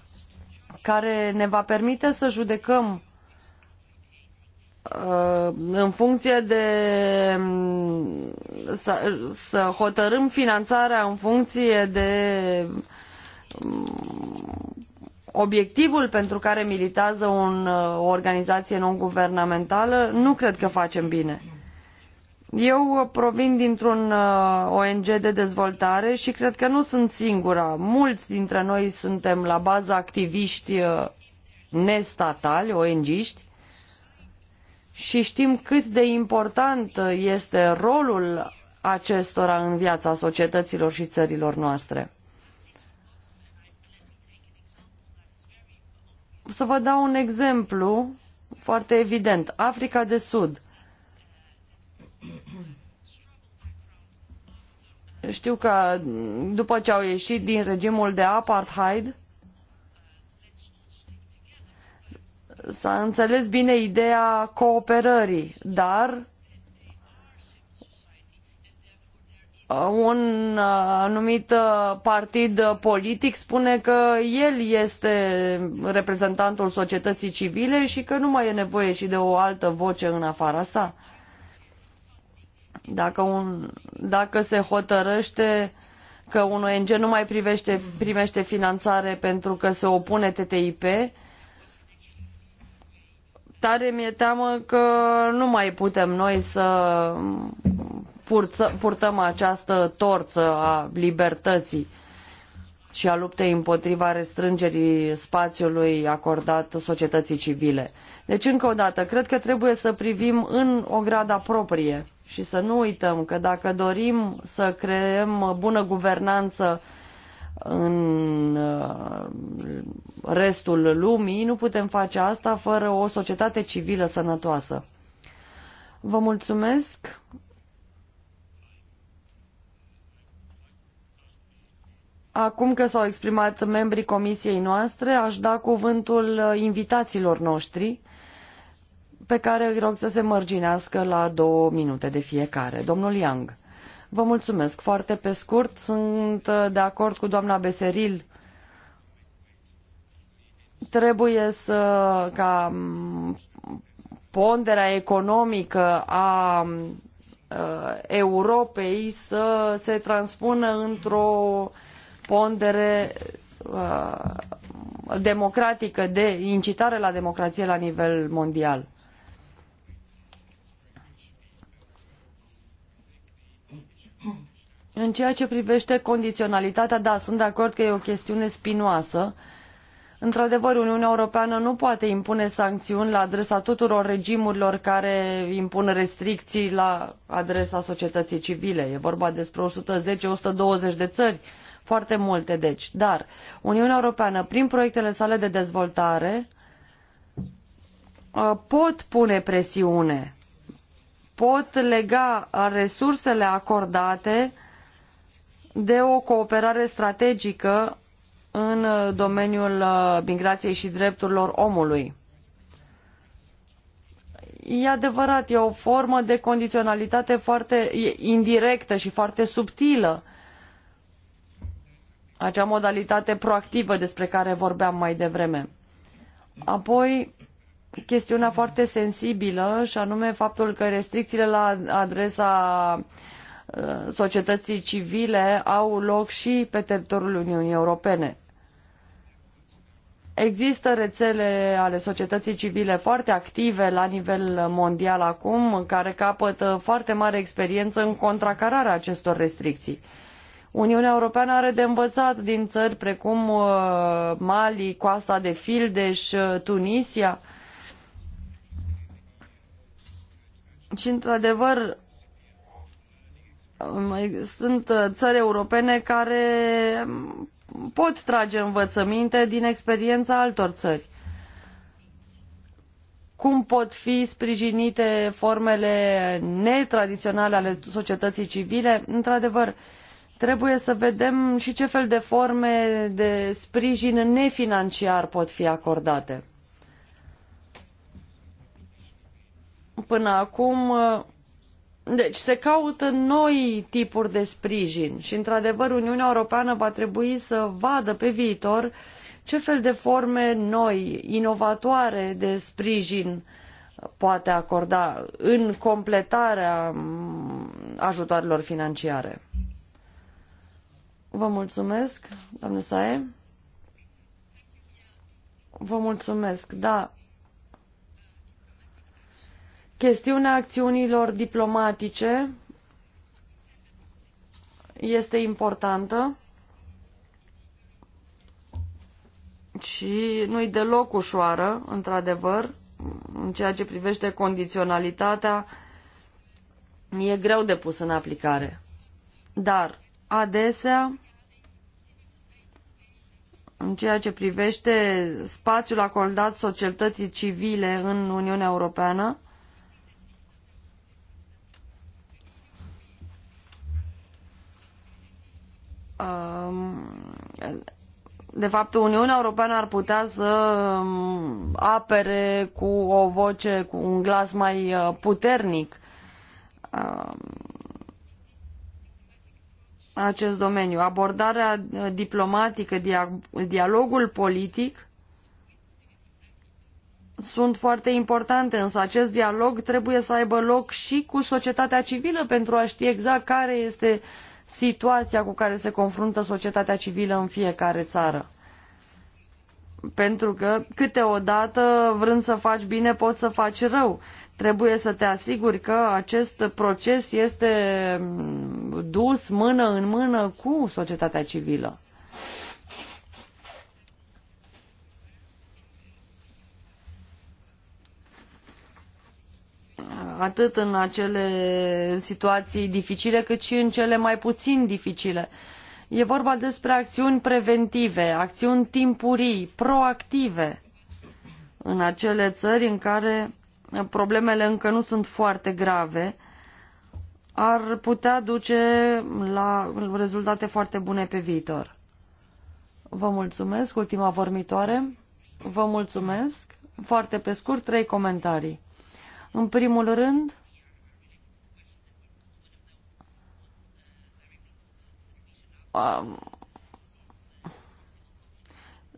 S1: care ne va permite să judecăm uh, în funcție de mm, să, să hotărâm finanțarea în funcție de mm, obiectivul pentru care militează un, o organizație non-guvernamentală, nu cred că facem bine. Eu uh, provin dintr-un uh, ONG de dezvoltare și cred că nu sunt singura. Mulți dintre noi suntem la bază activiști uh, nestatali, ONG-iști, și știm cât de important este rolul acestora în viața societăților și țărilor noastre. Să vă dau un exemplu foarte evident. Africa de Sud – Știu că după ce au ieșit din regimul de apartheid, s-a înțeles bine ideea cooperării, dar uh, un uh, anumit uh, partid politic spune că el este reprezentantul societății civile și că nu mai e nevoie și de o altă voce în afara sa. Dacă, un, dacă se hotărăște că un ONG nu mai privește, primește finanțare pentru că se opune TTIP, tare mi-e teamă că nu mai putem noi să purță, purtăm această torță a libertății și a luptei împotriva restrângerii spațiului acordat societății civile. Deci, încă o dată, cred că trebuie să privim în o gradă proprie și să nu uităm că dacă dorim să creăm bună guvernanță în uh, restul lumii, nu putem face asta fără o societate civilă sănătoasă. Vă mulțumesc! Acum că s-au exprimat membrii comisiei noastre, aș da cuvântul uh, invitațiilor noștri pe care îi rog să se mărginească la două minute de fiecare. Domnul Yang, vă mulțumesc foarte pe scurt. Sunt de acord cu doamna Beseril. Trebuie să ca ponderea economică a Europei să se transpună într-o pondere democratică de incitare la democrație la nivel mondial. În ceea ce privește condiționalitatea, da, sunt de acord că e o chestiune spinoasă. Într-adevăr, Uniunea Europeană nu poate impune sancțiuni la adresa tuturor regimurilor care impun restricții la adresa societății civile. E vorba despre 110-120 de țări, foarte multe deci. Dar Uniunea Europeană, prin proiectele sale de dezvoltare, uh, pot pune presiune, pot lega resursele acordate de o cooperare strategică în domeniul uh, migrației și drepturilor omului. E adevărat, e o formă de condiționalitate foarte indirectă și foarte subtilă. Acea modalitate proactivă despre care vorbeam mai devreme. Apoi, chestiunea foarte sensibilă și anume faptul că restricțiile la adresa uh, Uh, societății civile au loc și pe teritoriul Uniunii Europene. Există rețele ale societății civile foarte active la nivel mondial acum, care capătă foarte mare experiență în contracararea acestor restricții. Uniunea Europeană are de învățat din țări precum uh, Mali, Coasta de Fildeș, uh, Tunisia. Și, într-adevăr, sunt uh, țări europene care mm, pot trage învățăminte din experiența altor țări. Cum pot fi sprijinite formele netradiționale ale societății civile? Într-adevăr, trebuie să vedem și ce fel de forme de sprijin nefinanciar pot fi acordate. Până acum, uh, deci se caută noi tipuri de sprijin și, într-adevăr, Uniunea Europeană va trebui să vadă pe viitor ce fel de forme noi, inovatoare de sprijin poate acorda în completarea ajutoarelor financiare. Vă mulțumesc, doamne Sae. Vă mulțumesc. Da, Chestiunea acțiunilor diplomatice este importantă și nu-i deloc ușoară, într-adevăr, în ceea ce privește condiționalitatea, e greu de pus în aplicare. Dar, adesea, în ceea ce privește spațiul acordat societății civile în Uniunea Europeană, Um, de fapt, Uniunea Europeană ar putea să um, apere cu o voce, cu un glas mai uh, puternic um, acest domeniu. Abordarea uh, diplomatică, dialogul politic sunt foarte importante, însă acest dialog trebuie să aibă loc și cu societatea civilă pentru a ști exact care este uh, situația cu care se confruntă societatea civilă în fiecare țară. Pentru că câteodată, vrând să faci bine, poți să faci rău. Trebuie să te asiguri că acest proces este dus mână în mână cu societatea civilă. atât în acele situații dificile, cât și în cele mai puțin dificile. E vorba despre acțiuni preventive, acțiuni timpurii, proactive în acele țări în care problemele încă nu sunt foarte grave, ar putea duce la rezultate foarte bune pe viitor. Vă mulțumesc, ultima vorbitoare. Vă mulțumesc. Foarte pe scurt, trei comentarii. În primul rând,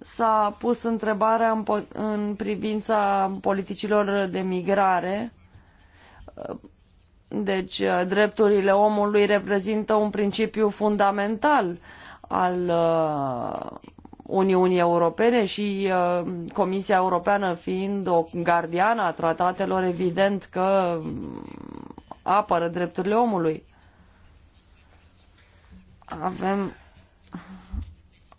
S1: s-a pus întrebarea în, privința politicilor de migrare. Deci, drepturile omului reprezintă un principiu fundamental al uh, Uniunii Europene și uh, Comisia Europeană fiind o gardiană a tratatelor, evident că mm, apără drepturile omului. Avem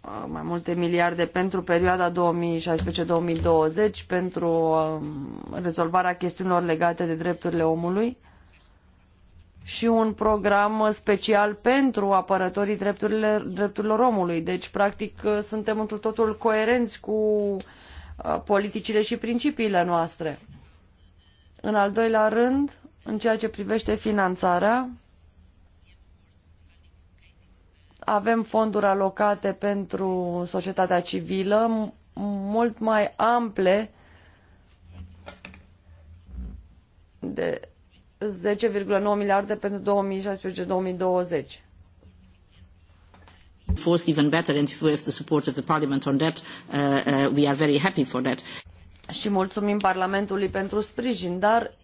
S1: uh, mai multe miliarde pentru perioada 2016-2020 pentru uh, rezolvarea chestiunilor legate de drepturile omului și un program special pentru apărătorii drepturilor omului. Deci, practic, suntem întru totul coerenți cu uh, politicile și principiile noastre. În al doilea rând, în ceea ce privește finanțarea, avem fonduri alocate pentru societatea civilă, mult mai ample de, 10,9 miliarde pentru 2016-2020.
S3: Forced even better and with the support of the Parliament on that, uh, uh, we are very happy for that.
S1: Și mulțumim Parlamentului pentru sprijin, dar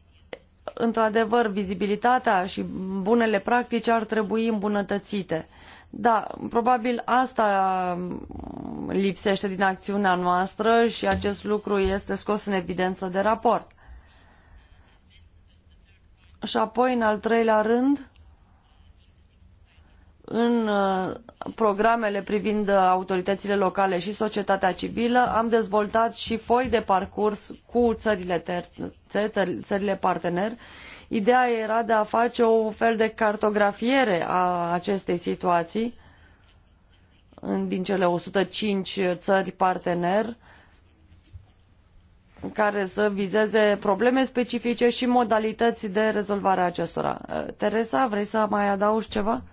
S1: într-adevăr vizibilitatea și bunele practici ar trebui îmbunătățite. Da, probabil asta um, lipsește din acțiunea noastră și acest lucru este scos în evidență de raport. Și apoi, în al treilea rând, în uh, programele privind uh, autoritățile locale și societatea civilă, am dezvoltat și foi de parcurs cu țările terțe, țările partener. Ideea era de a face o fel de cartografiere a acestei situații din cele 105 țări partener care să vizeze probleme specifice și modalități de rezolvare a acestora. Uh, Teresa, vrei să mai adaugi ceva?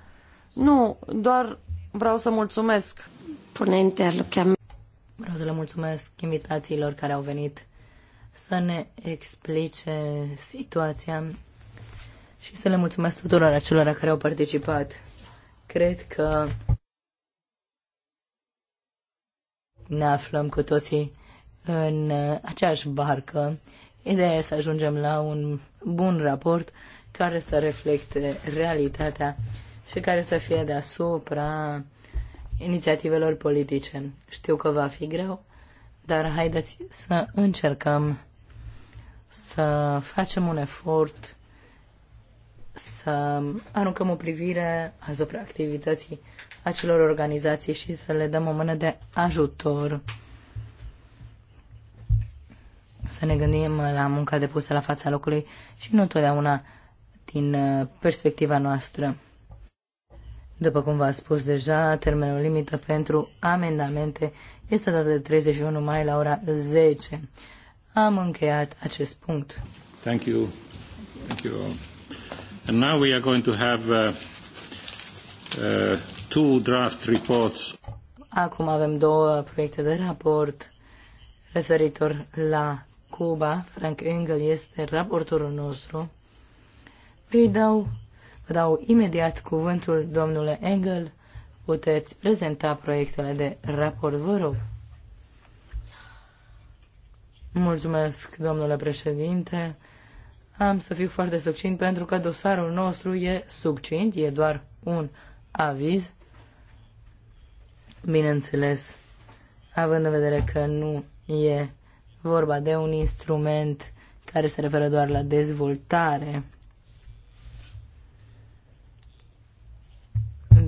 S1: Nu, doar vreau să mulțumesc. Ponente, Vreau să le mulțumesc invitațiilor care au
S3: venit să ne explice situația și să le mulțumesc tuturor acelora care au participat. Cred că ne aflăm cu toții în aceeași barcă. Ideea e să ajungem la un bun raport care să reflecte realitatea și care să fie deasupra inițiativelor politice. Știu că va fi greu, dar haideți să încercăm să facem un efort să aruncăm o privire asupra activității acelor organizații și să le dăm o mână de ajutor să ne gândim la munca depusă la fața locului și nu întotdeauna din uh, perspectiva noastră. După cum v-am spus deja, termenul limită pentru amendamente este dată de 31 mai la ora 10. Am încheiat acest punct.
S2: Thank you. Thank you all. And now we are going to have uh, uh, two draft reports.
S3: Acum avem două proiecte de raport referitor la Cuba, Frank Engel este raportorul nostru. Îi dau, vă dau imediat cuvântul, domnule Engel, puteți prezenta proiectele de raport, vă rog. Mulțumesc, domnule președinte. Am să fiu foarte succint pentru că dosarul nostru e succint, e doar un aviz. Bineînțeles, având în vedere că nu e vorba de un instrument care se referă doar la dezvoltare.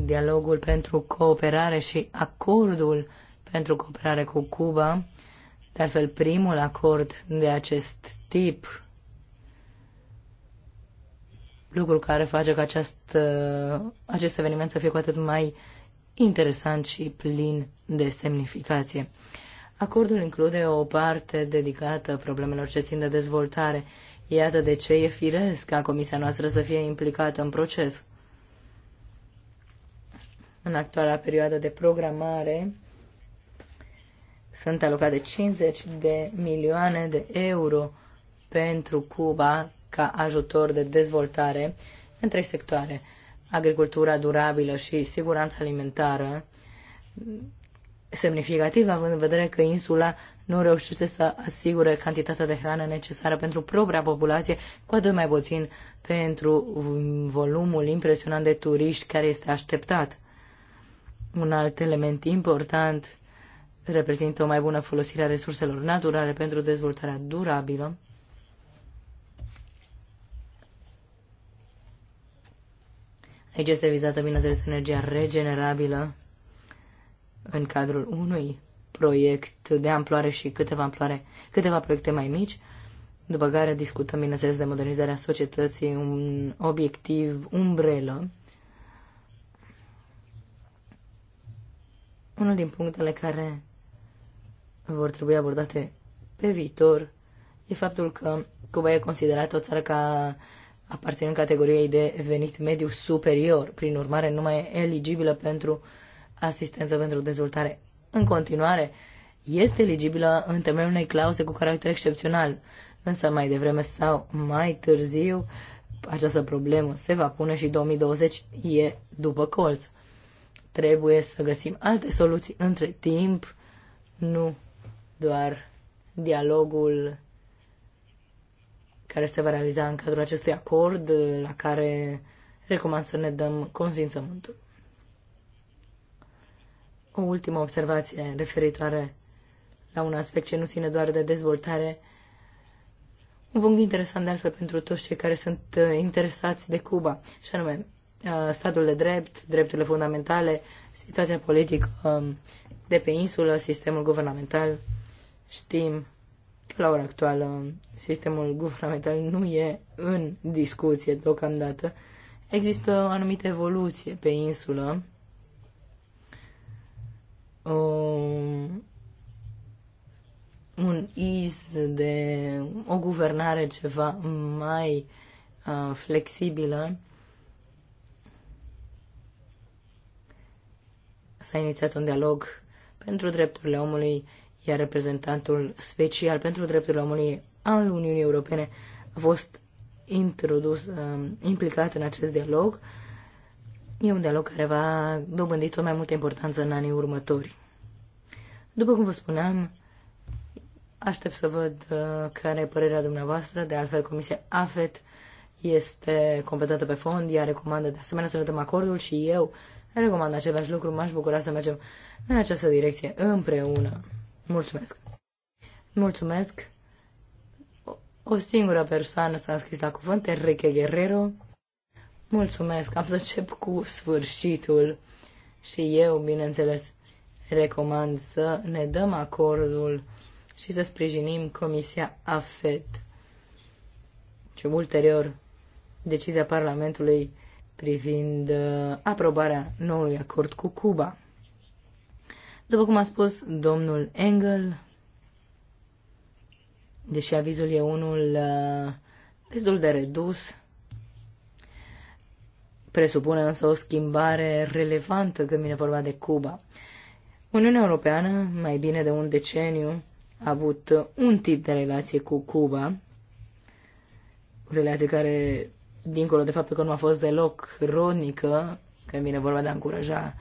S3: Dialogul pentru cooperare și acordul pentru cooperare cu Cuba, de altfel primul acord de acest tip, lucru care face ca acest, acest eveniment să fie cu atât mai interesant și plin de semnificație. Acordul include o parte dedicată problemelor ce țin de dezvoltare. Iată de ce e firesc ca comisia noastră să fie implicată în proces. În actuala perioadă de programare sunt alocate 50 de milioane de euro pentru Cuba ca ajutor de dezvoltare în trei sectoare. Agricultura durabilă și siguranța alimentară semnificativ, având în vedere că insula nu reușește să asigure cantitatea de hrană necesară pentru propria populație, cu atât mai puțin pentru volumul impresionant de turiști care este așteptat. Un alt element important reprezintă o mai bună folosire a resurselor naturale pentru dezvoltarea durabilă. Aici este vizată, bineînțeles, energia regenerabilă în cadrul unui proiect de amploare și câteva, amploare, câteva proiecte mai mici, după care discutăm, bineînțeles, de modernizarea societății, un obiectiv umbrelă. Unul din punctele care vor trebui abordate pe viitor e faptul că Cuba e considerată o țară ca aparținând categoriei de venit mediu superior, prin urmare nu mai e eligibilă pentru uh, asistență pentru dezvoltare în continuare este eligibilă în temeiul unei clauze cu caracter excepțional, însă mai devreme sau mai târziu această problemă se va pune și 2020 e după colț. Trebuie să găsim alte soluții între timp, nu doar dialogul care se va realiza în cadrul acestui acord la care recomand să ne dăm consimțământul. O ultimă observație referitoare la un aspect ce nu ține doar de dezvoltare, un punct interesant de altfel pentru toți cei care sunt uh, interesați de Cuba, și anume uh, statul de drept, drepturile fundamentale, situația politică um, de pe insulă, sistemul guvernamental. Știm că la ora actuală sistemul guvernamental nu e în discuție deocamdată. Există o anumită evoluție pe insulă, um, un iz de o guvernare ceva mai uh, flexibilă. S-a inițiat un dialog pentru drepturile omului, iar reprezentantul special pentru drepturile omului al Uniunii Europene a fost introdus, uh, implicat în acest dialog. E un dialog care va dobândi tot mai multă importanță în anii următori. După cum vă spuneam, aștept să văd uh, care e părerea dumneavoastră. De altfel, Comisia AFET este competentă pe fond, ea recomandă de asemenea să vedem acordul și eu recomand același lucru. M-aș bucura să mergem în această direcție împreună. Mulțumesc! Mulțumesc! O singură persoană s-a scris la cuvânt, Enrique Guerrero. Mulțumesc, am să încep cu sfârșitul și eu, bineînțeles, recomand să ne dăm acordul și să sprijinim Comisia AFET și ulterior decizia Parlamentului privind uh, aprobarea noului acord cu Cuba. După cum a spus domnul Engel, deși avizul e unul uh, destul de redus, presupune însă o schimbare relevantă când vine vorba de Cuba. Uniunea Europeană, mai bine de un deceniu, a avut un tip de relație cu Cuba, o relație care, dincolo de faptul că nu a fost deloc rodnică, când vine vorba de a încuraja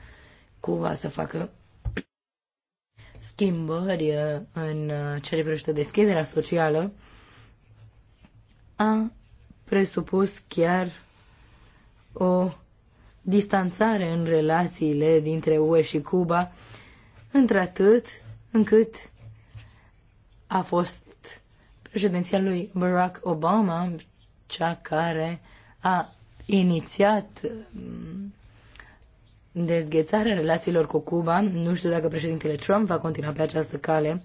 S3: Cuba să facă schimbări în ceea ce privește deschiderea socială, a presupus chiar o distanțare în relațiile dintre UE și Cuba, într-atât încât a fost președinția lui Barack Obama cea care a inițiat mm, dezghețarea relațiilor cu Cuba. Nu știu dacă președintele Trump va continua pe această cale.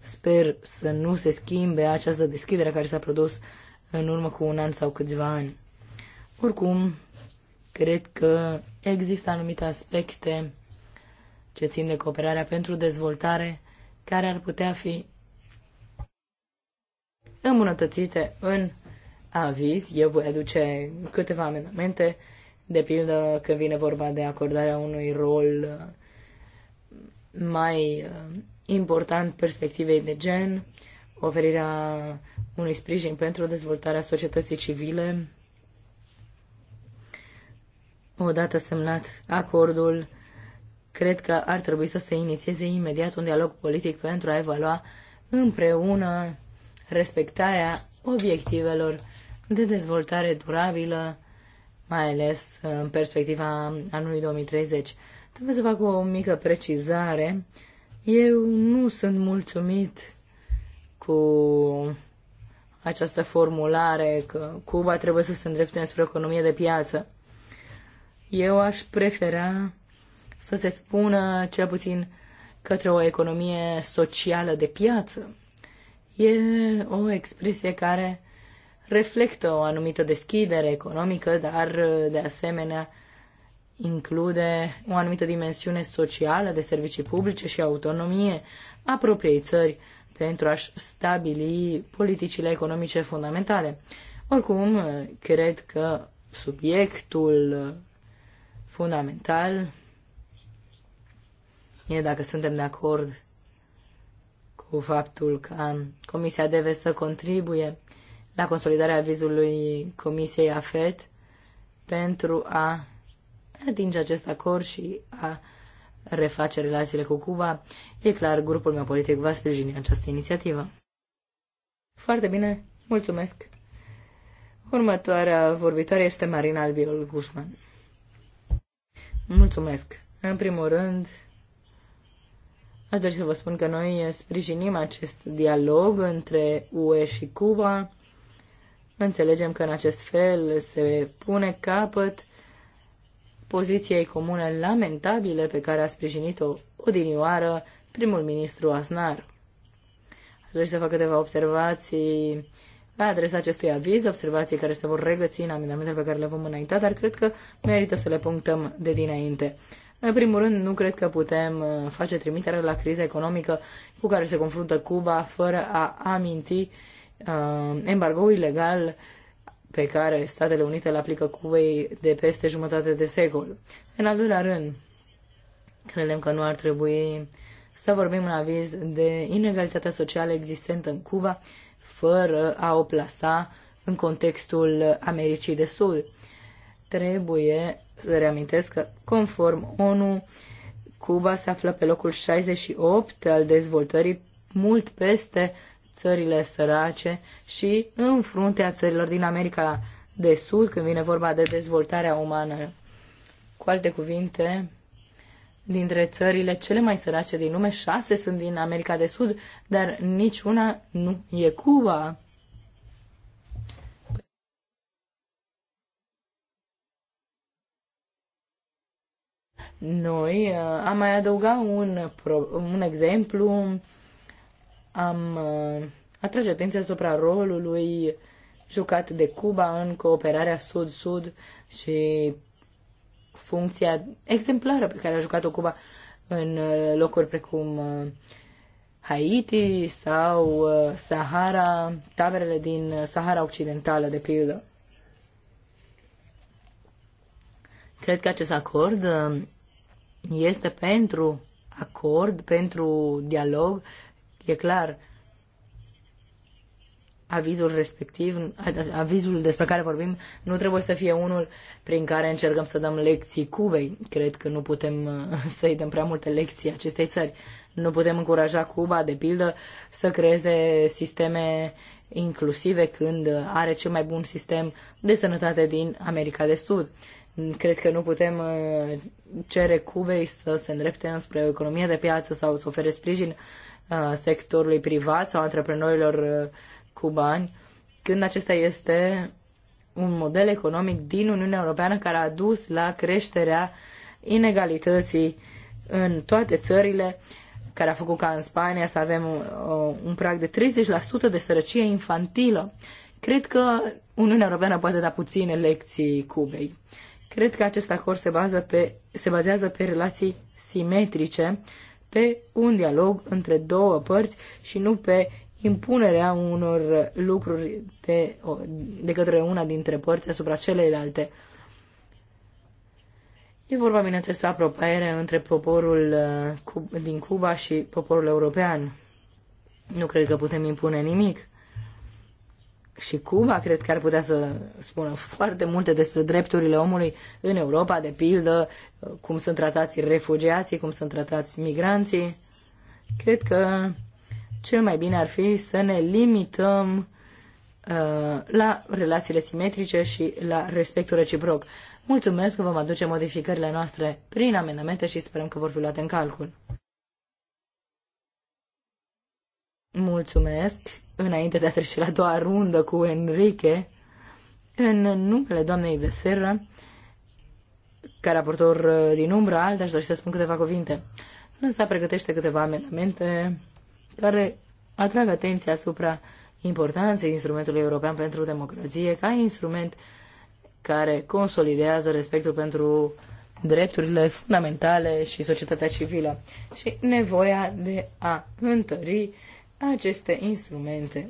S3: Sper să nu se schimbe această deschidere care s-a produs în urmă cu un an sau câțiva ani. Oricum, Cred că există anumite aspecte ce țin de cooperarea pentru dezvoltare care ar putea fi îmbunătățite în aviz. Eu voi aduce câteva amendamente, de pildă că vine vorba de acordarea unui rol uh, mai uh, important perspectivei de gen, oferirea unui sprijin pentru dezvoltarea societății civile, odată semnat acordul, cred că ar trebui să se inițieze imediat un dialog politic pentru a evalua împreună respectarea obiectivelor de dezvoltare durabilă, mai ales în perspectiva anului 2030. Trebuie să fac o mică precizare. Eu nu sunt mulțumit cu această formulare că Cuba trebuie să se îndrepte spre economie de piață. Eu aș prefera să se spună cel puțin către o economie socială de piață. E o expresie care reflectă o anumită deschidere economică, dar de asemenea include o anumită dimensiune socială de servicii publice și autonomie a propriei țări pentru a-și stabili politicile economice fundamentale. Oricum, cred că subiectul fundamental e dacă suntem de acord cu faptul că Comisia deve să contribuie la consolidarea vizului Comisiei AFET pentru a atinge acest acord și a reface relațiile cu Cuba. E clar, grupul meu politic va sprijini această inițiativă. Foarte bine, mulțumesc. Următoarea vorbitoare este Marina Albiol Guzman. Mulțumesc. În primul rând, aș dori să vă spun că noi sprijinim acest dialog între UE și Cuba. Înțelegem că în acest fel se pune capăt poziției comune lamentabile pe care a sprijinit-o odinioară primul ministru Aznar. Aș dori să fac câteva observații la adresa acestui aviz, observații care se vor regăsi în amendamentele pe care le vom înainta, dar cred că merită să le punctăm de dinainte. În primul rând, nu cred că putem uh, face trimitere la criza economică cu care se confruntă Cuba fără a aminti uh, embargoul ilegal pe care Statele Unite îl aplică Cubei de peste jumătate de secol. În al doilea rând, credem că nu ar trebui să vorbim în aviz de inegalitatea socială existentă în Cuba fără a o plasa în contextul Americii de Sud. Trebuie să reamintesc că, conform ONU, Cuba se află pe locul 68 al dezvoltării, mult peste țările sărace și în fruntea țărilor din America de Sud când vine vorba de dezvoltarea umană. Cu alte cuvinte, dintre țările cele mai sărace din lume, șase sunt din America de Sud, dar niciuna nu e Cuba. Noi uh, am mai adăugat un, un exemplu, am uh, atrage atenția asupra rolului jucat de Cuba în cooperarea Sud-Sud și funcția exemplară pe care a jucat-o Cuba în uh, locuri precum uh, Haiti sau uh, Sahara, taberele din Sahara Occidentală, de pildă. Cred că acest acord este pentru acord, pentru dialog, e clar, avizul respectiv, avizul despre care vorbim, nu trebuie să fie unul prin care încercăm să dăm lecții Cubei. Cred că nu putem uh, să-i dăm prea multe lecții acestei țări. Nu putem încuraja Cuba, de pildă, să creeze sisteme inclusive când are cel mai bun sistem de sănătate din America de Sud. Cred că nu putem uh, cere Cubei să se îndrepte înspre o economie de piață sau să ofere sprijin uh, sectorului privat sau antreprenorilor cu bani, când acesta este un model economic din Uniunea Europeană care a dus la creșterea inegalității în toate țările, care a făcut ca în Spania să avem uh, un, prag de 30% de sărăcie infantilă. Cred că Uniunea Europeană poate da puține lecții Cubei. Cred că acest acord se, bază pe, se bazează pe relații simetrice, pe un dialog între două părți și nu pe impunerea unor lucruri de, de către una dintre părți asupra celelalte. E vorba, bineînțeles, de apropiere între poporul uh, din Cuba și poporul european. Nu cred că putem impune nimic. Și Cuba cred că ar putea să spună foarte multe despre drepturile omului în Europa, de pildă, uh, cum sunt tratați refugiații, cum sunt tratați migranții. Cred că cel mai bine ar fi să ne limităm uh, la relațiile simetrice și la respectul reciproc. Mulțumesc că vom aduce modificările noastre prin amendamente și sperăm că vor fi luate în calcul. Mulțumesc. Înainte de a trece la a doua rundă cu Enrique, în numele doamnei Veserra, ca raportor uh, din umbra alta, aș dori să spun câteva cuvinte. Însă pregătește câteva amendamente care atrag atenția asupra importanței instrumentului european pentru democrație ca instrument care consolidează respectul pentru drepturile fundamentale și societatea civilă și nevoia de a întări aceste instrumente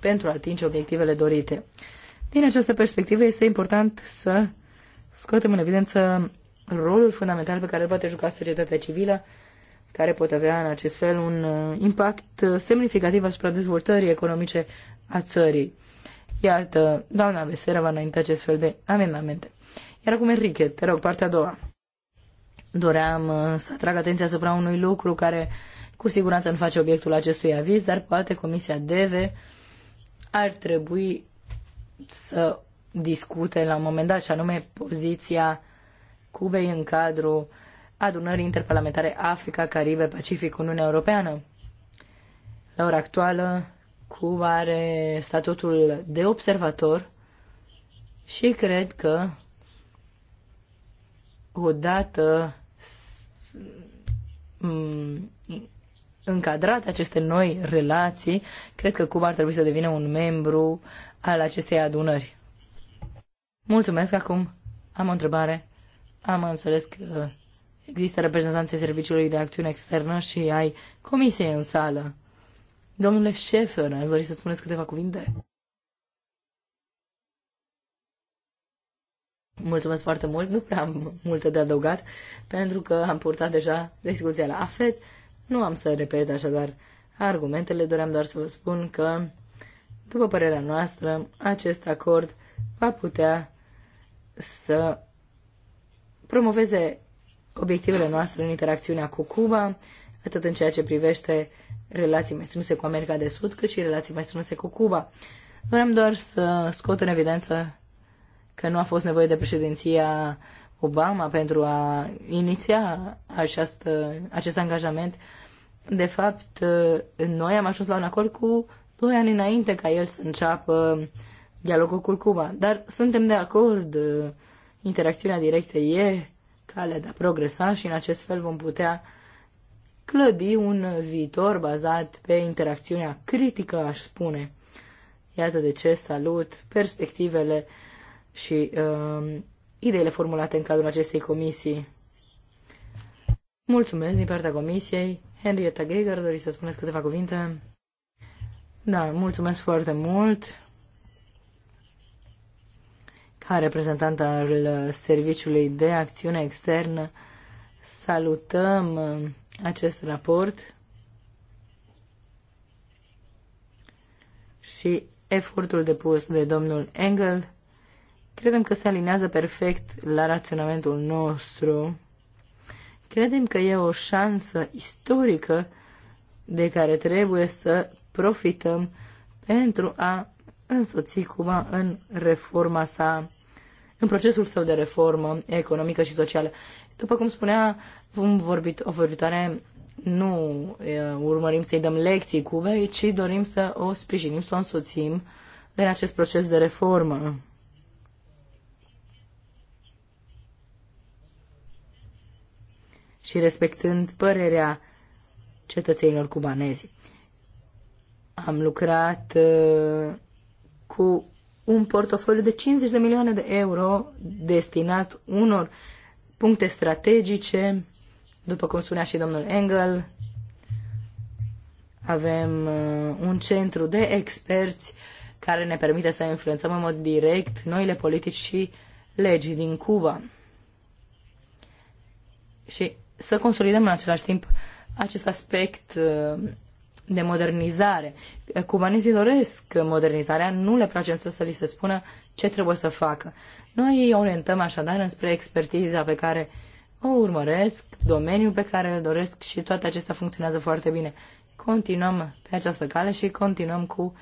S3: pentru a atinge obiectivele dorite. Din această perspectivă este important să scoatem în evidență rolul fundamental pe care îl poate juca societatea civilă care pot avea în acest fel un uh, impact uh, semnificativ asupra dezvoltării economice a țării. Iată, doamna Vesera va înainte acest fel de amendamente. Iar acum, Enrique, te rog, partea a doua. Doream uh, să atrag atenția asupra unui lucru care cu siguranță nu face obiectul acestui aviz, dar poate Comisia DEVE ar trebui să discute la un moment dat, și anume poziția Cubei în cadrul uh, adunării interparlamentare Africa, Caribe, Pacific, Uniunea Europeană. La ora actuală, Cuba are statutul de observator și cred că odată mm, încadrat aceste noi relații, cred că Cuba ar trebui să devină un membru al acestei adunări. Mulțumesc acum. Am o întrebare. Am înțeles că Există reprezentanții Serviciului de Acțiune Externă și ai Comisiei în sală. Domnule Șefer, ați dori să spuneți câteva cuvinte? Mulțumesc foarte mult, nu prea am multe de adăugat, pentru că am purtat deja discuția la AFET. Nu am să repet așadar argumentele, doream doar să vă spun că, după părerea noastră, acest acord va putea să promoveze obiectivele noastre în interacțiunea cu Cuba, atât în ceea ce privește relații mai strânse cu America de Sud, cât și relații mai strânse cu Cuba. Vrem doar să scot în evidență că nu a fost nevoie de președinția Obama pentru a iniția această, acest angajament. De fapt, noi am ajuns la un acord cu doi ani înainte ca el să înceapă dialogul cu Cuba. Dar suntem de acord, interacțiunea directă e cale de a progresa și în acest fel vom putea clădi un viitor bazat pe interacțiunea critică, aș spune. Iată de ce salut perspectivele și uh, ideile formulate în cadrul acestei comisii. Mulțumesc din partea comisiei. Henrietta Geiger, doriți să spuneți câteva cuvinte? Da, mulțumesc foarte mult ca reprezentant al Serviciului de Acțiune Externă, salutăm uh, acest raport și efortul depus de domnul Engel. Credem că se alinează perfect la raționamentul nostru. Credem că e o șansă istorică de care trebuie să profităm pentru a însoți Cuba în reforma sa în procesul său de reformă economică și socială. După cum spunea vom vorbit, o vorbitoare, nu urmărim să-i dăm lecții Cubei, ci dorim să o sprijinim, să o însuțim în acest proces de reformă. și respectând părerea cetățenilor cubanezi. Am lucrat uh, cu un portofoliu de 50 de milioane de euro destinat unor puncte strategice, după cum spunea și domnul Engel, avem uh, un centru de experți care ne permite să influențăm în mod direct noile politici și legii din Cuba. Și să consolidăm în același timp acest aspect uh, de modernizare. Cubaniții doresc modernizarea, nu le place însă să li se spună ce trebuie să facă. Noi îi orientăm așadar înspre expertiza pe care o urmăresc, domeniul pe care îl doresc și toate acestea funcționează foarte bine. Continuăm pe această cale și continuăm cu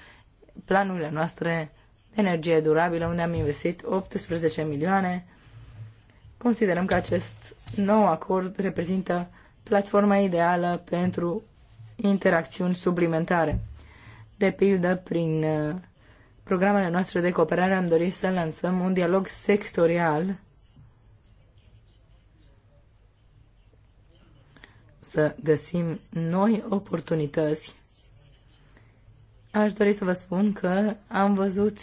S3: planurile noastre de energie durabilă, unde am investit 18 milioane. Considerăm că acest nou acord reprezintă platforma ideală pentru interacțiuni suplimentare. De pildă, prin uh, programele noastre de cooperare am dorit să lansăm un dialog sectorial să găsim noi oportunități. Aș dori să vă spun că am văzut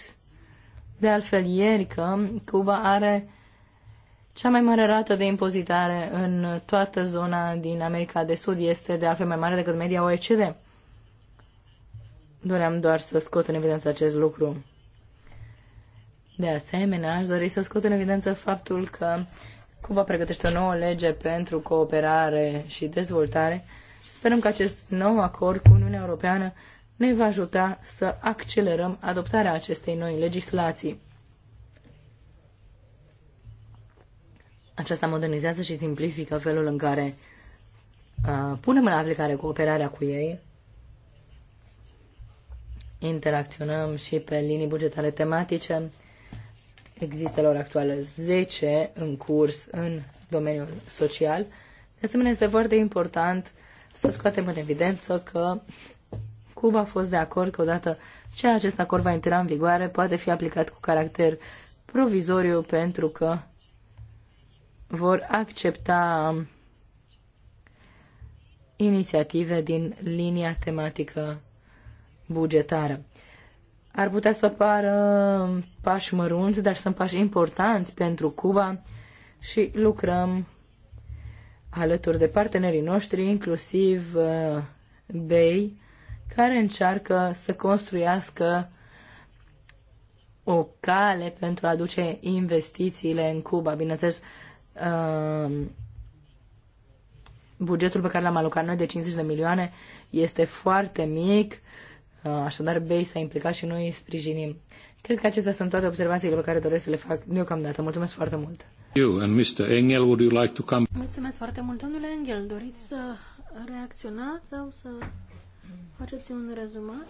S3: de altfel ieri că Cuba are cea mai mare rată de impozitare în toată zona din America de Sud este de altfel mai mare decât media OECD. Doream doar să scot în evidență acest lucru. De asemenea, aș dori să scot în evidență faptul că Cuba pregătește o nouă lege pentru cooperare și dezvoltare. Sperăm că acest nou acord cu Uniunea Europeană ne va ajuta să accelerăm adoptarea acestei noi legislații. Aceasta modernizează și simplifică felul în care uh, punem în aplicare cooperarea cu ei, interacționăm și pe linii bugetare tematice. Există la ora actuală 10 în curs în domeniul social. De asemenea, este foarte important să scoatem în evidență că Cuba a fost de acord că odată ce acest acord va intra în vigoare, poate fi aplicat cu caracter provizoriu pentru că vor accepta inițiative din linia tematică bugetară. Ar putea să pară pași mărunți, dar sunt pași importanți pentru Cuba și lucrăm alături de partenerii noștri, inclusiv uh, BEI, care încearcă să construiască o cale pentru a aduce investițiile în Cuba. Bineînțeles, Uh, bugetul pe care l-am alocat noi de 50 de milioane este foarte mic, uh, așadar BEI s-a implicat și noi îi sprijinim. Cred că acestea sunt toate observațiile pe care doresc să le fac deocamdată. Mulțumesc foarte
S2: mult! You and Mr. Engel, would you like to come? Mulțumesc foarte mult, domnule Engel. Doriți să reacționați sau să faceți un rezumat?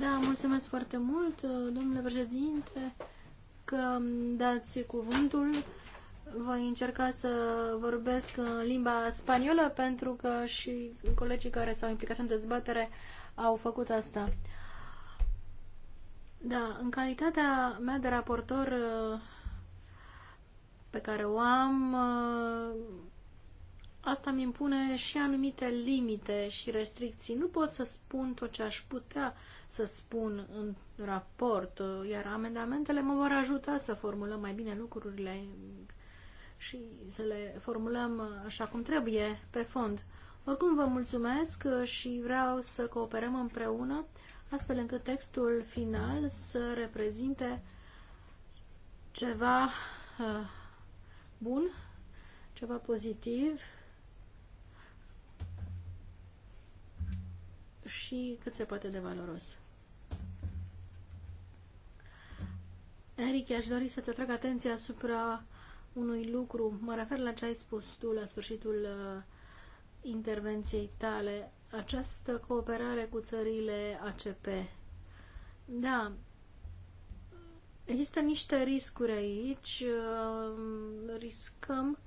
S2: Da, mulțumesc foarte mult, domnule președinte, că dați cuvântul voi încerca să vorbesc în limba spaniolă pentru că și colegii care s-au implicat în dezbatere au făcut asta. Da, în calitatea mea de raportor uh, pe care o am, uh, asta mi impune și anumite limite și restricții. Nu pot să spun tot ce aș putea să spun în raport, uh, iar amendamentele mă vor ajuta să formulăm mai bine lucrurile și să le formulăm uh, așa cum trebuie, pe fond. Oricum vă mulțumesc uh, și vreau să cooperăm împreună, astfel încât textul final să reprezinte ceva uh, bun, ceva pozitiv și cât se poate de valoros. Eric, aș dori să te atrag atenția asupra unui lucru. Mă refer la ce ai spus tu la sfârșitul uh, intervenției tale, această cooperare cu țările ACP. Da, există niște riscuri aici. Uh, riscăm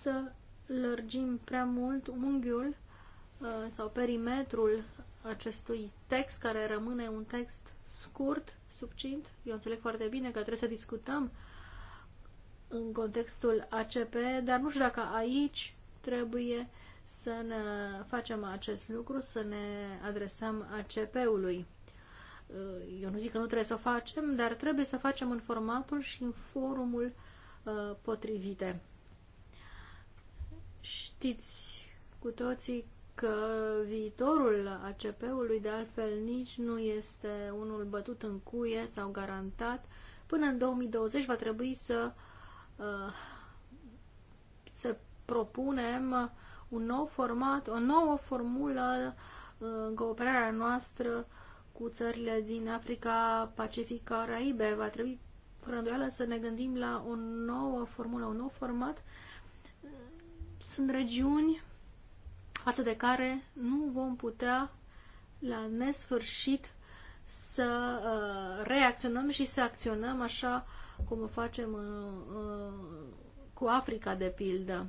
S2: să lărgim prea mult unghiul uh, sau perimetrul acestui text, care rămâne un text scurt, subcint. Eu înțeleg foarte bine că trebuie să discutăm uh, în contextul ACP, dar nu știu dacă aici trebuie să ne facem acest lucru, să ne adresăm ACP-ului. Uh, eu nu zic că nu trebuie să o facem, dar trebuie să o facem în formatul și în forumul uh, potrivite. Știți cu toții că viitorul ACP-ului de altfel nici nu este unul bătut în cuie sau garantat. Până în 2020 va trebui să uh, Uh, să propunem un nou format, o nouă formulă uh, în cooperarea noastră cu țările din Africa, Pacific, Caraibe. Va trebui, fără îndoială, să ne gândim la o nouă formulă, un nou format. Uh, sunt regiuni față de care nu vom putea la nesfârșit să reacționăm și să acționăm așa cum o facem uh, uh, cu Africa, de pildă.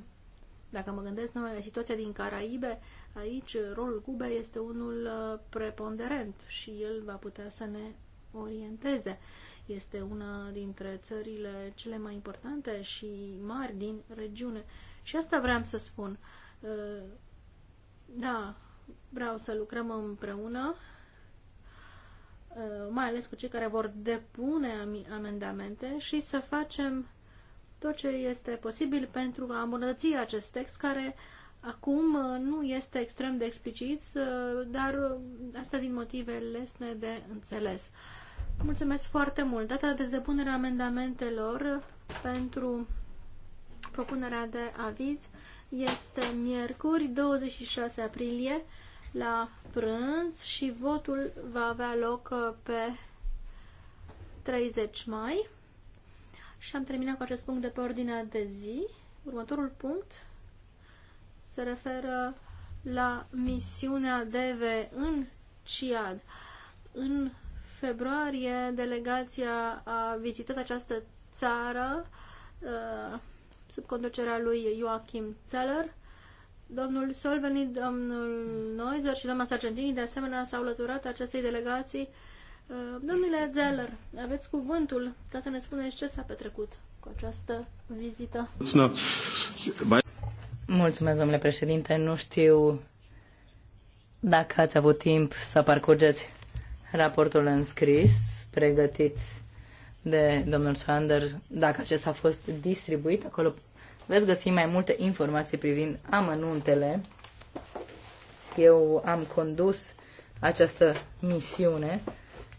S2: Dacă mă gândesc numai la situația din Caraibe, aici rolul Cubei este unul uh, preponderent și el va putea să ne orienteze. Este una dintre țările cele mai importante și mari din regiune. Și asta vreau să spun. Uh, da, vreau să lucrăm împreună Uh, mai ales cu cei care vor depune amendamente și să facem tot ce este posibil pentru a îmbunătăți acest text care acum uh, nu este extrem de explicit, uh, dar asta din motive lesne de înțeles. Mulțumesc foarte mult. Data de depunere a amendamentelor pentru propunerea de aviz este miercuri 26 aprilie la prânz și votul va avea loc uh, pe 30 mai. Și am terminat cu acest punct de pe ordinea de zi. Următorul punct se referă la misiunea DV în CIAD. În februarie, delegația a vizitat această țară uh, sub conducerea lui Joachim Zeller Domnul Solveni, domnul Noizer și doamna Sargentini de asemenea s-au lăturat acestei delegații. Uh, domnule Zeller, aveți cuvântul ca să ne spuneți ce s-a petrecut cu această vizită.
S3: Mulțumesc, domnule președinte. Nu știu dacă ați avut timp să parcurgeți raportul înscris, pregătit de domnul Sander, dacă acesta a fost distribuit, acolo Veți găsi mai multe informații privind amănuntele. Eu am condus această misiune.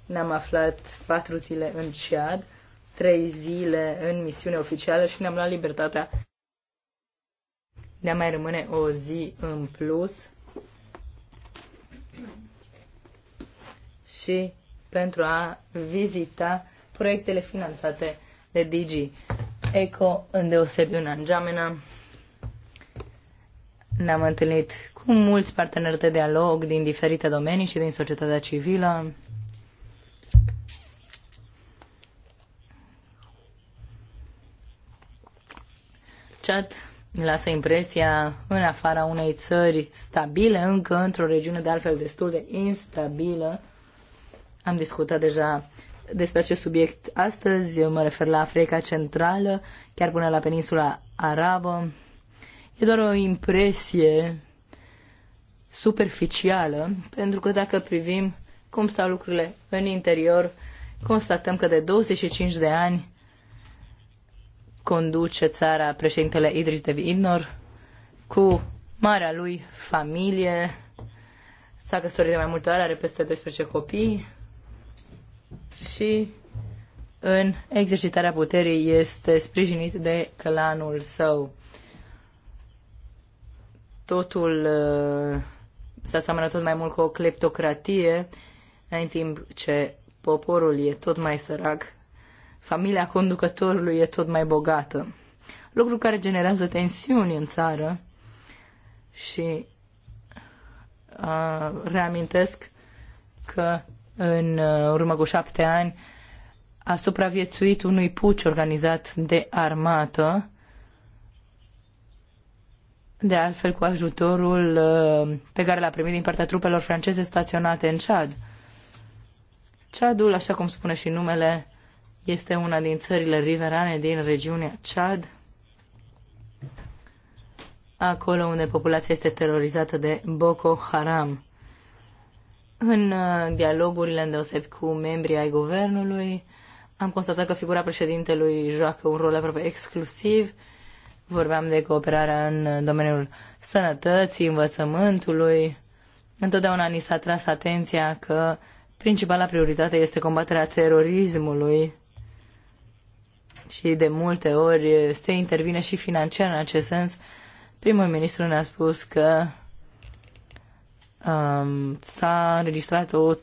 S3: Ne-am aflat patru zile în Ciad, trei zile în misiune oficială și ne-am luat libertatea. Ne mai rămâne o zi în plus și pentru a vizita proiectele finanțate de Digi ECO, îndeosebi în Geamena. Ne-am întâlnit cu mulți parteneri de dialog din diferite domenii și din societatea civilă. Chat lasă impresia în afara unei țări stabile, încă într-o regiune de altfel destul de instabilă. Am discutat deja despre acest subiect astăzi. Eu mă refer la Africa Centrală, chiar până la peninsula arabă. E doar o impresie superficială, pentru că dacă privim cum stau lucrurile în interior, constatăm că de 25 de ani conduce țara președintele Idris de Idnor cu marea lui familie. S-a căsătorit de mai multe ori, are peste 12 copii și în exercitarea puterii este sprijinit de clanul său. Totul uh, se asemănă tot mai mult cu o cleptocratie, în timp ce poporul e tot mai sărac, familia conducătorului e tot mai bogată. Lucru care generează tensiuni în țară și uh, reamintesc că în uh, urmă cu șapte ani a supraviețuit unui puci organizat de armată, de altfel cu ajutorul uh, pe care l-a primit din partea trupelor franceze staționate în Chad. Chadul, așa cum spune și numele, este una din țările riverane din regiunea Chad, acolo unde populația este terorizată de Boko Haram. În uh, dialogurile îndeoseb cu membrii ai guvernului, am constatat că figura președintelui joacă un rol aproape exclusiv. Vorbeam de cooperarea în domeniul sănătății, învățământului. Întotdeauna ni s-a tras atenția că principala prioritate este combaterea terorismului și de multe ori se intervine și financiar în acest sens. Primul ministru ne-a spus că um, s-a înregistrat o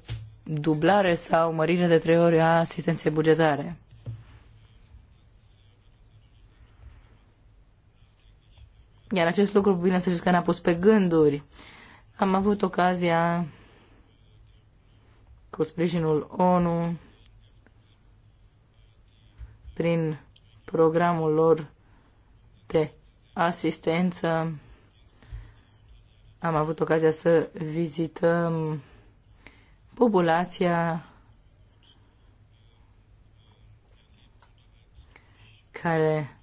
S3: dublare sau mărire de trei ori a asistenței bugetare. Iar acest lucru, bine să știți că ne-a pus pe gânduri. Am avut ocazia, cu sprijinul ONU, prin programul lor de asistență, am avut ocazia să vizităm populația care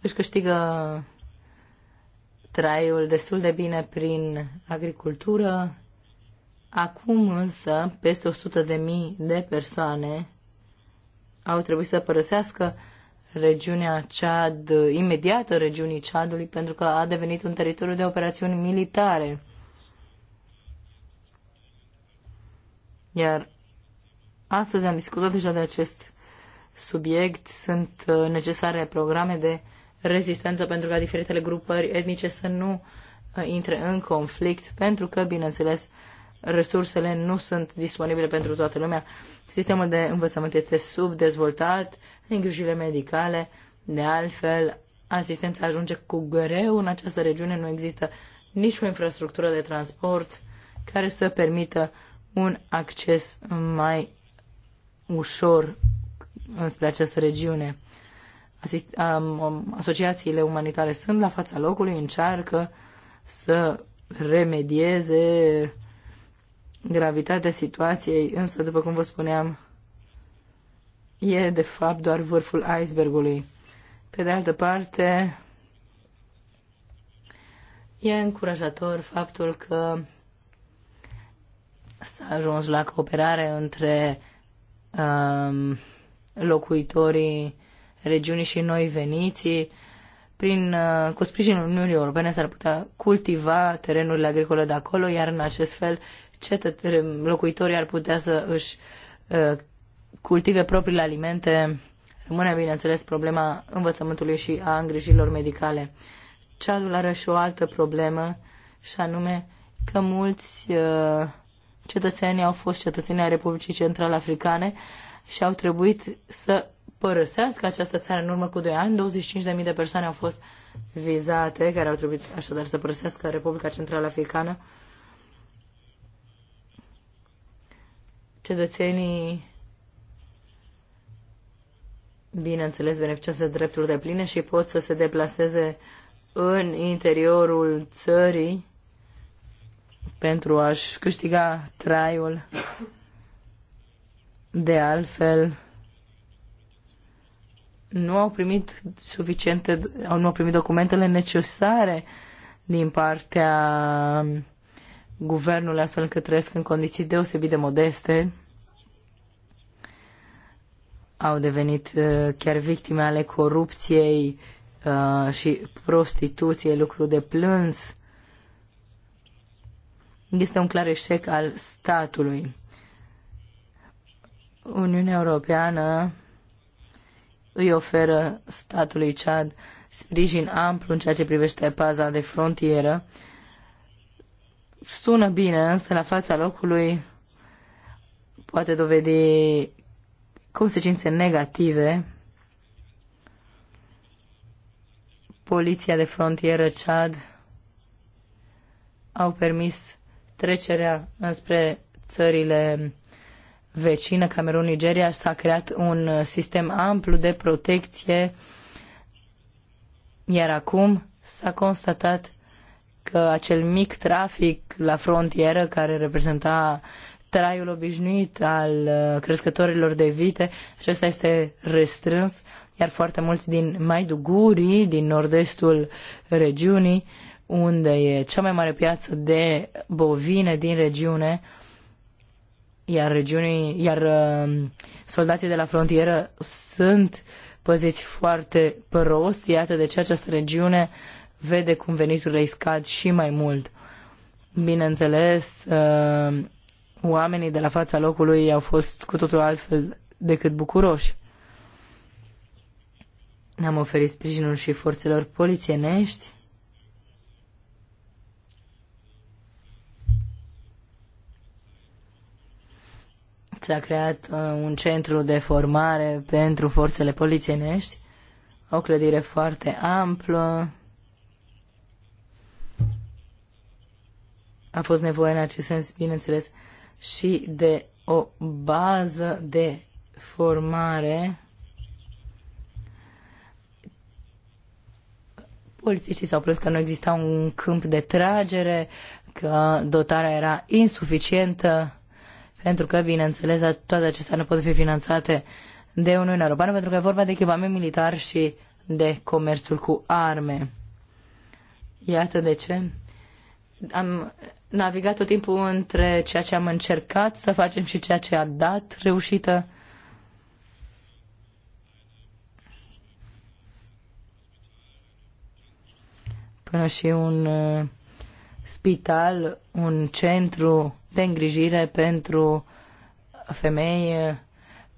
S3: își câștigă traiul destul de bine prin agricultură. Acum însă peste 100 de mii de persoane au trebuit să părăsească regiunea Chad, imediată regiunii Chadului, pentru că a devenit un teritoriu de operațiuni militare. Iar astăzi am discutat deja de acest subiect. Sunt uh, necesare programe de rezistență pentru ca diferitele grupări etnice să nu uh, intre în conflict, pentru că, bineînțeles, resursele nu sunt disponibile pentru toată lumea. Sistemul de învățământ este subdezvoltat, îngrijirile medicale. De altfel, asistența ajunge cu greu în această regiune. Nu există nici o infrastructură de transport care să permită un acces mai ușor înspre această regiune. Asist- um, asociațiile umanitare sunt la fața locului, încearcă să remedieze gravitatea situației, însă, după cum vă spuneam, e de fapt doar vârful icebergului. Pe de altă parte, e încurajator faptul că s-a ajuns la cooperare între um, locuitorii regiunii și noi veniții. Prin, uh, cu sprijinul Uniunii Europene s-ar putea cultiva terenurile agricole de acolo, iar în acest fel cetă- locuitorii ar putea să își uh, cultive propriile alimente, rămâne, bineînțeles, problema învățământului și a îngrijirilor medicale. Cealul are și o altă problemă, și anume că mulți uh, cetățeni au fost cetățenii ai Republicii Central Africane și au trebuit să părăsească această țară în urmă cu 2 ani. 25.000 de persoane au fost vizate, care au trebuit așadar să părăsească Republica Central Africană. Cetățenii bineînțeles, beneficiază de drepturi de pline și pot să se deplaseze în interiorul țării pentru a-și câștiga traiul. De altfel, nu au primit suficiente, nu au primit documentele necesare din partea guvernului, astfel că trăiesc în condiții deosebit de modeste au devenit uh, chiar victime ale corupției uh, și prostituției, lucru de plâns. Este un clar eșec al statului. Uniunea Europeană îi oferă statului Chad sprijin amplu în ceea ce privește paza de frontieră. Sună bine, însă la fața locului poate dovedi consecințe negative. Poliția de frontieră Chad au permis trecerea înspre țările vecină, Camerun, Nigeria, s-a creat un sistem amplu de protecție, iar acum s-a constatat că acel mic trafic la frontieră care reprezenta traiul obișnuit al uh, crescătorilor de vite, acesta este restrâns, iar foarte mulți din Maiduguri, din nord-estul regiunii, unde e cea mai mare piață de bovine din regiune, iar regiunii, iar uh, soldații de la frontieră sunt păziți foarte prost, iată de ce această regiune vede cum veniturile îi scad și mai mult. Bineînțeles, uh, oamenii de la fața locului au fost cu totul altfel decât bucuroși. Ne-am oferit sprijinul și forțelor polițienești. S-a creat uh, un centru de formare pentru forțele polițienești, o clădire foarte amplă. A fost nevoie în acest sens, bineînțeles, și de o bază de formare polițiștii s-au plâns că nu exista un câmp de tragere, că dotarea era insuficientă, pentru că, bineînțeles, toate acestea nu pot fi finanțate de Uniunea Europeană, pentru că e vorba de echipament militar și de comerțul cu arme. Iată de ce am navigat tot timpul între ceea ce am încercat să facem și ceea ce a dat reușită. Până și un uh, spital, un centru de îngrijire pentru femei uh,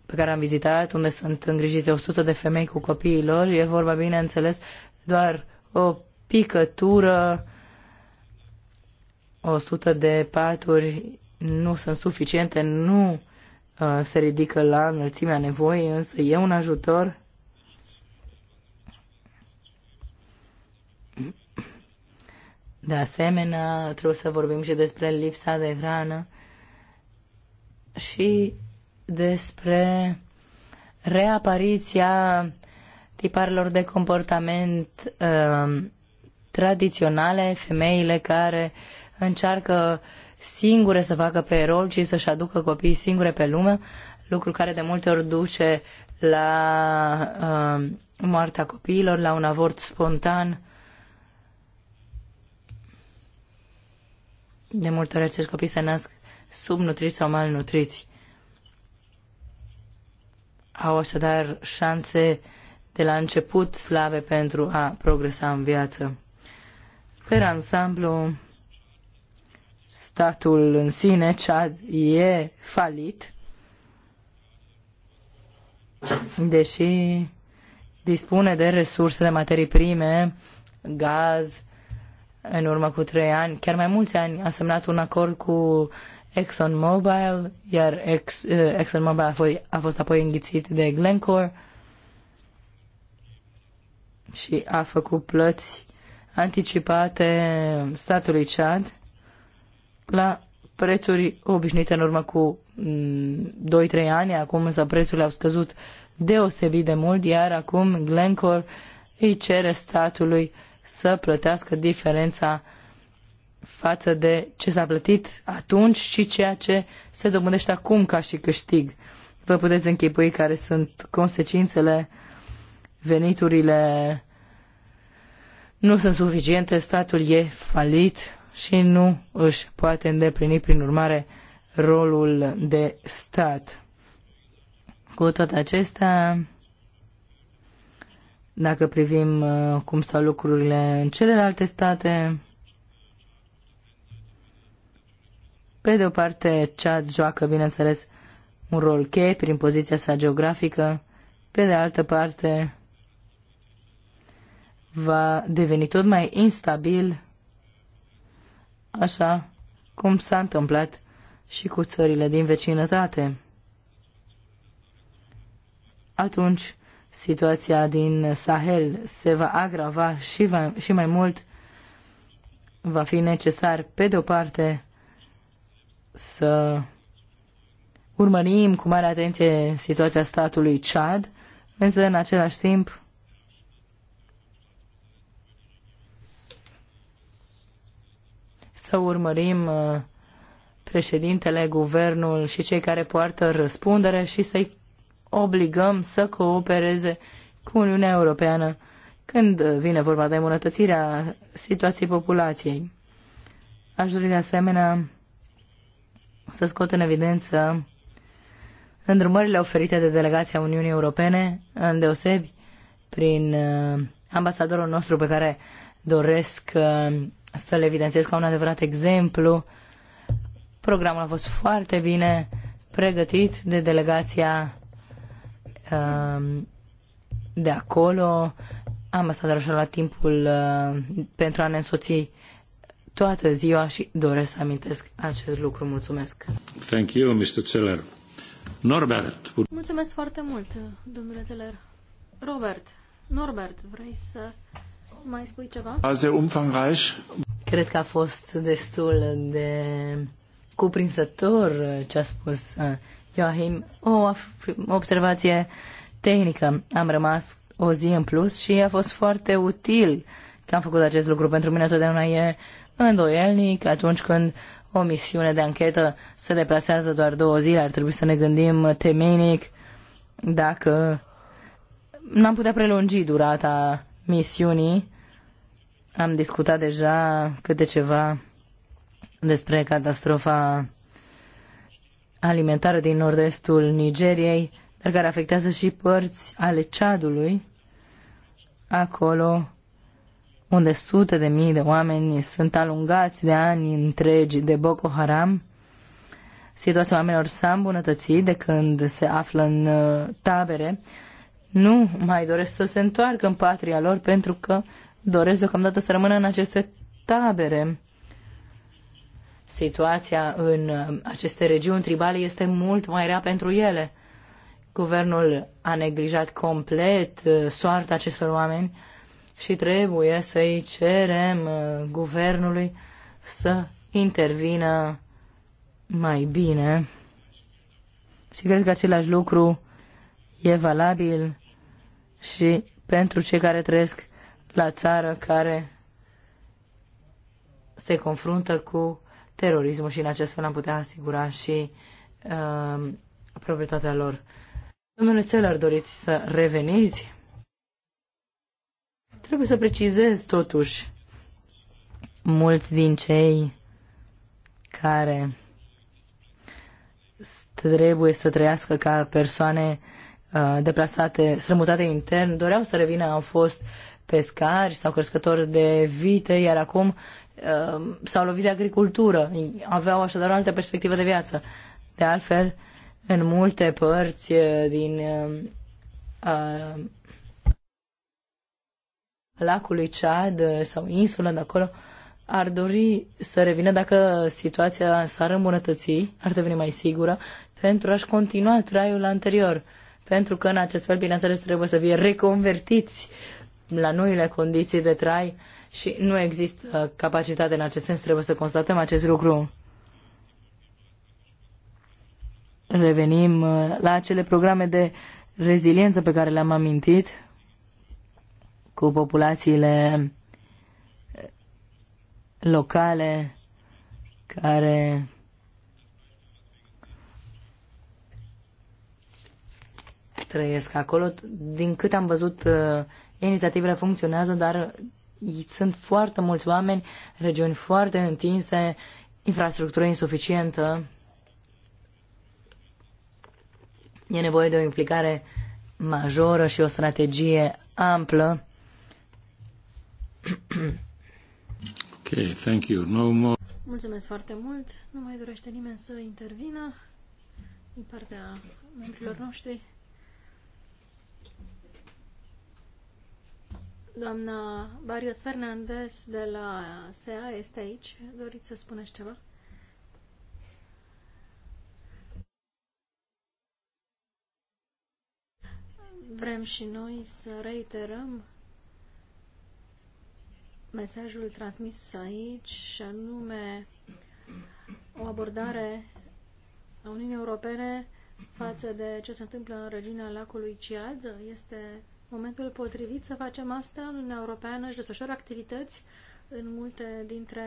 S3: pe care am vizitat, unde sunt îngrijite 100 de femei cu copiii lor. E vorba, bineînțeles, doar o picătură 100 de paturi nu sunt suficiente, nu uh, se ridică la înălțimea nevoii, însă e un ajutor. De asemenea, trebuie să vorbim și despre lipsa de hrană și despre reapariția tiparilor de comportament uh, tradiționale, femeile care uh, încearcă singure să facă pe rol și să-și aducă copiii singure pe lume, lucru care de multe ori duce la uh, moartea copiilor, la un avort spontan. De multe ori acești copii se nasc subnutriți sau malnutriți. Au așadar șanse de la început slabe pentru a progresa în viață. Per ansamblu, statul în sine, Chad, e falit, deși dispune de resurse, de materii prime, gaz, în urmă cu trei ani, chiar mai mulți ani, a semnat un acord cu ExxonMobil, iar Ex, uh, ExxonMobil a fost, a fost apoi înghițit de Glencore și a făcut plăți anticipate statului Chad la prețuri obișnuite în urmă cu 2-3 mm, ani, acum însă prețurile au scăzut deosebit de mult, iar acum Glencore îi cere statului să plătească diferența față de ce s-a plătit atunci și ceea ce se dobândește acum ca și câștig. Vă puteți închipui care sunt consecințele, veniturile nu sunt suficiente, statul e falit, și nu își poate îndeplini, prin urmare, rolul de stat. Cu toate acestea, dacă privim uh, cum stau lucrurile în celelalte state, pe de o parte, Chad joacă, bineînțeles, un rol cheie prin poziția sa geografică, pe de altă parte, va deveni tot mai instabil așa cum s-a întâmplat și cu țările din vecinătate. Atunci, situația din Sahel se va agrava și, va, și mai mult. Va fi necesar, pe de-o parte, să urmărim cu mare atenție situația statului Chad, însă, în același timp, să urmărim uh, președintele, guvernul și cei care poartă răspundere și să-i obligăm să coopereze cu Uniunea Europeană când vine vorba de îmbunătățirea situației populației. Aș dori de asemenea să scot în evidență îndrumările oferite de delegația Uniunii Europene, îndeosebi prin uh, ambasadorul nostru pe care doresc uh, să le evidențiez ca un adevărat exemplu. Programul a fost foarte bine pregătit de delegația um, de acolo. Ambasadorul și-a luat timpul uh, pentru a ne însoți toată ziua și doresc să amintesc acest lucru. Mulțumesc!
S2: Thank you, Mr. Zeller. Norbert. Mulțumesc foarte mult, domnule Teller. Robert, Norbert, vrei să mai spui ceva?
S3: Cred că a fost destul de cuprinzător ce a spus uh, Joachim. O observație tehnică. Am rămas o zi în plus și a fost foarte util că am făcut acest lucru. Pentru mine totdeauna e îndoielnic atunci când o misiune de anchetă se deplasează doar două zile. Ar trebui să ne gândim temeinic dacă n-am putea prelungi durata misiunii am discutat deja câte ceva despre catastrofa alimentară din nord-estul Nigeriei, dar care afectează și părți ale Ceadului, acolo unde sute de mii de oameni sunt alungați de ani întregi de Boko Haram. Situația oamenilor s-a îmbunătățit de când se află în uh, tabere. Nu mai doresc să se întoarcă în patria lor pentru că doresc deocamdată să rămână în aceste tabere. Situația în aceste regiuni tribale este mult mai rea pentru ele. Guvernul a neglijat complet uh, soarta acestor oameni și trebuie să-i cerem uh, guvernului să intervină mai bine. Și cred că același lucru e valabil și pentru cei care trăiesc la țară care se confruntă cu terorismul și în acest fel am putea asigura și uh, proprietatea lor. Domnule Țelar, doriți să reveniți? Trebuie să precizez totuși mulți din cei care trebuie să trăiască ca persoane uh, deplasate, strămutate intern, doreau să revină, au fost uh, pescari sau crescători de vite, iar acum uh, s-au lovit de agricultură. Aveau așadar o altă perspectivă de viață. De altfel, în multe părți uh, din um, uh, lacului Chad uh, sau insulă de acolo, ar dori să revină dacă situația s-ar îmbunătăți, ar deveni mai sigură, pentru a-și continua traiul anterior. Pentru că în acest fel, bineînțeles, trebuie să fie reconvertiți la noile condiții de trai și nu există capacitate în acest sens, trebuie să constatăm acest lucru. Revenim uh, la acele programe de reziliență pe care le-am amintit cu populațiile uh, locale care trăiesc acolo. Din cât am văzut uh, inițiativele funcționează, dar sunt foarte mulți oameni, regiuni foarte întinse, infrastructură insuficientă. E nevoie de o implicare majoră și o strategie amplă.
S2: Ok, thank you. No more. Mulțumesc foarte mult. Nu mai dorește nimeni să intervină din partea membrilor noștri. Doamna Barrios Fernandez de la SEA este aici. Doriți să spuneți ceva? Vrem și noi să reiterăm mesajul transmis aici și anume o abordare a Uniunii Europene față de ce se întâmplă în regiunea lacului Ciad este momentul potrivit să facem asta. Uniunea Europeană își desfășoară activități în multe dintre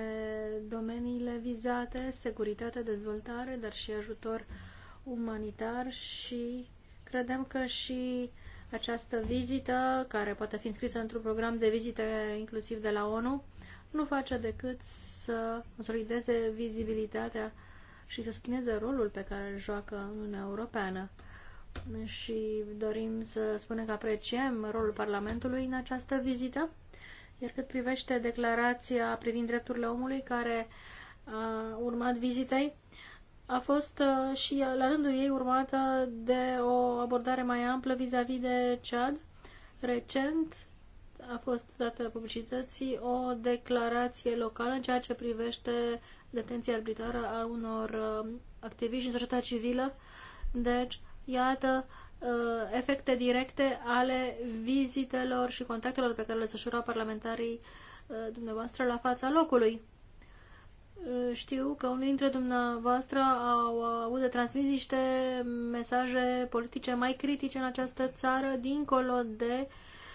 S2: domeniile vizate, securitate, dezvoltare, dar și ajutor umanitar și credem că și această vizită, care poate fi înscrisă într-un program de vizite inclusiv de la ONU, nu face decât să consolideze vizibilitatea și să spuneze rolul pe care îl joacă Uniunea Europeană și dorim să spunem că apreciem rolul Parlamentului în această vizită. Iar cât privește declarația privind drepturile omului care a urmat vizitei, a fost uh, și la rândul ei urmată de o abordare mai amplă vis-a-vis -vis de Chad. Recent a fost dată publicității o declarație locală în ceea ce privește detenția arbitrară a unor uh, activiști în societatea civilă. Deci, iată, uh, efecte directe ale vizitelor și contactelor pe care le sășurau parlamentarii uh, dumneavoastră la fața locului. Uh, știu că unii dintre dumneavoastră au avut de transmis niște mesaje politice mai critice în această țară, dincolo de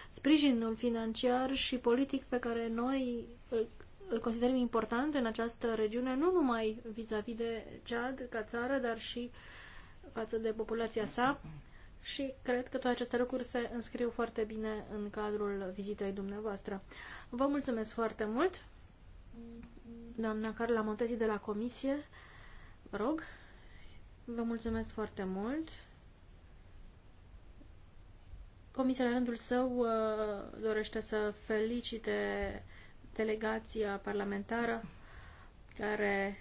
S2: sprijinul financiar și politic pe care noi îl considerăm important în această regiune, nu numai vis-a-vis -vis de Chad ca țară, dar și uh, față de populația sa și cred că toate aceste lucruri se înscriu foarte bine în cadrul vizitei dumneavoastră. Vă mulțumesc foarte mult, doamna Carla Montezi de la Comisie, vă rog, vă mulțumesc foarte mult. Comisia, la rândul său, uh, dorește să felicite delegația parlamentară care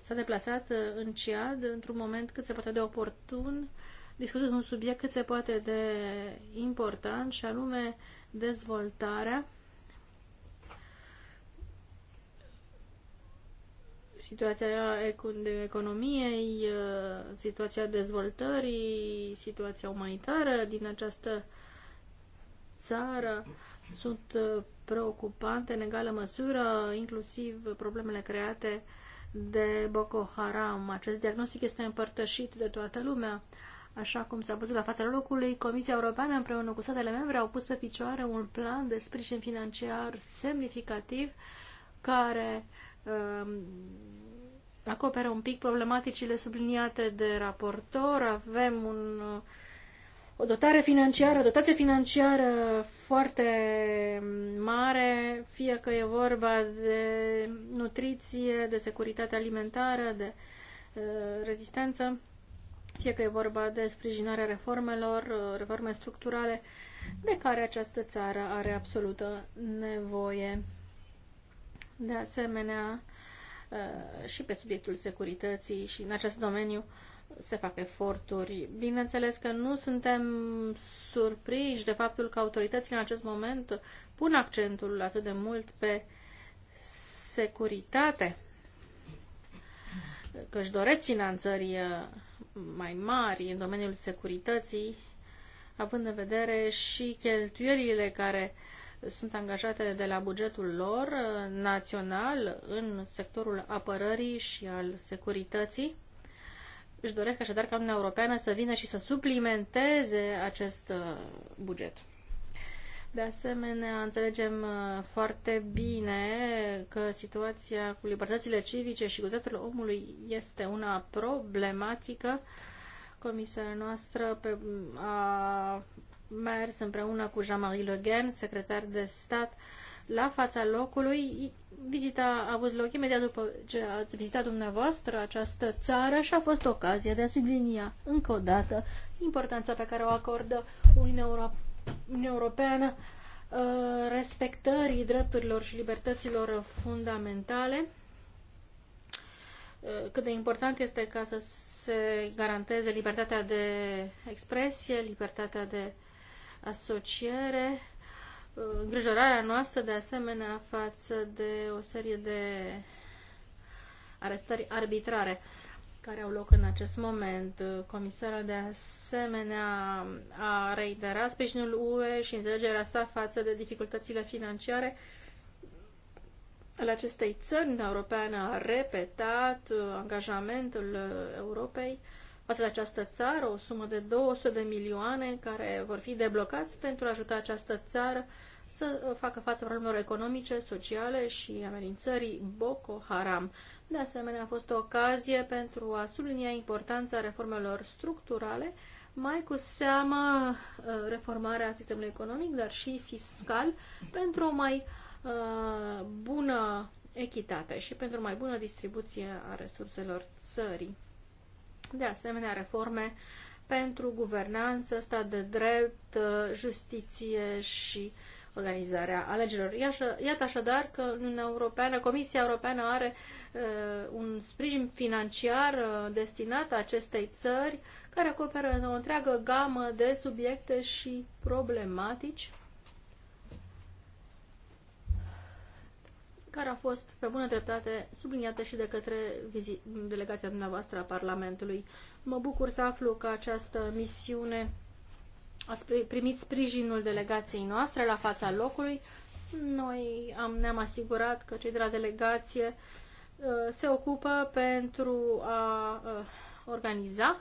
S2: s-a deplasat uh, în CIAD într-un moment cât se poate de oportun, discutând un subiect cât se poate de important și anume dezvoltarea situația de economiei, uh, situația dezvoltării, situația umanitară din această țară sunt uh, preocupante în egală măsură, inclusiv problemele create de Boko Haram. Acest diagnostic este împărtășit de toată lumea. Așa cum s-a văzut la fața locului, Comisia Europeană împreună cu statele membre au pus pe picioare un plan de sprijin financiar semnificativ care uh, acoperă un pic problematicile subliniate de raportor. Avem un uh, o dotare financiară, dotație financiară foarte mare, fie că e vorba de nutriție, de securitate alimentară, de uh, rezistență, fie că e vorba de sprijinarea reformelor, uh, reforme structurale, de care această țară are absolută nevoie. De asemenea, uh, și pe subiectul securității și în acest domeniu se fac eforturi. Bineînțeles că nu suntem surprinși de faptul că autoritățile în acest moment pun accentul atât de mult pe securitate, că își doresc finanțări uh, mai mari în domeniul securității, având în vedere și cheltuielile care sunt angajate de la bugetul lor uh, național în sectorul apărării și al securității își doresc așadar ca Uniunea Europeană să vină și să suplimenteze acest uh, buget. De asemenea, înțelegem uh, foarte bine că situația cu libertățile civice și cu drepturile omului este una problematică. Comisia noastră pe, a mers împreună cu Jean-Marie Le Guin, secretar de stat, la fața locului. Vizita a avut loc imediat după ce ați vizitat dumneavoastră această țară și a fost ocazia de a sublinia încă o dată importanța pe care o acordă Uniunea, Euro- Europeană uh, respectării drepturilor și libertăților fundamentale, uh, cât de important este ca să se garanteze libertatea de expresie, libertatea de asociere, îngrijorarea noastră de asemenea față de o serie de arestări arbitrare care au loc în acest moment. Comisarul de asemenea a reiterat sprijinul UE și înțelegerea sa față de dificultățile financiare al acestei țări. Uniunea Europeană a repetat uh, angajamentul uh, Europei uh, față de această țară, o sumă de 200 de milioane care vor fi deblocați pentru a ajuta această țară să facă față problemelor economice, sociale și amenințării Boko Haram. De asemenea, a fost o ocazie pentru a sublinia importanța reformelor structurale, mai cu seamă uh, reformarea sistemului economic, dar și fiscal, pentru o mai uh, bună echitate și pentru o mai bună distribuție a resurselor țării de asemenea reforme pentru guvernanță, stat de drept, uh, justiție și organizarea alegerilor. Iată așadar că Uniunea Europeană, Comisia Europeană are uh, un sprijin financiar uh, destinat acestei țări care acoperă o întreagă gamă de subiecte și problematici care a fost, pe bună dreptate, subliniată și de către delegația dumneavoastră a Parlamentului. Mă bucur să aflu că această misiune a primit sprijinul delegației noastre la fața locului. Noi am, ne-am asigurat că cei de la delegație uh, se ocupă pentru a uh, organiza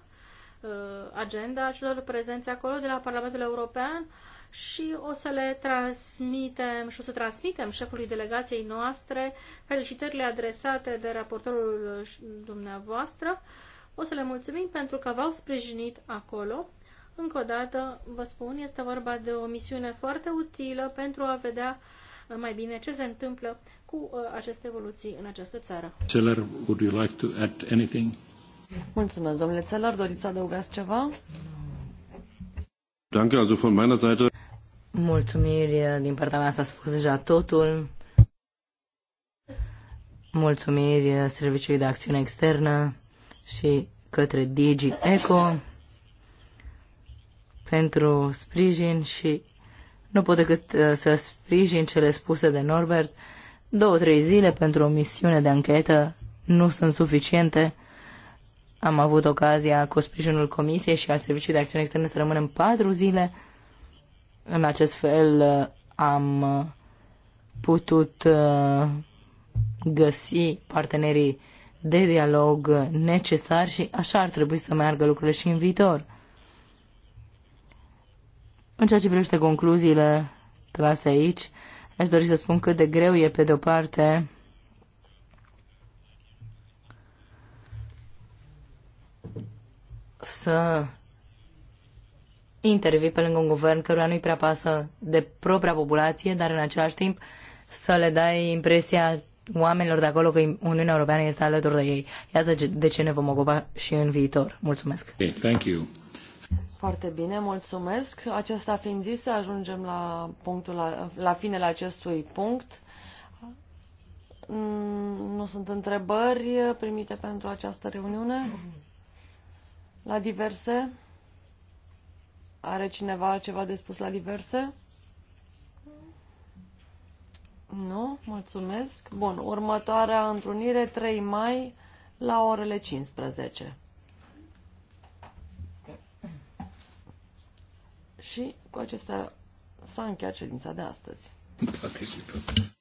S2: uh, agenda celor prezenți acolo de la Parlamentul European și o să le transmitem și o să transmitem șefului delegației noastre felicitările adresate de raportorul dumneavoastră. O să le mulțumim pentru că v-au sprijinit acolo. Încă o dată, vă spun, este vorba de o misiune foarte utilă pentru a vedea mai bine ce se întâmplă cu uh, aceste evoluții în această țară. Celer, would you like to
S1: add anything? Mulțumesc, domnule Celer, Doriți să adăugați ceva? Danke, also von meiner Seite.
S3: Mulțumiri din partea mea, s-a spus deja totul. Mulțumiri Serviciului de Acțiune Externă și către Digi Eco pentru sprijin și nu pot decât uh, să sprijin cele spuse de Norbert. Două, trei zile pentru o misiune de anchetă nu sunt suficiente. Am avut ocazia cu sprijinul Comisiei și al Serviciului de Acțiune Externă să rămânem patru zile în acest fel uh, am uh, putut uh, găsi partenerii de dialog necesari și așa ar trebui să meargă lucrurile și în viitor. În ceea ce privește concluziile trase aici, aș dori să spun cât de greu e pe de-o parte să intervii pe lângă un guvern căruia nu-i prea pasă de propria populație, dar în același timp să le dai impresia oamenilor de acolo că Uniunea Europeană este alături de ei. Iată de ce ne vom ocupa și în viitor. Mulțumesc! Okay, thank you.
S1: Foarte bine, mulțumesc. Acesta fiind zis, ajungem la, punctul, la, la finele acestui punct. Mm, nu sunt întrebări primite pentru această reuniune? La diverse? Are cineva altceva de spus la diverse? Nu? Mulțumesc. Bun, următoarea întrunire 3 mai la orele 15. Și cu acestea s-a încheiat ședința de astăzi. Participă.